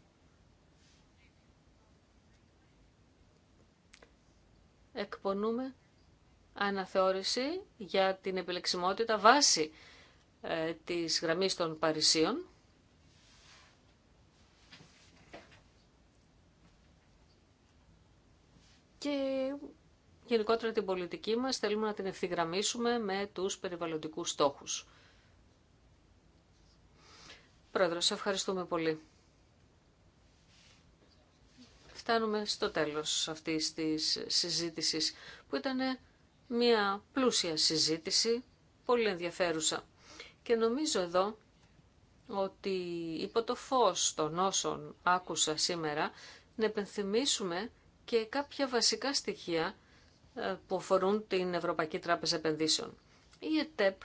εκπονούμε αναθεώρηση για την επιλεξιμότητα βάση ε, της γραμμής των Παρισίων. Και γενικότερα την πολιτική μας θέλουμε να την ευθυγραμμίσουμε με τους περιβαλλοντικούς στόχους. Πρόεδρο, σε ευχαριστούμε πολύ. Φτάνουμε στο τέλος αυτής της συζήτησης που ήταν μια πλούσια συζήτηση, πολύ ενδιαφέρουσα. Και νομίζω εδώ ότι υπό το φως των όσων άκουσα σήμερα να επενθυμίσουμε και κάποια βασικά στοιχεία ε, που αφορούν την Ευρωπαϊκή Τράπεζα Επενδύσεων. Η ΕΤΕΠ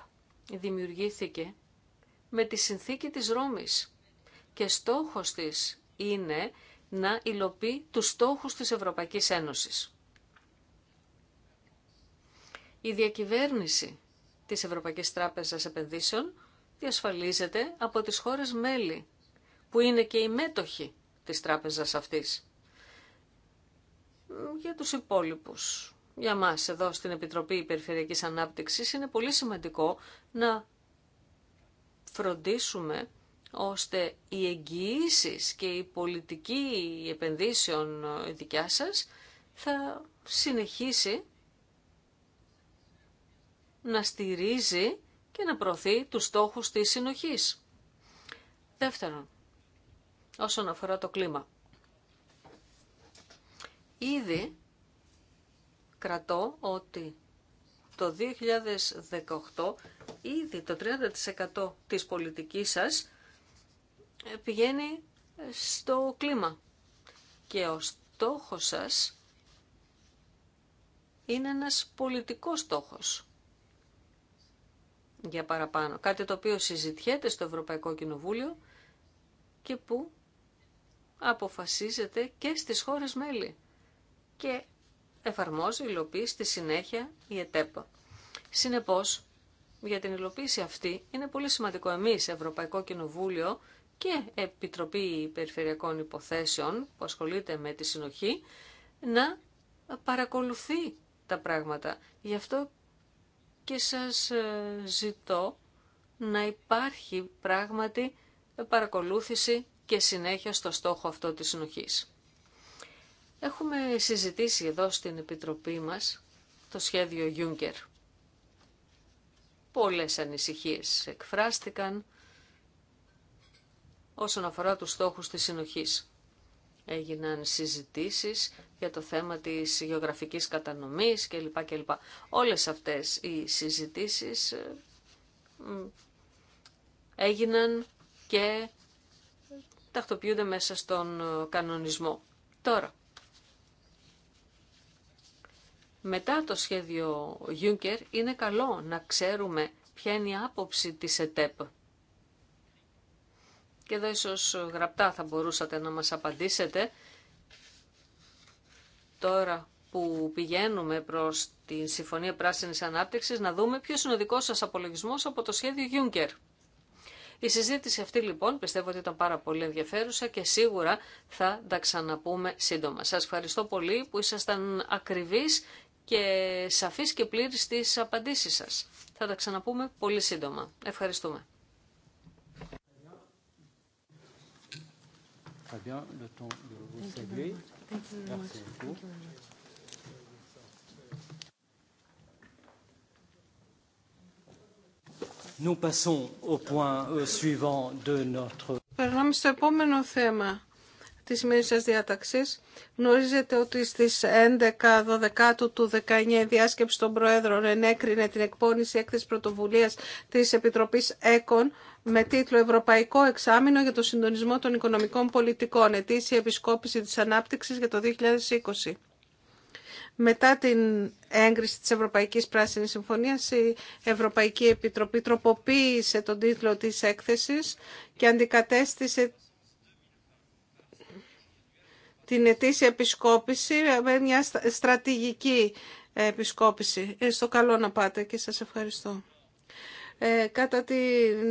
δημιουργήθηκε με τη συνθήκη της Ρώμης και στόχος της είναι να υλοποιεί τους στόχους της Ευρωπαϊκής Ένωσης. Η διακυβέρνηση της Ευρωπαϊκής Τράπεζας Επενδύσεων διασφαλίζεται από τις χώρες μέλη, που είναι και οι μέτοχοι της τράπεζας αυτής. Για τους υπόλοιπους, για μας εδώ στην Επιτροπή Περιφερειακής Ανάπτυξης, είναι πολύ σημαντικό να φροντίσουμε ώστε οι εγγυήσει και η πολιτική επενδύσεων ε, δικιά σας θα συνεχίσει να στηρίζει και να προωθεί τους στόχους της συνοχής. Δεύτερον, όσον αφορά το κλίμα. Ήδη κρατώ ότι το 2018 ήδη το 30% της πολιτικής σας ε, πηγαίνει ε, στο κλίμα. Και ο στόχος σας είναι ένας πολιτικός στόχος για παραπάνω. Κάτι το οποίο συζητιέται στο Ευρωπαϊκό Κοινοβούλιο και που αποφασίζεται και στις χώρες μέλη. Και εφαρμόζει, υλοποιεί στη συνέχεια η ΕΤΕΠΑ. Συνεπώς, για την υλοποίηση αυτή είναι πολύ σημαντικό εμεί, Ευρωπαϊκό Κοινοβούλιο και Επιτροπή Περιφερειακών Υποθέσεων που ασχολείται με τη συνοχή, να παρακολουθεί τα πράγματα. Γι' αυτό και σας ε, ζητώ να υπάρχει πράγματι παρακολούθηση και συνέχεια στο στόχο αυτό της συνοχής. Έχουμε συζητήσει εδώ στην Επιτροπή μας το σχέδιο Juncker. Πολλές ανησυχίες εκφράστηκαν όσον αφορά τους στόχους της συνοχής. Έγιναν συζητήσεις για το θέμα της γεωγραφικής κατανομής κλπ. κλπ. Όλες αυτές οι συζητήσεις ε, έγιναν και τακτοποιούνται μέσα στον ε, κανονισμό. Τώρα, μετά το σχέδιο Juncker είναι καλό να ξέρουμε ποια είναι η άποψη της ΕΤΕΠ. Και εδώ ίσως γραπτά θα μπορούσατε να μας απαντήσετε. Τώρα που πηγαίνουμε προς την Συμφωνία Πράσινης Ανάπτυξης να δούμε ποιος είναι ο δικός σας απολογισμός από το σχέδιο Juncker. Η συζήτηση αυτή λοιπόν πιστεύω ότι ήταν πάρα πολύ ενδιαφέρουσα και σίγουρα θα τα ξαναπούμε σύντομα. Σας ευχαριστώ πολύ που ήσασταν ακριβείς και σαφής και πλήρης στις απαντήσεις σας. Θα τα ξαναπούμε πολύ σύντομα. Ευχαριστούμε. Euh, Περνάμε στο επόμενο θέμα της σα διάταξης. Γνωρίζετε ότι στις 11-12 του 19 η διάσκεψη των Προέδρων ενέκρινε την εκπόνηση έκθεση πρωτοβουλίας της Επιτροπής ΕΚΟΝ με τίτλο Ευρωπαϊκό Εξάμεινο για το Συντονισμό των Οικονομικών Πολιτικών, ετήσια επισκόπηση της ανάπτυξης για το 2020. Μετά την έγκριση της Ευρωπαϊκής Πράσινης Συμφωνίας, η Ευρωπαϊκή Επιτροπή τροποποίησε τον τίτλο της έκθεσης και αντικατέστησε την ετήσια επισκόπηση με μια στρατηγική επισκόπηση. Ε, στο καλό να πάτε και σας ευχαριστώ. Ε, κατά τη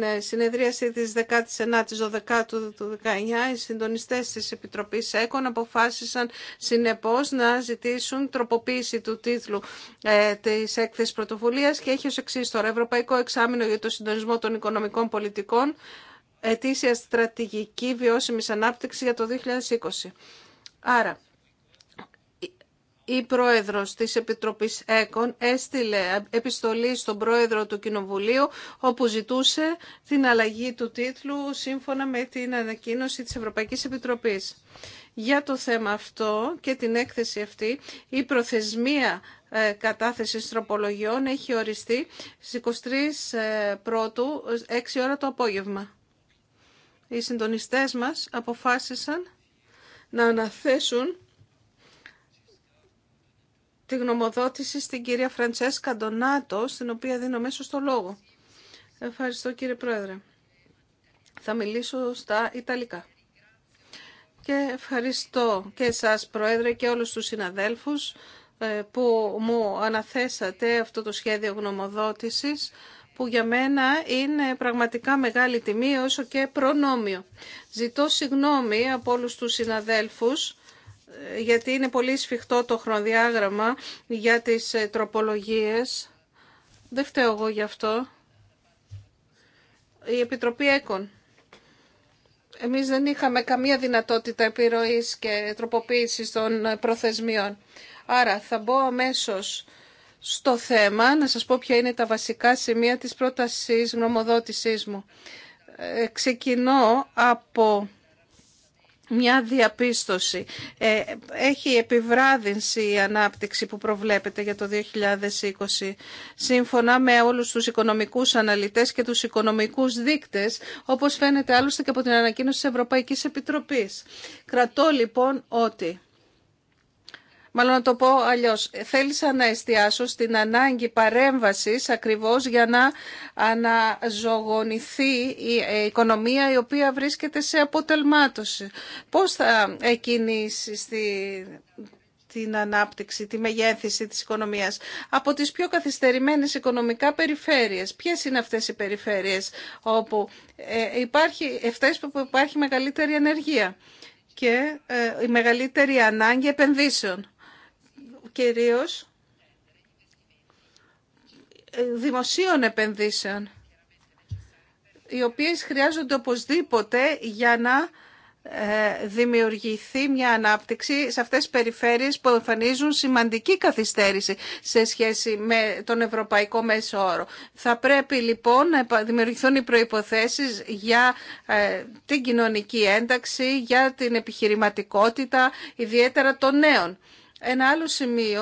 ε, συνεδρίαση της 19ης 12 του 19 οι συντονιστές τη Επιτροπής ΕΚΟΝ αποφάσισαν συνεπώς να ζητήσουν τροποποίηση του τίτλου ε, της έκθεσης πρωτοβουλίας και έχει ως εξή τώρα Ευρωπαϊκό Εξάμεινο για το Συντονισμό των Οικονομικών Πολιτικών ετήσια στρατηγική βιώσιμης ανάπτυξη για το 2020. Άρα, η πρόεδρος της Επιτροπής ΕΚΟΝ έστειλε επιστολή στον πρόεδρο του Κοινοβουλίου όπου ζητούσε την αλλαγή του τίτλου σύμφωνα με την ανακοίνωση της Ευρωπαϊκής Επιτροπής. Για το θέμα αυτό και την έκθεση αυτή, η προθεσμία ε, κατάθεσης τροπολογιών έχει οριστεί στις 23 ε, Πρώτου, 6 ώρα το απόγευμα. Οι συντονιστές μας αποφάσισαν να αναθέσουν τη γνωμοδότηση στην κυρία Φραντσέσκα Ντονάτο, στην οποία δίνω μέσω στο λόγο. Ευχαριστώ κύριε Πρόεδρε. Θα μιλήσω στα Ιταλικά. Και ευχαριστώ και σας Πρόεδρε και όλους τους συναδέλφους ε, που μου αναθέσατε αυτό το σχέδιο γνωμοδότησης που για μένα είναι πραγματικά μεγάλη τιμή όσο και προνόμιο. Ζητώ συγγνώμη από όλους τους συναδέλφους ε, γιατί είναι πολύ σφιχτό το χρονοδιάγραμμα για τις ε, τροπολογίες. Δεν φταίω εγώ γι' αυτό. Η Επιτροπή ΕΚΟΝ. Εμείς δεν είχαμε καμία δυνατότητα επιρροής και τροποποίησης των ε, προθεσμιών. Άρα θα μπω αμέσως στο θέμα, να σας πω ποια είναι τα βασικά σημεία της πρότασης γνωμοδότησής μου. Ε, ξεκινώ από μια διαπίστωση. Ε, έχει επιβράδυνση η ανάπτυξη που προβλέπεται για το 2020 σύμφωνα με όλους τους οικονομικούς αναλυτές και τους οικονομικούς δείκτες, όπως φαίνεται άλλωστε και από την ανακοίνωση της Ευρωπαϊκής Επιτροπής. Κρατώ λοιπόν ότι Μάλλον να το πω αλλιώ, θέλησα να εστιάσω στην ανάγκη παρέμβασης ακριβώς για να αναζωογονηθεί ε, η οικονομία η οποία βρίσκεται σε αποτελμάτωση. Πώς θα εκκινήσει στη την ανάπτυξη, τη μεγέθυνση της οικονομίας από τις πιο καθυστερημένες οικονομικά περιφέρειες. Ποιες είναι αυτές οι περιφέρειες όπου ε, υπάρχει, που υπάρχει μεγαλύτερη ανεργία και ε, η μεγαλύτερη ανάγκη επενδύσεων κυρίως ε, δημοσίων επενδύσεων, οι οποίες χρειάζονται οπωσδήποτε για να ε, δημιουργηθεί μια ανάπτυξη σε αυτές τις περιφέρειες που εμφανίζουν σημαντική καθυστέρηση σε σχέση με τον Ευρωπαϊκό Μέσο Όρο. Θα πρέπει λοιπόν να δημιουργηθούν οι προϋποθέσεις για ε, την κοινωνική ένταξη, για την επιχειρηματικότητα, ιδιαίτερα των νέων. Ένα άλλο σημείο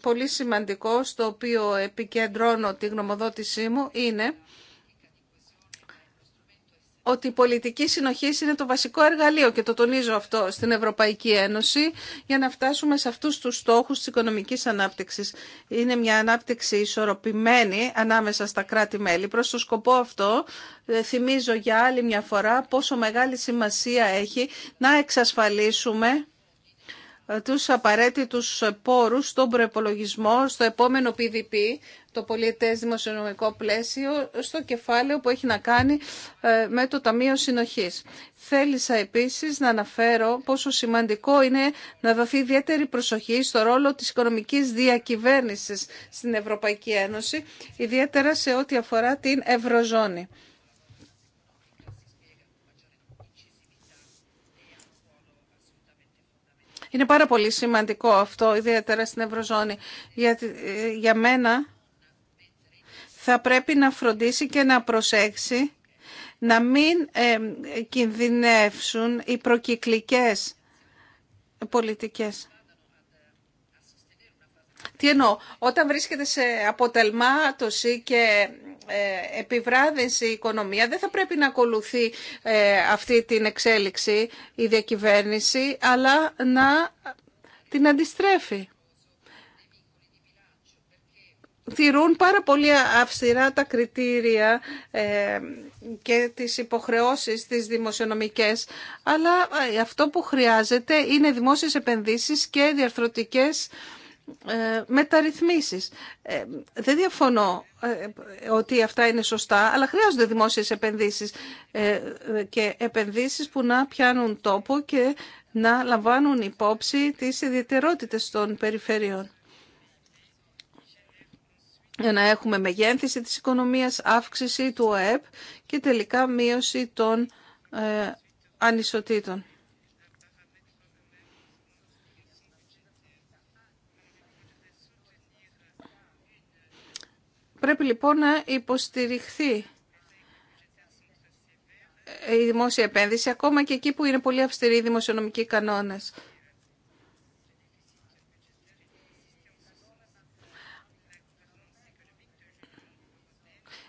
πολύ σημαντικό στο οποίο επικεντρώνω τη γνωμοδότησή μου είναι ότι η πολιτική συνοχή είναι το βασικό εργαλείο και το τονίζω αυτό στην Ευρωπαϊκή Ένωση για να φτάσουμε σε αυτούς τους στόχους της οικονομικής ανάπτυξης. Είναι μια ανάπτυξη ισορροπημένη ανάμεσα στα κράτη-μέλη. Προς το σκοπό αυτό ε, θυμίζω για άλλη μια φορά πόσο μεγάλη σημασία έχει να εξασφαλίσουμε ε, τους απαραίτητους πόρους στον προεπολογισμό, στο επόμενο PDP, το πολιετές δημοσιονομικό πλαίσιο, στο κεφάλαιο που έχει να κάνει ε, με το Ταμείο Συνοχής. Θέλησα επίσης να αναφέρω πόσο σημαντικό είναι να δοθεί ιδιαίτερη προσοχή στο ρόλο της οικονομικής διακυβέρνησης στην Ευρωπαϊκή Ένωση, ιδιαίτερα σε ό,τι αφορά την Ευρωζώνη. Είναι πάρα πολύ σημαντικό αυτό, ιδιαίτερα στην Ευρωζώνη. Για, ε, για μένα θα πρέπει να φροντίσει και να προσέξει να μην ε, κινδυνεύσουν οι προκυκλικές πολιτικές. Τι εννοώ, όταν βρίσκεται σε αποτελμάτωση και ε, επιβράδυνση η οικονομία. Δεν θα πρέπει να ακολουθεί ε, αυτή την εξέλιξη η διακυβέρνηση, αλλά να την αντιστρέφει. Θυρούν πάρα πολύ αυστηρά τα κριτήρια ε, και τις υποχρεώσεις τις δημοσιονομικές, αλλά αυτό που χρειάζεται είναι δημόσιες επενδύσεις και διαρθρωτικές ε, μεταρρυθμίσεις. Ε, δεν διαφωνώ ε, ότι αυτά είναι σωστά, αλλά χρειάζονται δημόσιες επενδύσεις και επενδύσεις που να πιάνουν τόπο και να λαμβάνουν υπόψη τις ιδιαιτερότητες των περιφερειών. Για να έχουμε μεγένθηση της οικονομίας, αύξηση του ΟΕΠ και τελικά μείωση των ανισοτήτων. Πρέπει λοιπόν να υποστηριχθεί η δημόσια επένδυση, ακόμα και εκεί που είναι πολύ αυστηροί οι δημοσιονομικοί κανόνες.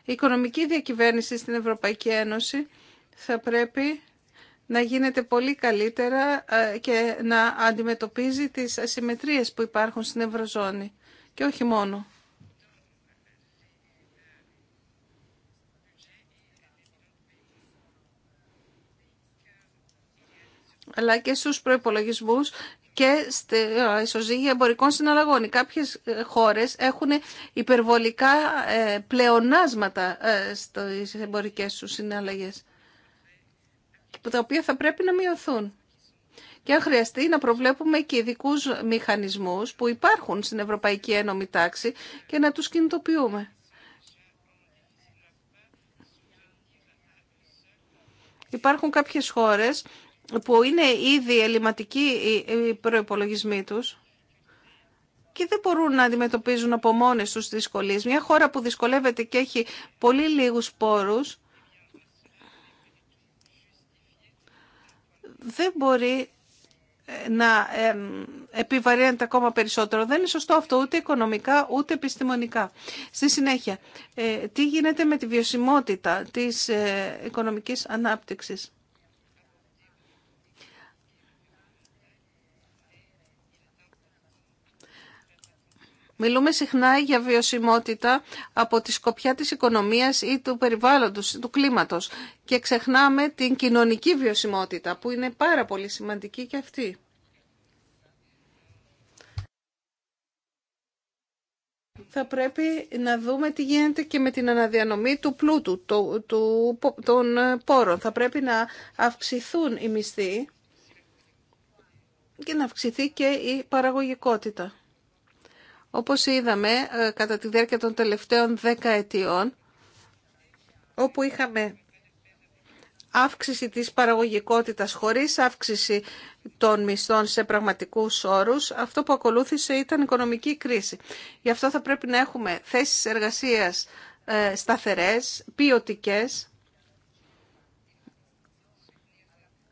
Η οικονομική διακυβέρνηση στην Ευρωπαϊκή Ένωση θα πρέπει να γίνεται πολύ καλύτερα ε, και να αντιμετωπίζει τις ασυμμετρίες που υπάρχουν στην Ευρωζώνη. Και όχι μόνο. αλλά και στους προπολογισμού και στη ε, ισοζύγια εμπορικών συναλλαγών. Οι κάποιες ε, χώρες έχουν υπερβολικά ε, πλεονάσματα στις εμπορικές τους συναλλαγές, τα οποία θα πρέπει να μειωθούν. Και αν χρειαστεί να προβλέπουμε και ειδικού μηχανισμούς που υπάρχουν στην Ευρωπαϊκή Ένωμη Τάξη και να τους κινητοποιούμε. Υπάρχουν κάποιες χώρες που είναι ήδη ελληματικοί οι προϋπολογισμοί τους και δεν μπορούν να αντιμετωπίζουν από μόνες τους δυσκολίες. Μια χώρα που δυσκολεύεται και έχει πολύ λίγους πόρους δεν μπορεί ε, να επιβαρύνεται ακόμα περισσότερο. Δεν είναι σωστό αυτό ούτε οικονομικά ούτε επιστημονικά. Στη συνέχεια, ε, τι γίνεται με τη βιωσιμότητα της ε, οικονομικής ανάπτυξης. Μιλούμε συχνά για βιωσιμότητα από τη σκοπιά της οικονομίας ή του περιβάλλοντος, του κλίματος και ξεχνάμε την κοινωνική βιωσιμότητα που είναι πάρα πολύ σημαντική και αυτή. Θα πρέπει να δούμε τι γίνεται και με την αναδιανομή του πλούτου, του, των πόρων. Θα πρέπει να αυξηθούν οι μισθοί και να αυξηθεί και η παραγωγικότητα όπως είδαμε ε, κατά τη διάρκεια των τελευταίων δέκα ετιών, όπου είχαμε αύξηση της παραγωγικότητας χωρίς αύξηση των μισθών σε πραγματικούς όρους, αυτό που ακολούθησε ήταν οικονομική κρίση. Γι' αυτό θα πρέπει να έχουμε θέσεις εργασίας ε, σταθερές, ποιοτικές,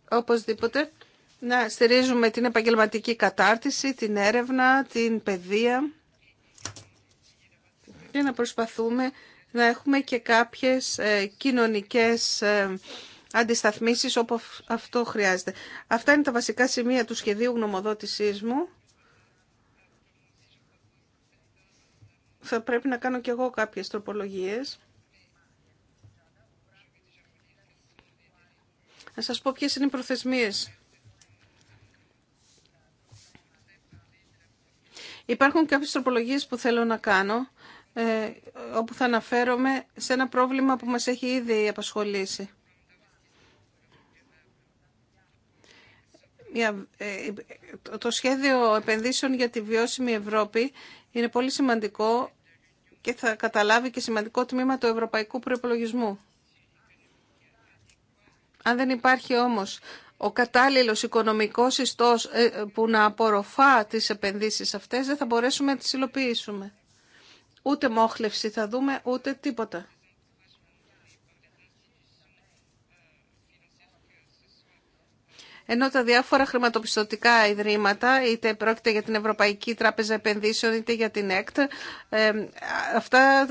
οπωσδήποτε να στηρίζουμε την επαγγελματική κατάρτιση, την έρευνα, την παιδεία να προσπαθούμε να έχουμε και κάποιες ε, κοινωνικές ε, αντισταθμίσεις όπου αυτό χρειάζεται. Αυτά είναι τα βασικά σημεία του σχεδίου γνωμοδότησής μου. Θα πρέπει να κάνω και εγώ κάποιες τροπολογίες. Να σας πω ποιες είναι οι προθεσμίες Υπάρχουν κάποιες τροπολογίες που θέλω να κάνω, ε, όπου θα αναφέρομαι σε ένα πρόβλημα που μας έχει ήδη απασχολήσει. Ε, το σχέδιο επενδύσεων για τη βιώσιμη Ευρώπη είναι πολύ σημαντικό και θα καταλάβει και σημαντικό τμήμα του ευρωπαϊκού προϋπολογισμού. Αν δεν υπάρχει όμως ο κατάλληλος οικονομικός ιστός ε, που να απορροφά τις επενδύσεις αυτές, δεν θα μπορέσουμε να τις υλοποιήσουμε. Ούτε μόχλευση θα δούμε, ούτε τίποτα. ενώ τα διάφορα χρηματοπιστωτικά ιδρύματα, είτε πρόκειται για την Ευρωπαϊκή Τράπεζα Επενδύσεων, είτε για την ΕΚΤ, ε, αυτά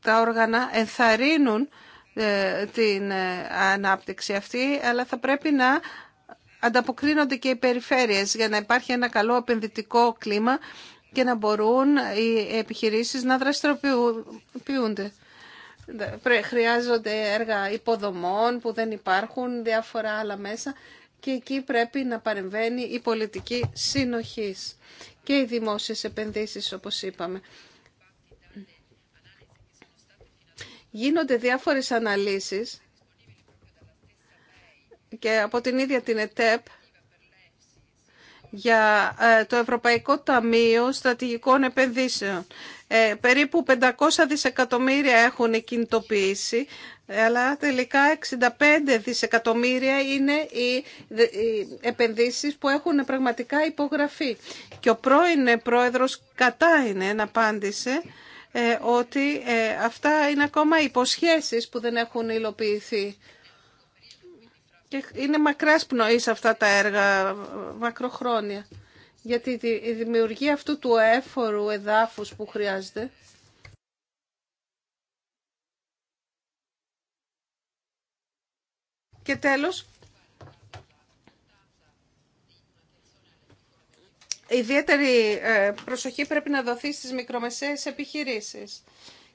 τα όργανα ενθαρρύνουν ε, την ε, ανάπτυξη αυτή, αλλά θα πρέπει να ανταποκρίνονται και οι περιφέρειες για να υπάρχει ένα καλό επενδυτικό κλίμα και να μπορούν οι επιχειρήσεις να δραστηριοποιούνται. Χρειάζονται έργα υποδομών που δεν υπάρχουν, διάφορα άλλα μέσα και εκεί πρέπει να παρεμβαίνει η πολιτική συνοχής και οι δημόσιες επενδύσεις όπως είπαμε. γίνονται διάφορες αναλύσεις και από την ίδια την ΕΤΕΠ για ε, το Ευρωπαϊκό Ταμείο Στρατηγικών Επενδύσεων. Ε, περίπου 500 δισεκατομμύρια έχουν κινητοποιήσει, αλλά τελικά 65 δισεκατομμύρια είναι οι, οι επενδύσεις που έχουν πραγματικά υπογραφεί. Και ο πρώην πρόεδρος κατά είναι, να απάντησε, ε, ότι ε, αυτά είναι ακόμα υποσχέσεις που δεν έχουν υλοποιηθεί. Και είναι μακράς πνοής αυτά τα έργα, μακροχρόνια. Γιατί η δημιουργία αυτού του έφορου εδάφους που χρειάζεται Και τέλος, ιδιαίτερη ε, προσοχή πρέπει να δοθεί στις μικρομεσαίες επιχειρήσεις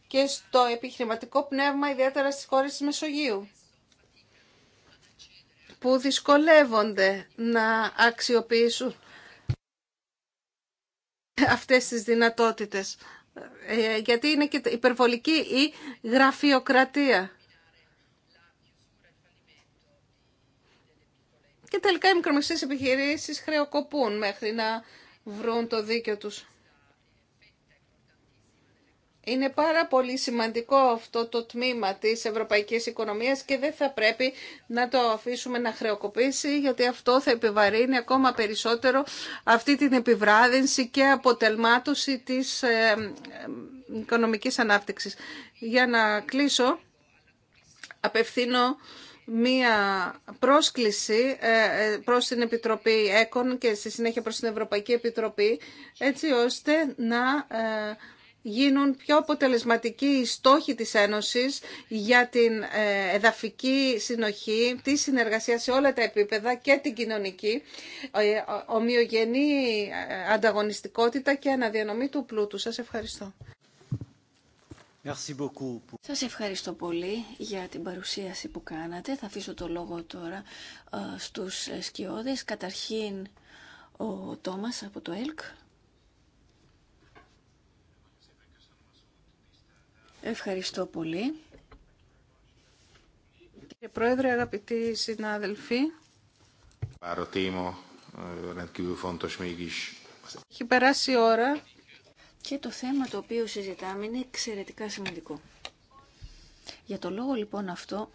και στο επιχειρηματικό πνεύμα, ιδιαίτερα στις χώρες της Μεσογείου, που δυσκολεύονται να αξιοποιήσουν αυτές τις δυνατότητες, ε, γιατί είναι και υπερβολική η γραφειοκρατία. Και τελικά οι μικρομεσαίε επιχειρήσεις χρεοκοπούν μέχρι να βρουν το δίκιο τους. Είναι πάρα πολύ σημαντικό αυτό το τμήμα της ευρωπαϊκής οικονομίας και δεν θα πρέπει να το αφήσουμε να χρεοκοπήσει γιατί αυτό θα επιβαρύνει ακόμα περισσότερο αυτή την επιβράδυνση και αποτελμάτωση της ε, οικονομικής ανάπτυξης. Για να κλείσω, απευθύνω μία πρόσκληση ε, ε, προς την Επιτροπή ΕΚΟΝ και στη συνέχεια προς την Ευρωπαϊκή Επιτροπή, έτσι ώστε να ε, γίνουν πιο αποτελεσματικοί οι στόχοι της Ένωσης για την εδαφική συνοχή, τη συνεργασία σε όλα τα επίπεδα και την κοινωνική, ομοιογενή ανταγωνιστικότητα και αναδιανομή του πλούτου. Σας ευχαριστώ. Σας ευχαριστώ πολύ για την παρουσίαση που κάνατε. Θα αφήσω το λόγο τώρα ε, στους σκιώδες. Καταρχήν ο Τόμας από το ΕΛΚ. Ευχαριστώ πολύ. Κύριε Πρόεδρε, αγαπητοί συνάδελφοι. Ε, Έχει περάσει η ώρα και το θέμα το οποίο συζητάμε είναι εξαιρετικά σημαντικό. Για το λόγο λοιπόν αυτό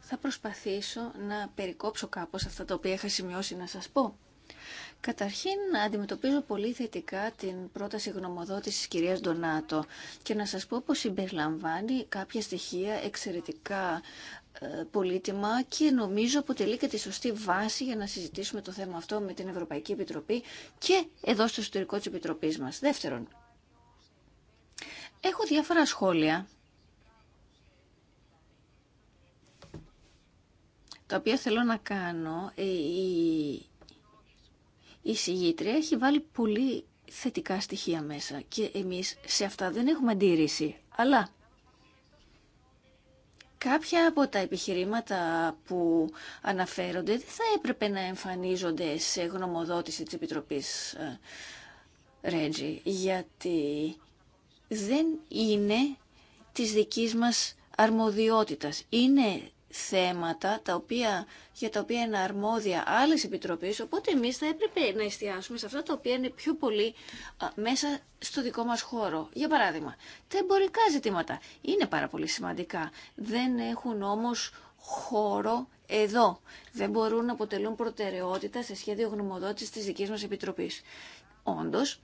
θα προσπαθήσω να περικόψω κάπως αυτά τα οποία είχα σημειώσει να σας πω. Καταρχήν αντιμετωπίζω πολύ θετικά την πρόταση γνωμοδότησης κυρίας Ντονάτο και να σας πω πως συμπεριλαμβάνει κάποια στοιχεία εξαιρετικά ε, πολύτιμα και νομίζω αποτελεί και τη σωστή βάση για να συζητήσουμε το θέμα αυτό με την Ευρωπαϊκή Επιτροπή και εδώ στο εσωτερικό της Επιτροπής μας. Δεύτερον, έχω διάφορα σχόλια τα οποία θέλω να κάνω. Ε, η συγγήτρια έχει βάλει πολύ θετικά στοιχεία μέσα και εμείς σε αυτά δεν έχουμε αντίρρηση. Αλλά κάποια από τα επιχειρήματα που αναφέρονται δεν θα έπρεπε να εμφανίζονται σε γνωμοδότηση της Επιτροπής ε, Ρέτζι, γιατί δεν είναι της δικής μας αρμοδιότητας. Είναι θέματα τα οποία, για τα οποία είναι αρμόδια άλλες επιτροπές, οπότε εμείς θα έπρεπε να εστιάσουμε σε αυτά τα οποία είναι πιο πολύ μέσα στο δικό μας χώρο. Για παράδειγμα, τα εμπορικά ζητήματα είναι πάρα πολύ σημαντικά, δεν έχουν όμως χώρο εδώ. Δεν μπορούν να αποτελούν προτεραιότητα σε σχέδιο γνωμοδότηση της δικής μας επιτροπής. Όντως,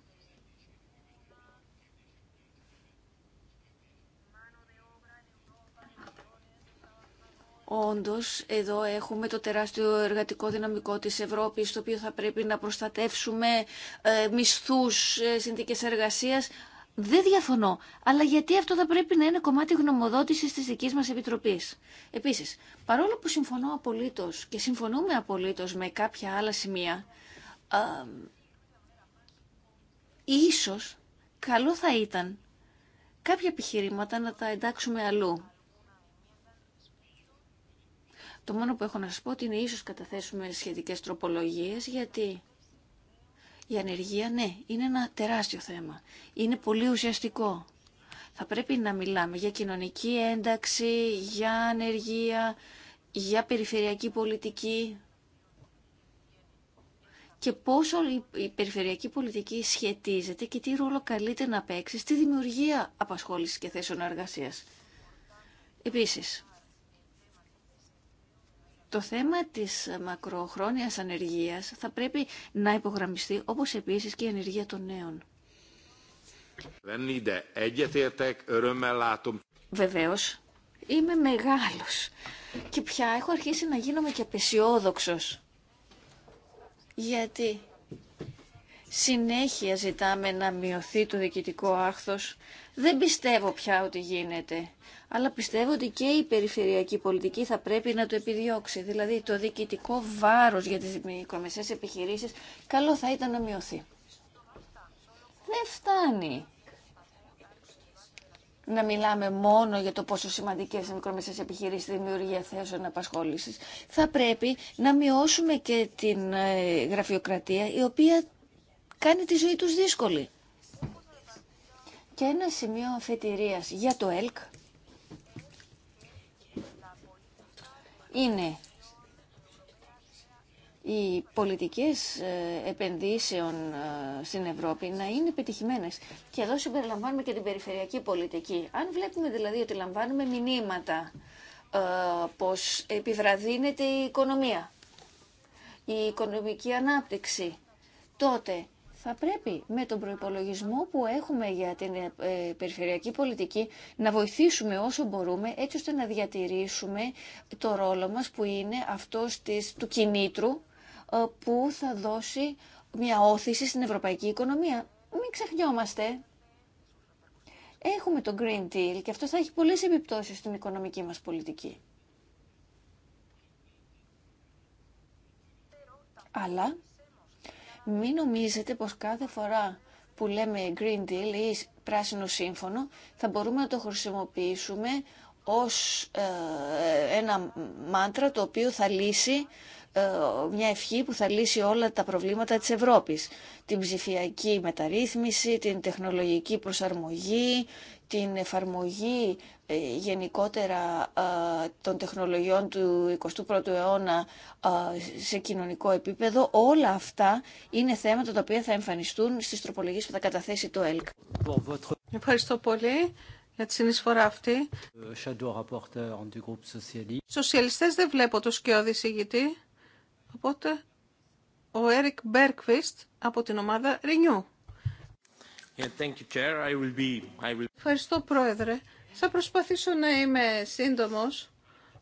Όντως, εδώ έχουμε το τεράστιο εργατικό δυναμικό της Ευρώπης, το οποίο θα πρέπει να προστατεύσουμε ε, μισθούς, ε, εργασίας. Δεν διαφωνώ, αλλά γιατί αυτό θα πρέπει να είναι κομμάτι γνωμοδότησης της δική μας Επιτροπής. Επίσης, παρόλο που συμφωνώ απολύτως και συμφωνούμε απολύτως με κάποια άλλα σημεία, ε, ίσως καλό θα ήταν κάποια επιχειρήματα να τα εντάξουμε αλλού το μόνο που έχω να σας πω είναι ίσως καταθέσουμε σχετικές τροπολογίες γιατί η ανεργία ναι, είναι ένα τεράστιο θέμα. Είναι πολύ ουσιαστικό. Θα πρέπει να μιλάμε για κοινωνική ένταξη, για ανεργία, για περιφερειακή πολιτική και πόσο η περιφερειακή πολιτική σχετίζεται και τι ρόλο καλείται να παίξει στη δημιουργία απασχόλησης και θέσεων εργασίας. Επίσης, το θέμα της μακροχρόνιας ανεργίας θα πρέπει να υπογραμμιστεί όπως επίσης και η ανεργία των νέων. Βεβαίως, είμαι μεγάλος και πια έχω αρχίσει να γίνομαι και απεσιόδοξος. Γιατί συνέχεια ζητάμε να μειωθεί το διοικητικό άχθος. Δεν πιστεύω πια ότι γίνεται αλλά πιστεύω ότι και η περιφερειακή πολιτική θα πρέπει να το επιδιώξει. Δηλαδή το διοικητικό βάρος για τις μικρομεσαίες επιχειρήσεις καλό θα ήταν να μειωθεί. Δεν φτάνει να μιλάμε μόνο για το πόσο σημαντικέ είναι οι μικρομεσαίε επιχειρήσει στη δημιουργία θέσεων απασχόληση. Θα πρέπει να μειώσουμε και την ε, γραφειοκρατία, η οποία κάνει τη ζωή του δύσκολη. Και ένα σημείο αφετηρίας για το ΕΛΚ είναι οι πολιτικές ε, επενδύσεων ε, στην Ευρώπη να είναι πετυχημένες. Και εδώ συμπεριλαμβάνουμε και την περιφερειακή πολιτική. Αν βλέπουμε δηλαδή ότι λαμβάνουμε μηνύματα ε, πως επιβραδύνεται η οικονομία, η οικονομική ανάπτυξη, τότε θα πρέπει με τον προϋπολογισμό που έχουμε για την ε, ε, περιφερειακή πολιτική να βοηθήσουμε όσο μπορούμε έτσι ώστε να διατηρήσουμε το ρόλο μας που είναι αυτός της, του κινήτρου ε, που θα δώσει μια όθηση στην ευρωπαϊκή οικονομία. Μην ξεχνιόμαστε. Έχουμε το Green Deal και αυτό θα έχει πολλές επιπτώσεις στην οικονομική μας πολιτική. Αλλά μην νομίζετε πως κάθε φορά που λέμε Green Deal ή Πράσινο Σύμφωνο θα μπορούμε να το χρησιμοποιήσουμε ως ε, ένα μάντρα το οποίο θα λύσει ε, μια ευχή που θα λύσει όλα τα προβλήματα της Ευρώπης. Την ψηφιακή μεταρρύθμιση, την τεχνολογική προσαρμογή, την εφαρμογή ε, γενικότερα ε, των τεχνολογιών του 21ου αιώνα σε κοινωνικό επίπεδο. Όλα αυτά είναι θέματα τα οποία θα εμφανιστούν στις τροπολογίες που θα καταθέσει το ΕΛΚ. Ευχαριστώ πολύ για τη συνεισφορά αυτή. Σοσιαλιστές δεν βλέπω το σκιώδη ηγητή. Οπότε ο Έρικ Μπέρκβιστ από την ομάδα Renew. I will be... I will... Ευχαριστώ Πρόεδρε. Θα προσπαθήσω να είμαι σύντομος.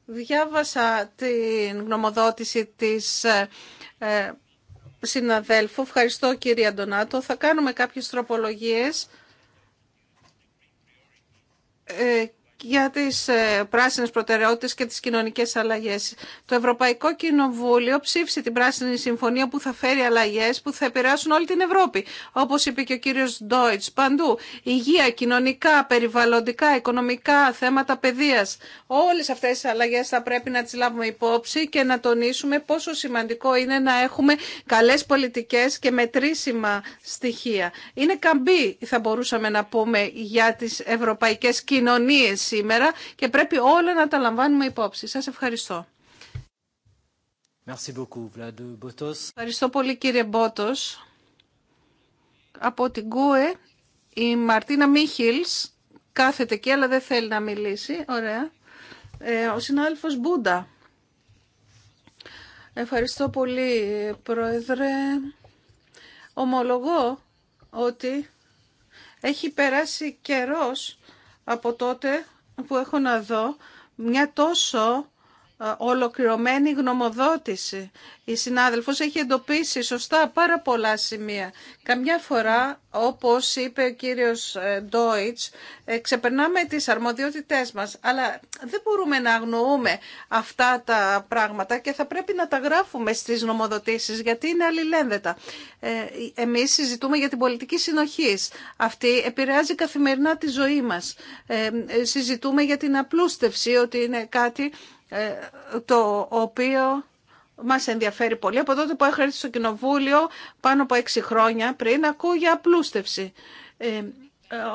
Διάβασα την γνωμοδότηση της ε, ε συναδέλφου. Ευχαριστώ κύριε Αντωνάτο. Θα κάνουμε κάποιες τροπολογίες ε, για τις ε, πράσινες προτεραιότητες και τις κοινωνικές αλλαγές. Το Ευρωπαϊκό Κοινοβούλιο ψήφισε την πράσινη συμφωνία που θα φέρει αλλαγές που θα επηρεάσουν όλη την Ευρώπη. Όπως είπε και ο κύριος Ντόιτς, παντού υγεία, κοινωνικά, περιβαλλοντικά, οικονομικά, θέματα παιδείας. Όλες αυτές τις αλλαγές θα πρέπει να τις λάβουμε υπόψη και να τονίσουμε πόσο σημαντικό είναι να έχουμε καλές πολιτικές και μετρήσιμα στοιχεία. Είναι καμπή, θα μπορούσαμε να πούμε, για τις ευρωπαϊκές κοινωνίες σήμερα και πρέπει όλα να τα λαμβάνουμε υπόψη. Σας ευχαριστώ. Merci beaucoup, Vlad ευχαριστώ πολύ κύριε Μπότος. Από την ΚΟΕ η Μαρτίνα Μίχιλς κάθεται εκεί αλλά δεν θέλει να μιλήσει. Ωραία. Ε, ο συνάδελφος Μπούντα. Ευχαριστώ πολύ, Πρόεδρε. Ομολογώ ότι έχει περάσει καιρός από τότε που έχω να δω μια τόσο ολοκληρωμένη γνωμοδότηση. Η συνάδελφος έχει εντοπίσει σωστά πάρα πολλά σημεία. Καμιά φορά, όπως είπε ο κύριος ε, Ντόιτς, ε, ξεπερνάμε τις αρμοδιότητές μας, αλλά δεν μπορούμε να αγνοούμε αυτά τα πράγματα και θα πρέπει να τα γράφουμε στις γνωμοδοτήσεις γιατί είναι αλληλένδετα. Ε, εμείς συζητούμε για την πολιτική συνοχή. Αυτή επηρεάζει καθημερινά τη ζωή μας. συζητούμε για την απλούστευση, ότι είναι κάτι ε, το οποίο μας ενδιαφέρει πολύ. Από τότε που έχω έρθει στο Κοινοβούλιο, πάνω από έξι χρόνια πριν, ακούω για απλούστευση. Ε,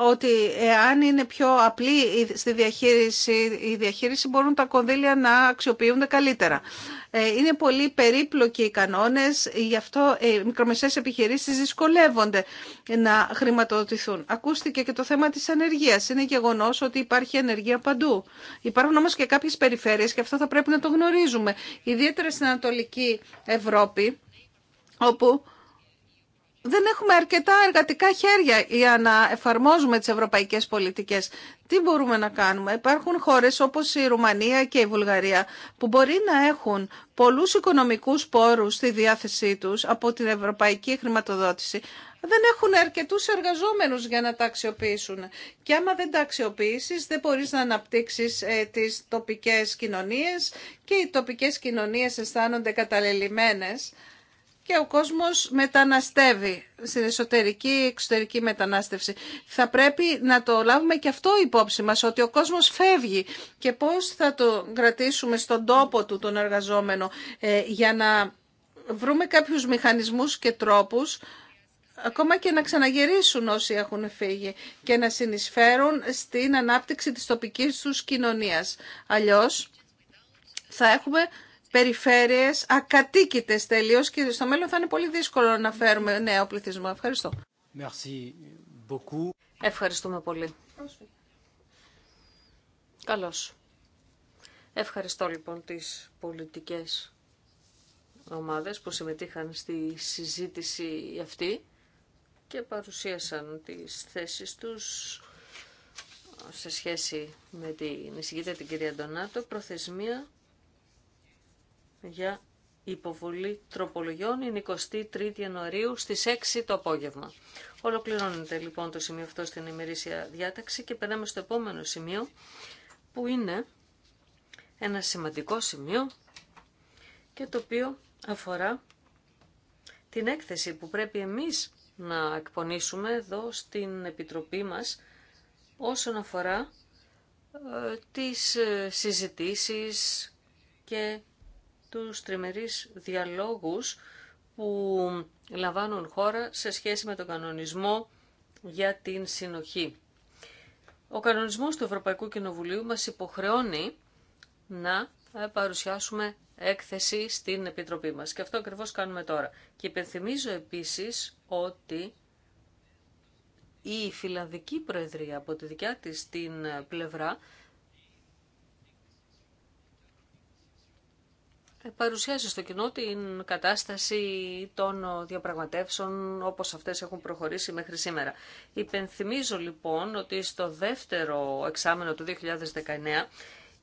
ότι εάν είναι πιο απλή στη διαχείριση, η διαχείριση μπορούν τα κονδύλια να αξιοποιούνται καλύτερα. Ε, είναι πολύ περίπλοκοι οι κανόνες, γι' αυτό οι μικρομεσαίες επιχειρήσεις δυσκολεύονται να χρηματοδοτηθούν. Ακούστηκε και το θέμα της ανεργίας. Είναι γεγονός ότι υπάρχει ανεργία παντού. Υπάρχουν όμως και κάποιες περιφέρειες και αυτό θα πρέπει να το γνωρίζουμε. Ιδιαίτερα στην Ανατολική Ευρώπη, όπου δεν έχουμε αρκετά εργατικά χέρια για να εφαρμόζουμε τις ευρωπαϊκές πολιτικές. Τι μπορούμε να κάνουμε. Υπάρχουν χώρες όπως η Ρουμανία και η Βουλγαρία που μπορεί να έχουν πολλούς οικονομικούς πόρους στη διάθεσή τους από την ευρωπαϊκή χρηματοδότηση. Δεν έχουν αρκετούς εργαζόμενους για να τα αξιοποιήσουν. Και άμα δεν τα αξιοποιήσεις δεν μπορείς να αναπτύξεις ε, τις τοπικές κοινωνίες και οι τοπικές κοινωνίες αισθάνονται καταλελειμμένες και ο κόσμος μεταναστεύει στην εσωτερική εξωτερική μετανάστευση. Θα πρέπει να το λάβουμε και αυτό υπόψη μας, ότι ο κόσμος φεύγει και πώς θα το κρατήσουμε στον τόπο του τον εργαζόμενο ε, για να βρούμε κάποιους μηχανισμούς και τρόπους ακόμα και να ξαναγυρίσουν όσοι έχουν φύγει και να συνεισφέρουν στην ανάπτυξη της τοπικής τους κοινωνίας. Αλλιώς θα έχουμε περιφέρειες ακατοίκητες τελείως και στο μέλλον θα είναι πολύ δύσκολο να φέρουμε νέο πληθυσμό. Ευχαριστώ. Merci beaucoup. Ευχαριστούμε πολύ. Καλώς. Ευχαριστώ λοιπόν τις πολιτικές ομάδες που συμμετείχαν στη συζήτηση αυτή και παρουσίασαν τις θέσεις τους σε σχέση με την εισηγήτρια την κυρία Ντονάτο, προθεσμία για υποβολή τροπολογιών είναι 23 23η Ιανουαρίου στις 6 το απόγευμα. Ολοκληρώνεται λοιπόν το σημείο αυτό στην ημερήσια διάταξη και περνάμε στο επόμενο σημείο που είναι ένα σημαντικό σημείο και το οποίο αφορά την έκθεση που πρέπει εμείς να εκπονήσουμε εδώ στην Επιτροπή μας όσον αφορά ε, τις ε, συζητήσεις και τους τριμερείς διαλόγους που λαμβάνουν χώρα σε σχέση με τον κανονισμό για την συνοχή. Ο κανονισμός του Ευρωπαϊκού Κοινοβουλίου μας υποχρεώνει να ε, παρουσιάσουμε έκθεση στην Επιτροπή μας. Και αυτό ακριβώς κάνουμε τώρα. Και υπενθυμίζω επίσης ότι η Φιλανδική Προεδρία από τη δικιά της την πλευρά παρουσιάζει στο κοινό την κατάσταση των διαπραγματεύσεων όπως αυτές έχουν προχωρήσει μέχρι σήμερα. Υπενθυμίζω λοιπόν ότι στο δεύτερο εξάμενο του 2019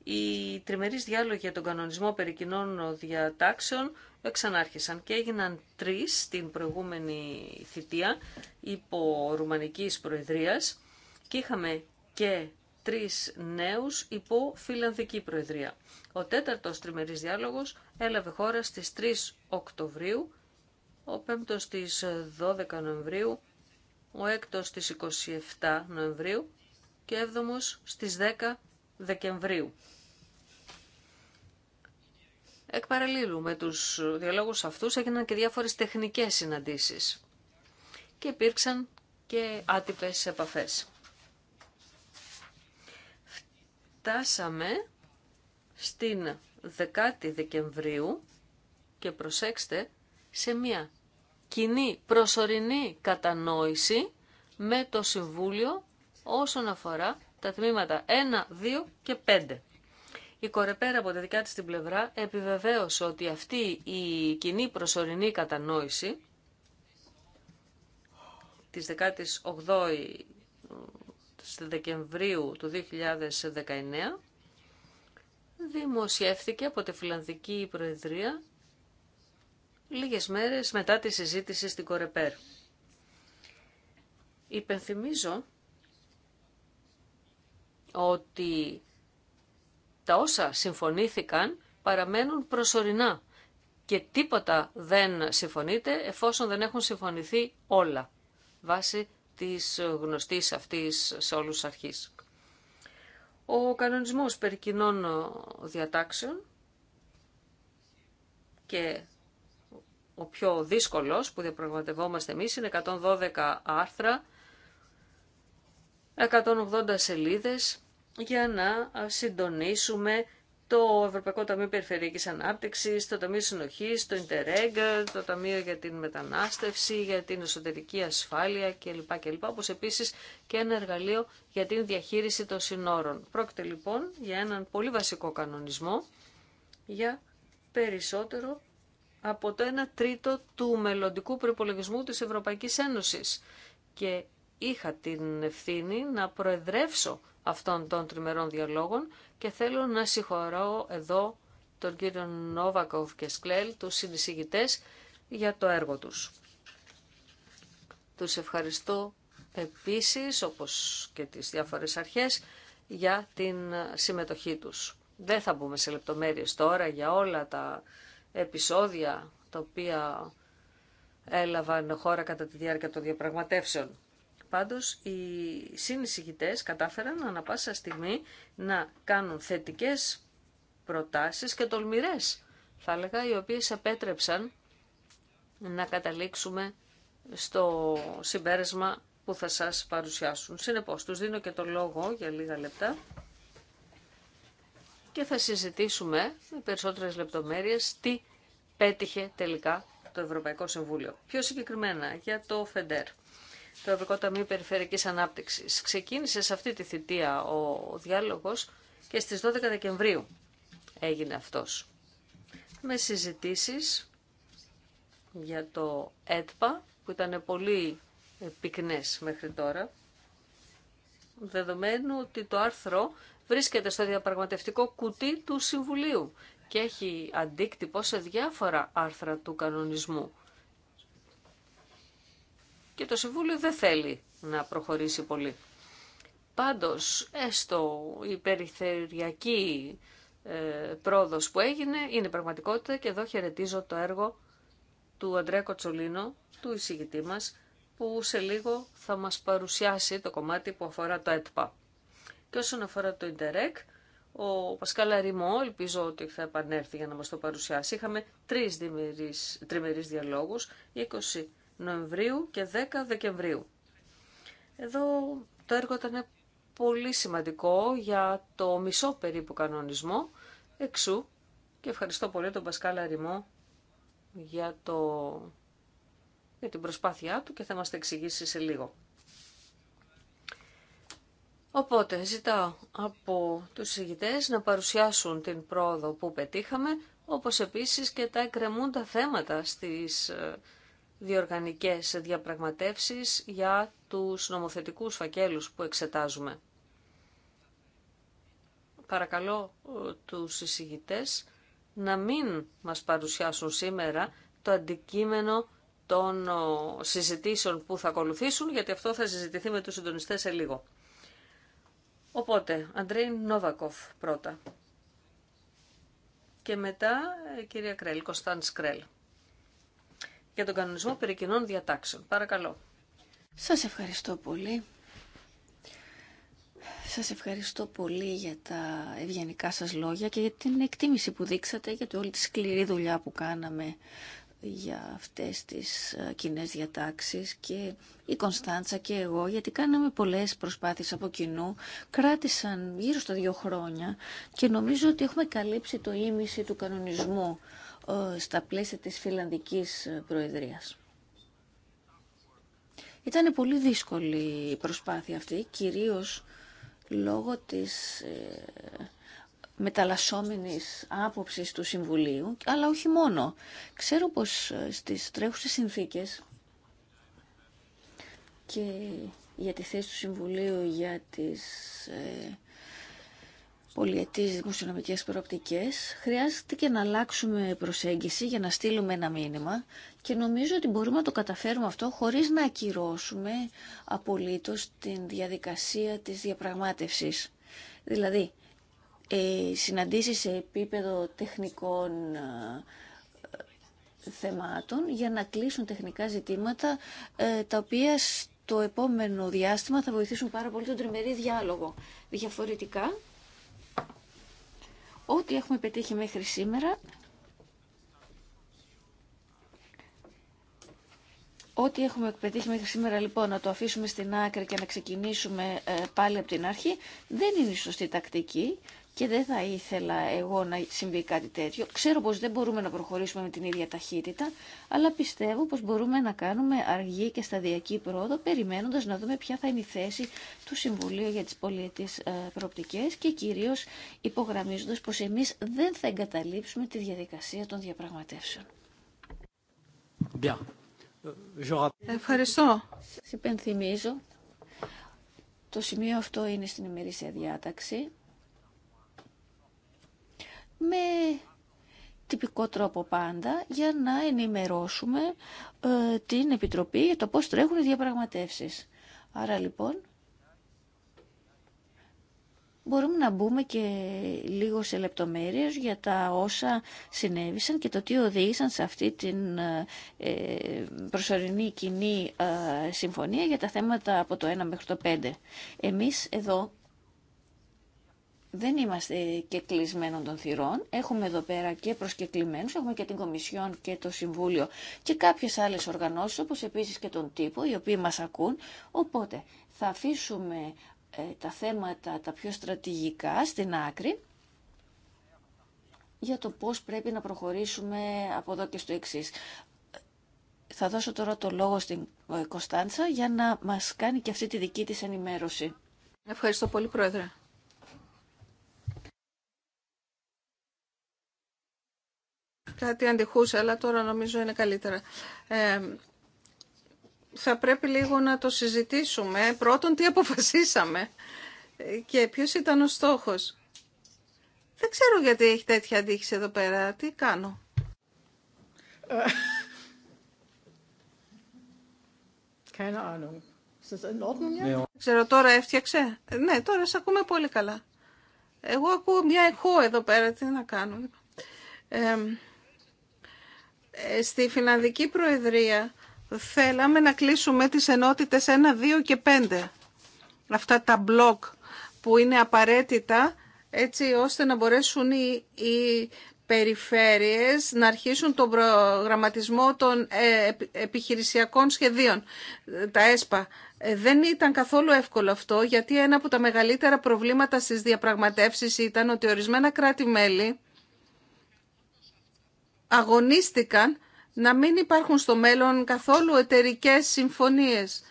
οι τριμερείς διάλογοι για τον κανονισμό περί κοινών διατάξεων ξανάρχισαν και έγιναν τρεις την προηγούμενη θητεία υπό Ρουμανικής Προεδρίας και είχαμε και τρεις νέους υπό φιλανδική προεδρία. Ο τέταρτος τριμερής διάλογος έλαβε χώρα στις 3 Οκτωβρίου, ο πέμπτος στις 12 Νοεμβρίου, ο έκτος στις 27 Νοεμβρίου και έβδομος στις 10 Δεκεμβρίου. Εκ παραλίλου με τους διαλόγους αυτούς έγιναν και διάφορες τεχνικές συναντήσεις και υπήρξαν και άτυπες επαφές. φτάσαμε στην 10η Δεκεμβρίου και προσέξτε σε μια κοινή προσωρινή κατανόηση με το Συμβούλιο όσον αφορά τα τμήματα 1, 2 και 5. Η Κορεπέρα από τη δικιά της την πλευρά επιβεβαίωσε ότι αυτή η κοινή προσωρινή κατανόηση της 18 Δεκεμβρίου του 2019 δημοσιεύθηκε από τη Φιλανδική Προεδρία λίγες μέρες μετά τη συζήτηση στην Κορεπέρ. Υπενθυμίζω ότι τα όσα συμφωνήθηκαν παραμένουν προσωρινά και τίποτα δεν συμφωνείται εφόσον δεν έχουν συμφωνηθεί όλα βάσει της γνωστής αυτής σε όλους αρχής. Ο κανονισμός περί κοινών διατάξεων και ο πιο δύσκολος που διαπραγματευόμαστε εμείς είναι 112 άρθρα, 180 σελίδες για να συντονίσουμε το Ευρωπαϊκό Ταμείο Περιφερειακής Ανάπτυξης, το Ταμείο Συνοχής, το Interreg, το Ταμείο για την Μετανάστευση, για την Εσωτερική Ασφάλεια κλπ. κλπ. Όπως επίσης και ένα εργαλείο για την διαχείριση των συνόρων. Πρόκειται λοιπόν για έναν πολύ βασικό κανονισμό για περισσότερο από το 1 τρίτο του μελλοντικού προπολογισμού της Ευρωπαϊκής Ένωσης. Και είχα την ευθύνη να προεδρεύσω αυτών των τριμερών διαλόγων και θέλω να συγχωρώ εδώ τον κύριο Νόβακοφ και Σκλέλ, τους συνεισηγητές, για το έργο τους. Τους ευχαριστώ επίσης, όπως και τις διάφορες αρχές, για την συμμετοχή τους. Δεν θα μπούμε σε λεπτομέρειες τώρα για όλα τα επεισόδια τα οποία έλαβαν χώρα κατά τη διάρκεια των διαπραγματεύσεων. Πάντως οι συνεισηγητές κατάφεραν ανα πάσα στιγμή να κάνουν θετικές προτάσεις και τολμηρές θα έλεγα, οι οποίες απέτρεψαν να καταλήξουμε στο συμπέρασμα που θα σας παρουσιάσουν. Συνεπώς, τους δίνω και το λόγο για λίγα λεπτά και θα συζητήσουμε με περισσότερες λεπτομέρειες τι πέτυχε τελικά το Ευρωπαϊκό Συμβούλιο. Πιο συγκεκριμένα για το ΦΕΝΤΕΡ το Ευρωπαϊκό Ταμείο Περιφερειακής Ανάπτυξης. Ξεκίνησε σε αυτή τη θητεία ο διάλογος και στις 12 Δεκεμβρίου έγινε αυτός. Με συζητήσεις για το ΕΤΠΑ που ήταν πολύ πυκνές μέχρι τώρα, δεδομένου ότι το άρθρο βρίσκεται στο διαπραγματευτικό κουτί του Συμβουλίου και έχει αντίκτυπο σε διάφορα άρθρα του κανονισμού και το Συμβούλιο δεν θέλει να προχωρήσει πολύ. Πάντως, έστω η περιθεριακή ε, πρόοδος που έγινε είναι πραγματικότητα και εδώ χαιρετίζω το έργο του Αντρέα Κοτσολίνο, του εισηγητή μας, που σε λίγο θα μας παρουσιάσει το κομμάτι που αφορά το ΕΤΠΑ. Και όσον αφορά το Ιντερεκ, ο Πασκάλα Ριμό, ελπίζω ότι θα επανέλθει για να μας το παρουσιάσει. Είχαμε τρεις τριμερείς διαλόγους, Νοεμβρίου και 10 Δεκεμβρίου. Εδώ το έργο ήταν πολύ σημαντικό για το μισό περίπου κανονισμό, εξού και ευχαριστώ πολύ τον Πασκάλα Ρημό για, το... για την προσπάθειά του και θα μας τα εξηγήσει σε λίγο. Οπότε ζητάω από τους συγητές να παρουσιάσουν την πρόοδο που πετύχαμε, όπως επίσης και τα εκκρεμούντα θέματα στις ε, διοργανικές διαπραγματεύσεις για τους νομοθετικούς φακέλους που εξετάζουμε. Παρακαλώ ε, τους συζητητές να μην μας παρουσιάσουν σήμερα το αντικείμενο των ε, συζητήσεων που θα ακολουθήσουν, γιατί αυτό θα συζητηθεί με τους συντονιστές σε λίγο. Οπότε, Αντρέιν Νόβακοφ πρώτα. Και μετά, ε, κυρία Κρέλ, Κωνσταντ Κρέλ για τον κανονισμό περί κοινών διατάξεων. Παρακαλώ. Σας ευχαριστώ πολύ. Σας ευχαριστώ πολύ για τα ευγενικά σας λόγια και για την εκτίμηση που δείξατε για όλη τη σκληρή δουλειά που κάναμε για αυτές τις ε, κοινέ διατάξεις και η Κωνσταντσα και εγώ, γιατί κάναμε πολλές προσπάθειες από κοινού, κράτησαν γύρω στα δύο χρόνια και νομίζω ότι έχουμε καλύψει το ίμιση του κανονισμού ε, στα πλαίσια της Φιλανδικής Προεδρίας. Ήταν πολύ δύσκολη η προσπάθεια αυτή, κυρίως λόγω της ε, μεταλασόμενης άποψης του Συμβουλίου, αλλά όχι μόνο. Ξέρω πως ε, στις τρέχουσες συνθήκες και για τη θέση του Συμβουλίου για τις πολιετής δημοσιονομικές προοπτικές, χρειάζεται και να αλλάξουμε προσέγγιση για να στείλουμε ένα μήνυμα και νομίζω ότι μπορούμε να το καταφέρουμε αυτό χωρίς να ακυρώσουμε απολύτως την διαδικασία της διαπραγμάτευσης. Δηλαδή, ε, συναντήσεις σε επίπεδο τεχνικών ε, θεμάτων για να κλείσουν τεχνικά ζητήματα ε, τα οποία το επόμενο διάστημα θα βοηθήσουν πάρα πολύ τον τριμερή διάλογο. Διαφορετικά, ό,τι έχουμε πετύχει μέχρι σήμερα, Ό,τι έχουμε πετύχει μέχρι σήμερα λοιπόν να το αφήσουμε στην άκρη και να ξεκινήσουμε ε, πάλι από την αρχή δεν είναι η σωστή τακτική και δεν θα ήθελα εγώ να συμβεί κάτι τέτοιο. Ξέρω πως δεν μπορούμε να προχωρήσουμε με την ίδια ταχύτητα, αλλά πιστεύω πως μπορούμε να κάνουμε αργή και σταδιακή πρόοδο, περιμένοντας να δούμε ποια θα είναι η θέση του Συμβουλίου για τις Πολιτικές ε, προοπτικές και κυρίως υπογραμμίζοντας πως εμείς δεν θα εγκαταλείψουμε τη διαδικασία των διαπραγματεύσεων. Euh, Ευχαριστώ. Σας υπενθυμίζω. Το σημείο αυτό είναι στην ημερήσια διάταξη με τυπικό τρόπο πάντα για να ενημερώσουμε ε, την Επιτροπή για το πώς τρέχουν οι διαπραγματεύσεις. Άρα λοιπόν μπορούμε να μπούμε και λίγο σε λεπτομέρειες για τα όσα συνέβησαν και το τι οδήγησαν σε αυτή την ε, ε, προσωρινή κοινή συμφωνία για τα θέματα από το 1 μέχρι το 5. Εμείς εδώ δεν είμαστε και κλεισμένων των θυρών. Έχουμε εδώ πέρα και προσκεκλημένους, έχουμε και την Κομισιόν και το Συμβούλιο και κάποιες άλλες οργανώσεις, όπως επίσης και τον τύπο, οι οποίοι μας ακούν. Οπότε θα αφήσουμε ε, τα θέματα τα πιο στρατηγικά στην άκρη για το πώς πρέπει να προχωρήσουμε από εδώ και στο εξής. Θα δώσω τώρα το λόγο στην ε, Κωνσταντσα για να μας κάνει και αυτή τη δική της ενημέρωση. Ευχαριστώ πολύ, Πρόεδρε. κάτι αντιχούσε, αλλά τώρα νομίζω είναι καλύτερα. Ε, θα πρέπει λίγο να το συζητήσουμε. Πρώτον, τι αποφασίσαμε και ποιος ήταν ο στόχος. Δεν ξέρω γιατί έχει τέτοια αντίχηση εδώ πέρα. Τι κάνω. Keine Ahnung. Ναι. Ξέρω τώρα έφτιαξε. Ναι, τώρα σε ακούμε πολύ καλά. Εγώ ακούω μια εχώ εδώ πέρα. Τι να κάνω. Ε, ε, στη φιλανδική Προεδρία θέλαμε να κλείσουμε τις ενότητες 1, 2 και 5. Αυτά τα μπλοκ που είναι απαραίτητα έτσι ώστε να μπορέσουν οι, οι περιφέρειες να αρχίσουν τον προγραμματισμό των ε, επιχειρησιακών σχεδίων, τα ΕΣΠΑ. Ε, δεν ήταν καθόλου εύκολο αυτό, γιατί ένα από τα μεγαλύτερα προβλήματα στις διαπραγματεύσεις ήταν ότι ορισμένα κράτη-μέλη αγωνίστηκαν να μην υπάρχουν στο μέλλον καθόλου εταιρικέ συμφωνίες.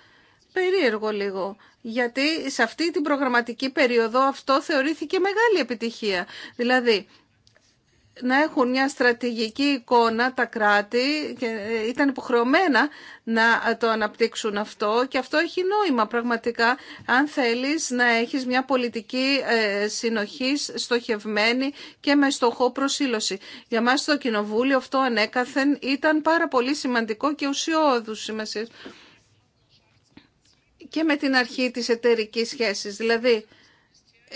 Περίεργο λίγο, γιατί σε αυτή την προγραμματική περίοδο αυτό θεωρήθηκε μεγάλη επιτυχία. Δηλαδή, να έχουν μια στρατηγική εικόνα τα κράτη και ήταν υποχρεωμένα να το αναπτύξουν αυτό και αυτό έχει νόημα πραγματικά αν θέλεις να έχεις μια πολιτική ε, συνοχής στοχευμένη και με στοχό προσήλωση. Για μας το Κοινοβούλιο αυτό ανέκαθεν ήταν πάρα πολύ σημαντικό και ουσιώδους σημασίες και με την αρχή της εταιρικής σχέσης. Δηλαδή,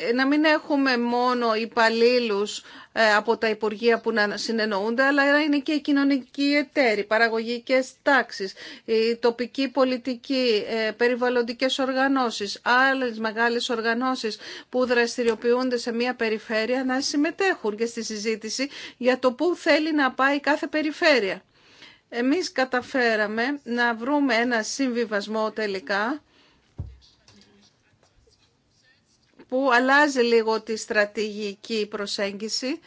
ε, να μην έχουμε μόνο υπαλλήλου ε, από τα Υπουργεία που να συνεννοούνται, αλλά είναι και οι κοινωνικοί εταίροι, παραγωγικές τάξεις, η τοπική πολιτική, ε, περιβαλλοντικές οργανώσεις, άλλες μεγάλες οργανώσεις που δραστηριοποιούνται σε μια περιφέρεια να συμμετέχουν και στη συζήτηση για το πού θέλει να πάει κάθε περιφέρεια. Εμείς καταφέραμε να βρούμε ένα συμβιβασμό τελικά που αλλάζει λίγο τη στρατηγική προσέγγιση.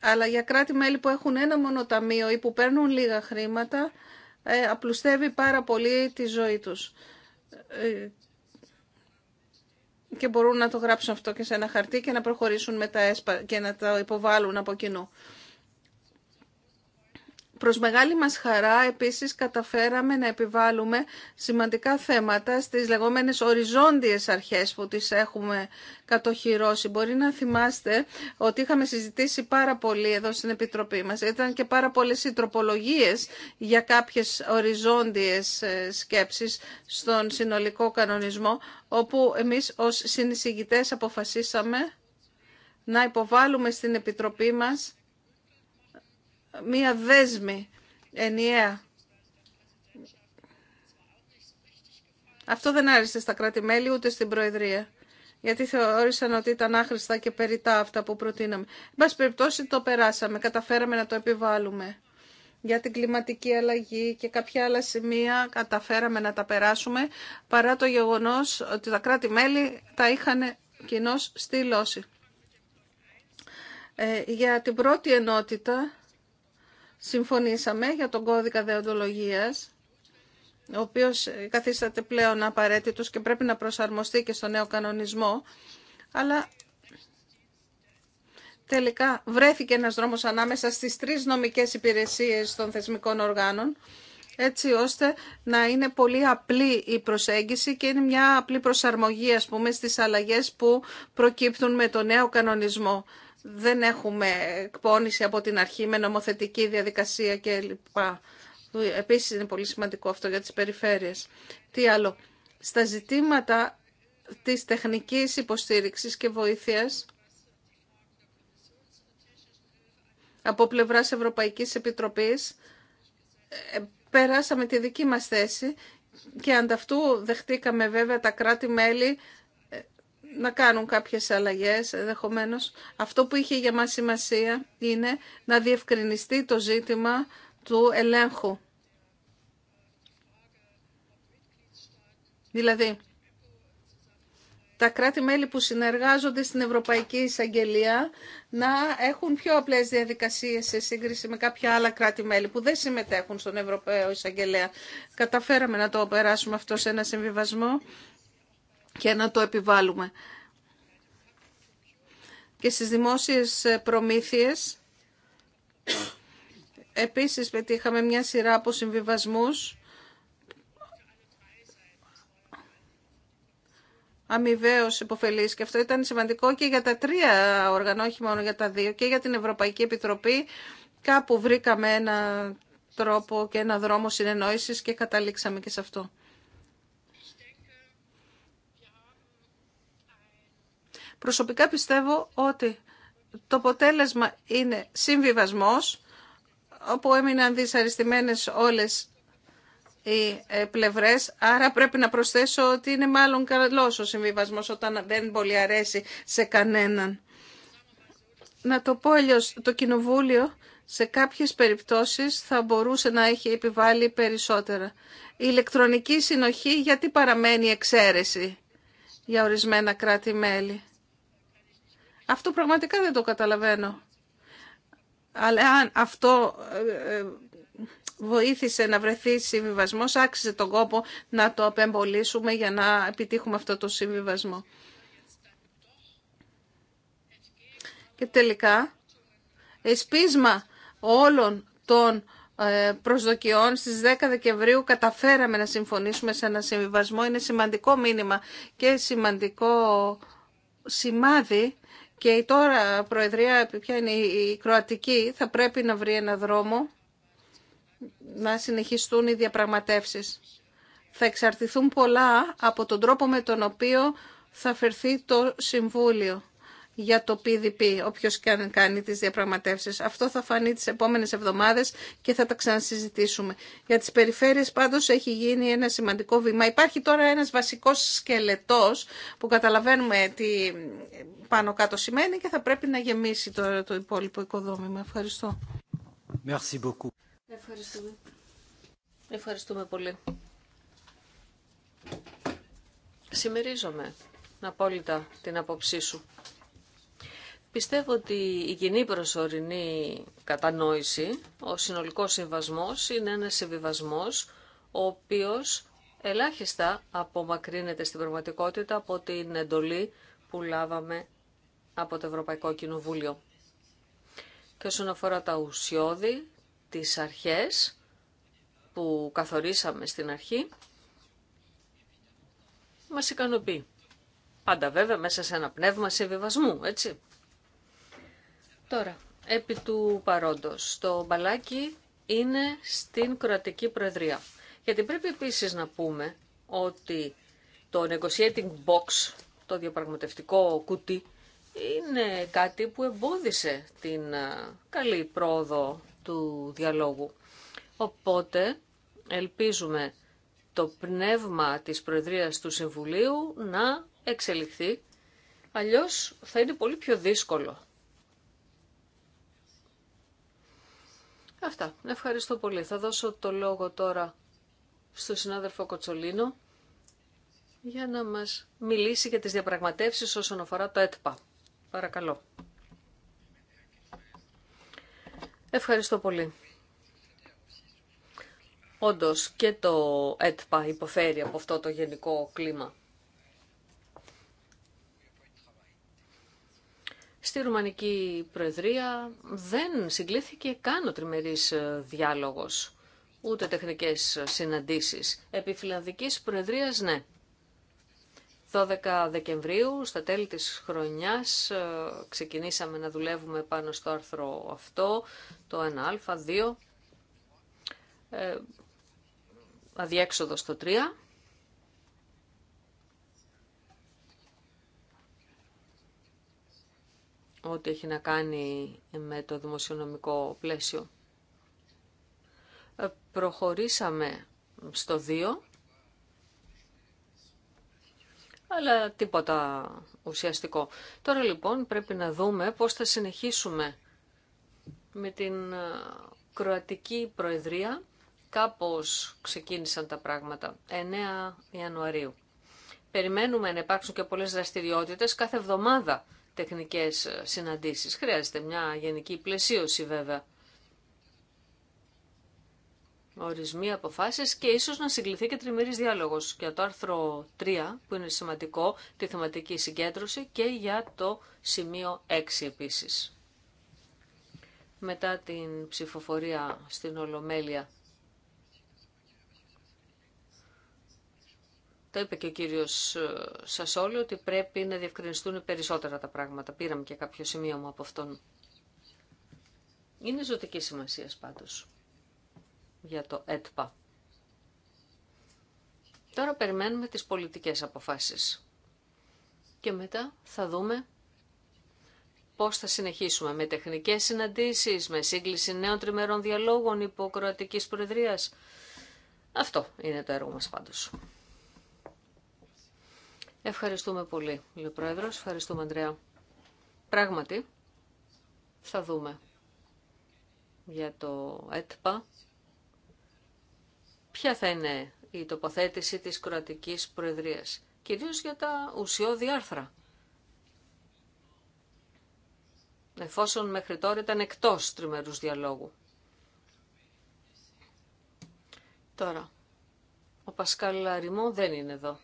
Αλλά για κράτη-μέλη που έχουν ένα μόνο ταμείο ή που παίρνουν λίγα χρήματα, ε, απλουστεύει πάρα πολύ τη ζωή τους. Ε, και μπορούν να το γράψουν αυτό και σε ένα χαρτί και να προχωρήσουν με τα ΕΣΠΑ και να τα υποβάλουν από κοινού. Προς μεγάλη μας χαρά επίσης καταφέραμε να επιβάλλουμε σημαντικά θέματα στις λεγόμενες οριζόντιες αρχές που τις έχουμε κατοχυρώσει. Μπορεί να θυμάστε ότι είχαμε συζητήσει πάρα πολύ εδώ στην Επιτροπή μας. Ήταν και πάρα πολλές οι για κάποιες οριζόντιες ε, σκέψεις στον συνολικό κανονισμό, όπου εμείς ως συνεισηγητές αποφασίσαμε να υποβάλουμε στην Επιτροπή μας μία δέσμη ενιαία. Αυτό δεν άρεσε στα κράτη-μέλη ούτε στην Προεδρία. Γιατί θεώρησαν ότι ήταν άχρηστα και περιτά αυτά που προτείναμε. Εν πάση περιπτώσει το περάσαμε, καταφέραμε να το επιβάλλουμε. Για την κλιματική αλλαγή και κάποια άλλα σημεία καταφέραμε να τα περάσουμε, παρά το γεγονός ότι τα κράτη-μέλη τα είχαν κοινώς στη Ε, για την πρώτη ενότητα, συμφωνήσαμε για τον κώδικα δεοντολογίας, ο οποίος καθίσταται πλέον απαραίτητος και πρέπει να προσαρμοστεί και στο νέο κανονισμό, αλλά τελικά βρέθηκε ένας δρόμος ανάμεσα στις τρεις νομικές υπηρεσίες των θεσμικών οργάνων, έτσι ώστε να είναι πολύ απλή η προσέγγιση και είναι μια απλή προσαρμογή, ας πούμε, στις αλλαγές που προκύπτουν με το νέο κανονισμό δεν έχουμε εκπώνηση από την αρχή με νομοθετική διαδικασία κλπ. Επίσης είναι πολύ σημαντικό αυτό για τις περιφέρειες. Τι άλλο. Στα ζητήματα της τεχνικής υποστήριξης και βοήθειας από πλευράς Ευρωπαϊκής Επιτροπής ε, περάσαμε τη δική μας θέση και ανταυτού δεχτήκαμε βέβαια τα κράτη-μέλη να κάνουν κάποιες αλλαγές ενδεχομένω. Αυτό που είχε για μας σημασία είναι να διευκρινιστεί το ζήτημα του ελέγχου. Δηλαδή, τα κράτη-μέλη που συνεργάζονται στην Ευρωπαϊκή Εισαγγελία να έχουν πιο απλές διαδικασίες σε σύγκριση με κάποια άλλα κράτη-μέλη που δεν συμμετέχουν στον Ευρωπαίο Εισαγγελέα. Καταφέραμε να το περάσουμε αυτό σε ένα συμβιβασμό και να το επιβάλλουμε. Και στις δημόσιες προμήθειες επίσης πετύχαμε μια σειρά από συμβιβασμούς αμοιβαίω υποφελή. Και αυτό ήταν σημαντικό και για τα τρία όργανα, όχι μόνο για τα δύο, και για την Ευρωπαϊκή Επιτροπή. Κάπου βρήκαμε ένα τρόπο και ένα δρόμο συνεννόησης και καταλήξαμε και σε αυτό. Προσωπικά πιστεύω ότι το αποτέλεσμα είναι συμβιβασμός, όπου έμειναν δυσαριστημένες όλες οι ε, πλευρές, άρα πρέπει να προσθέσω ότι είναι μάλλον καλό ο συμβιβασμός όταν δεν πολύ αρέσει σε κανέναν. Να το πω αλλιώ, το Κοινοβούλιο σε κάποιες περιπτώσεις θα μπορούσε να έχει επιβάλει περισσότερα. Η ηλεκτρονική συνοχή γιατί παραμένει εξαίρεση για ορισμένα κράτη-μέλη. Αυτό πραγματικά δεν το καταλαβαίνω. Αλλά αν αυτό ε, ε, βοήθησε να βρεθεί συμβιβασμό, άξιζε τον κόπο να το απεμπολίσουμε για να επιτύχουμε αυτό το συμβιβασμό. Και τελικά, εσπίσμα όλων των ε, προσδοκιών στις 10 Δεκεμβρίου καταφέραμε να συμφωνήσουμε σε ένα συμβιβασμό. Είναι σημαντικό μήνυμα και σημαντικό σημάδι και η τώρα Προεδρία, ποια είναι η Κροατική, θα πρέπει να βρει ένα δρόμο να συνεχιστούν οι διαπραγματεύσεις. Θα εξαρτηθούν πολλά από τον τρόπο με τον οποίο θα φερθεί το Συμβούλιο για το PDP, οποίο και αν κάνει τις διαπραγματεύσεις. Αυτό θα φανεί τις επόμενες εβδομάδες και θα τα ξανασυζητήσουμε. Για τις περιφέρειες πάντω έχει γίνει ένα σημαντικό βήμα. Υπάρχει τώρα ένας βασικός σκελετός που καταλαβαίνουμε τι πάνω κάτω σημαίνει και θα πρέπει να γεμίσει τώρα το υπόλοιπο οικοδόμημα. Ευχαριστώ. Merci beaucoup. Ευχαριστούμε. Ευχαριστούμε πολύ. Συμμερίζομαι απόλυτα την απόψή σου. Πιστεύω ότι η κοινή προσωρινή κατανόηση, ο συνολικός συμβασμός, είναι ένας συμβιβασμός ο οποίος ελάχιστα απομακρύνεται στην πραγματικότητα από την εντολή που λάβαμε από το Ευρωπαϊκό Κοινοβούλιο. Και όσον αφορά τα ουσιώδη, τις αρχές που καθορίσαμε στην αρχή, μας ικανοποιεί. Πάντα βέβαια μέσα σε ένα πνεύμα συμβιβασμού, έτσι. Τώρα, επί του παρόντος, το μπαλάκι είναι στην κρατική Προεδρία. Γιατί πρέπει επίσης να πούμε ότι το negotiating box, το διαπραγματευτικό κουτί, είναι κάτι που εμπόδισε την καλή πρόοδο του διαλόγου. Οπότε ελπίζουμε το πνεύμα της Προεδρίας του Συμβουλίου να εξελιχθεί, αλλιώς θα είναι πολύ πιο δύσκολο Αυτά. Ευχαριστώ πολύ. Θα δώσω το λόγο τώρα στον συνάδελφο Κοτσολίνο για να μας μιλήσει για τις διαπραγματεύσεις όσον αφορά το ΕΤΠΑ. Παρακαλώ. Ευχαριστώ πολύ. Όντως και το ΕΤΠΑ υποφέρει από αυτό το γενικό κλίμα. Στη Ρουμανική Προεδρία δεν συγκλήθηκε καν ο τριμερής ε, διάλογος, ούτε τεχνικές συναντήσεις. Επί Φιλανδικής Προεδρίας, ναι. 12 Δεκεμβρίου, στα τέλη της χρονιάς, ε, ξεκινήσαμε να δουλεύουμε πάνω στο άρθρο αυτό, το 1α, 2, ε, αδιέξοδο στο 3 ό,τι έχει να κάνει με το δημοσιονομικό πλαίσιο. Ε, προχωρήσαμε στο 2, αλλά τίποτα ουσιαστικό. Τώρα λοιπόν πρέπει να δούμε πώς θα συνεχίσουμε με την ε, Κροατική Προεδρία. Κάπως ξεκίνησαν τα πράγματα, 9 Ιανουαρίου. Περιμένουμε να υπάρξουν και πολλές δραστηριότητες κάθε εβδομάδα τεχνικές συναντήσεις. Χρειάζεται μια γενική πλαισίωση βέβαια. Ορισμοί αποφάσεις και ίσως να συγκληθεί και τριμήρης διάλογος για το άρθρο 3 που είναι σημαντικό, τη θεματική συγκέντρωση και για το σημείο 6 επίσης. Μετά την ψηφοφορία στην Ολομέλεια Το είπε και ο κύριος ε, Σασόλη ότι πρέπει να διευκρινιστούν περισσότερα τα πράγματα. Πήραμε και κάποιο σημείο μου από αυτόν. Είναι ζωτική σημασία πάντω για το ΕΤΠΑ. Τώρα περιμένουμε τις πολιτικές αποφάσεις. Και μετά θα δούμε πώς θα συνεχίσουμε με τεχνικές συναντήσεις, με σύγκληση νέων τριμερών διαλόγων υπό Προεδρίας. Αυτό είναι το έργο μας πάντως. Ευχαριστούμε πολύ, λέει Ευχαριστούμε, Αντρέα. Πράγματι, θα δούμε για το ΕΤΠΑ. Ποια θα είναι η τοποθέτηση της κρατικής Προεδρίας, κυρίως για τα ουσιώδη άρθρα. Εφόσον μέχρι τώρα ήταν εκτός τριμερούς διαλόγου. Τώρα, ο Πασκάλ Λαριμό δεν είναι εδώ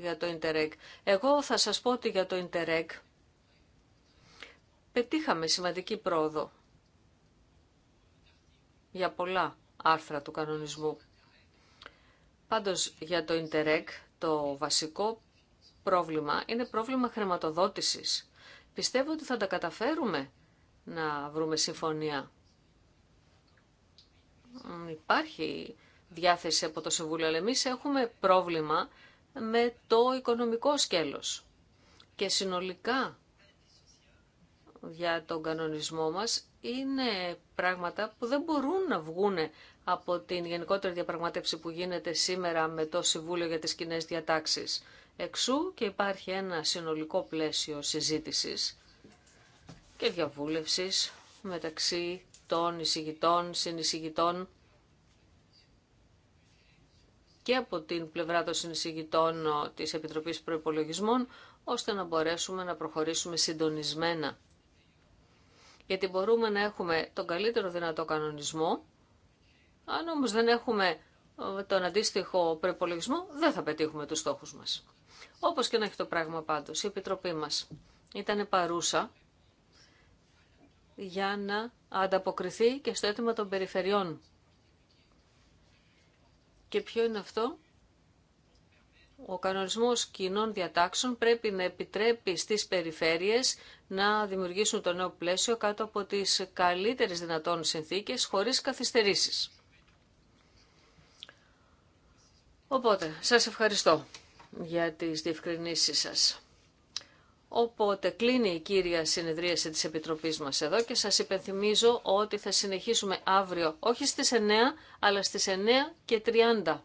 για το Interreg. Εγώ θα σας πω ότι για το Interreg πετύχαμε σημαντική πρόοδο για πολλά άρθρα του κανονισμού. Πάντως για το Interreg το βασικό πρόβλημα είναι πρόβλημα χρηματοδότησης. Πιστεύω ότι θα τα καταφέρουμε να βρούμε συμφωνία. Υπάρχει διάθεση από το Συμβούλιο, αλλά εμείς έχουμε πρόβλημα με το οικονομικό σκέλος. Και συνολικά για τον κανονισμό μας είναι πράγματα που δεν μπορούν να βγούνε από την γενικότερη διαπραγμάτευση που γίνεται σήμερα με το Συμβούλιο για τις Κοινέ Διατάξεις. Εξού και υπάρχει ένα συνολικό πλαίσιο συζήτησης και διαβούλευσης μεταξύ των εισηγητών, συνεισηγητών και από την πλευρά των συνεισηγητών ε, της Επιτροπής Προϋπολογισμών, ώστε να μπορέσουμε να προχωρήσουμε συντονισμένα. Γιατί μπορούμε να έχουμε τον καλύτερο δυνατό κανονισμό, αν όμως δεν έχουμε ε, τον αντίστοιχο προπολογισμό, δεν θα πετύχουμε τους στόχους μας. Όπως και να έχει το πράγμα πάντως, η Επιτροπή μας ήταν παρούσα για να ανταποκριθεί και στο αίτημα των περιφερειών και ποιο είναι αυτό? Ο κανονισμός κοινών διατάξεων πρέπει να επιτρέπει στις περιφέρειες να δημιουργήσουν το νέο πλαίσιο κάτω από τις καλύτερες δυνατόν συνθήκες χωρίς καθυστερήσεις. Οπότε, σας ευχαριστώ για τις διευκρινήσεις σας. Οπότε κλείνει η κύρια συνεδρίαση της Επιτροπής μας εδώ και σας υπενθυμίζω ότι θα συνεχίσουμε αύριο, όχι στις 9, αλλά στις 9 και 30.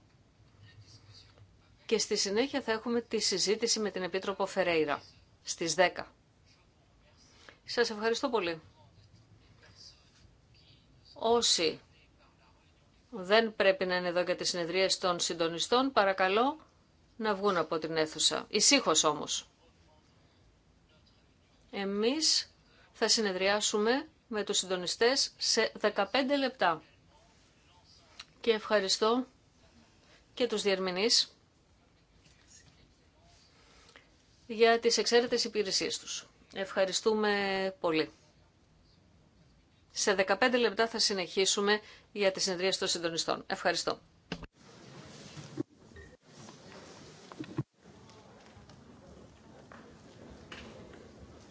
Και στη συνέχεια θα έχουμε τη συζήτηση με την Επίτροπο Φερέιρα στις 10. Σας ευχαριστώ πολύ. Όσοι δεν πρέπει να είναι εδώ για τη συνεδρίαση των συντονιστών, παρακαλώ να βγουν από την αίθουσα. Ισύχως όμως. Εμείς θα συνεδριάσουμε με τους συντονιστές σε 15 λεπτά. Και ευχαριστώ και τους διερμηνείς για τις εξαίρετες υπηρεσίες τους. Ευχαριστούμε πολύ. Σε 15 λεπτά θα συνεχίσουμε για τη συνεδρίες των συντονιστών. Ευχαριστώ.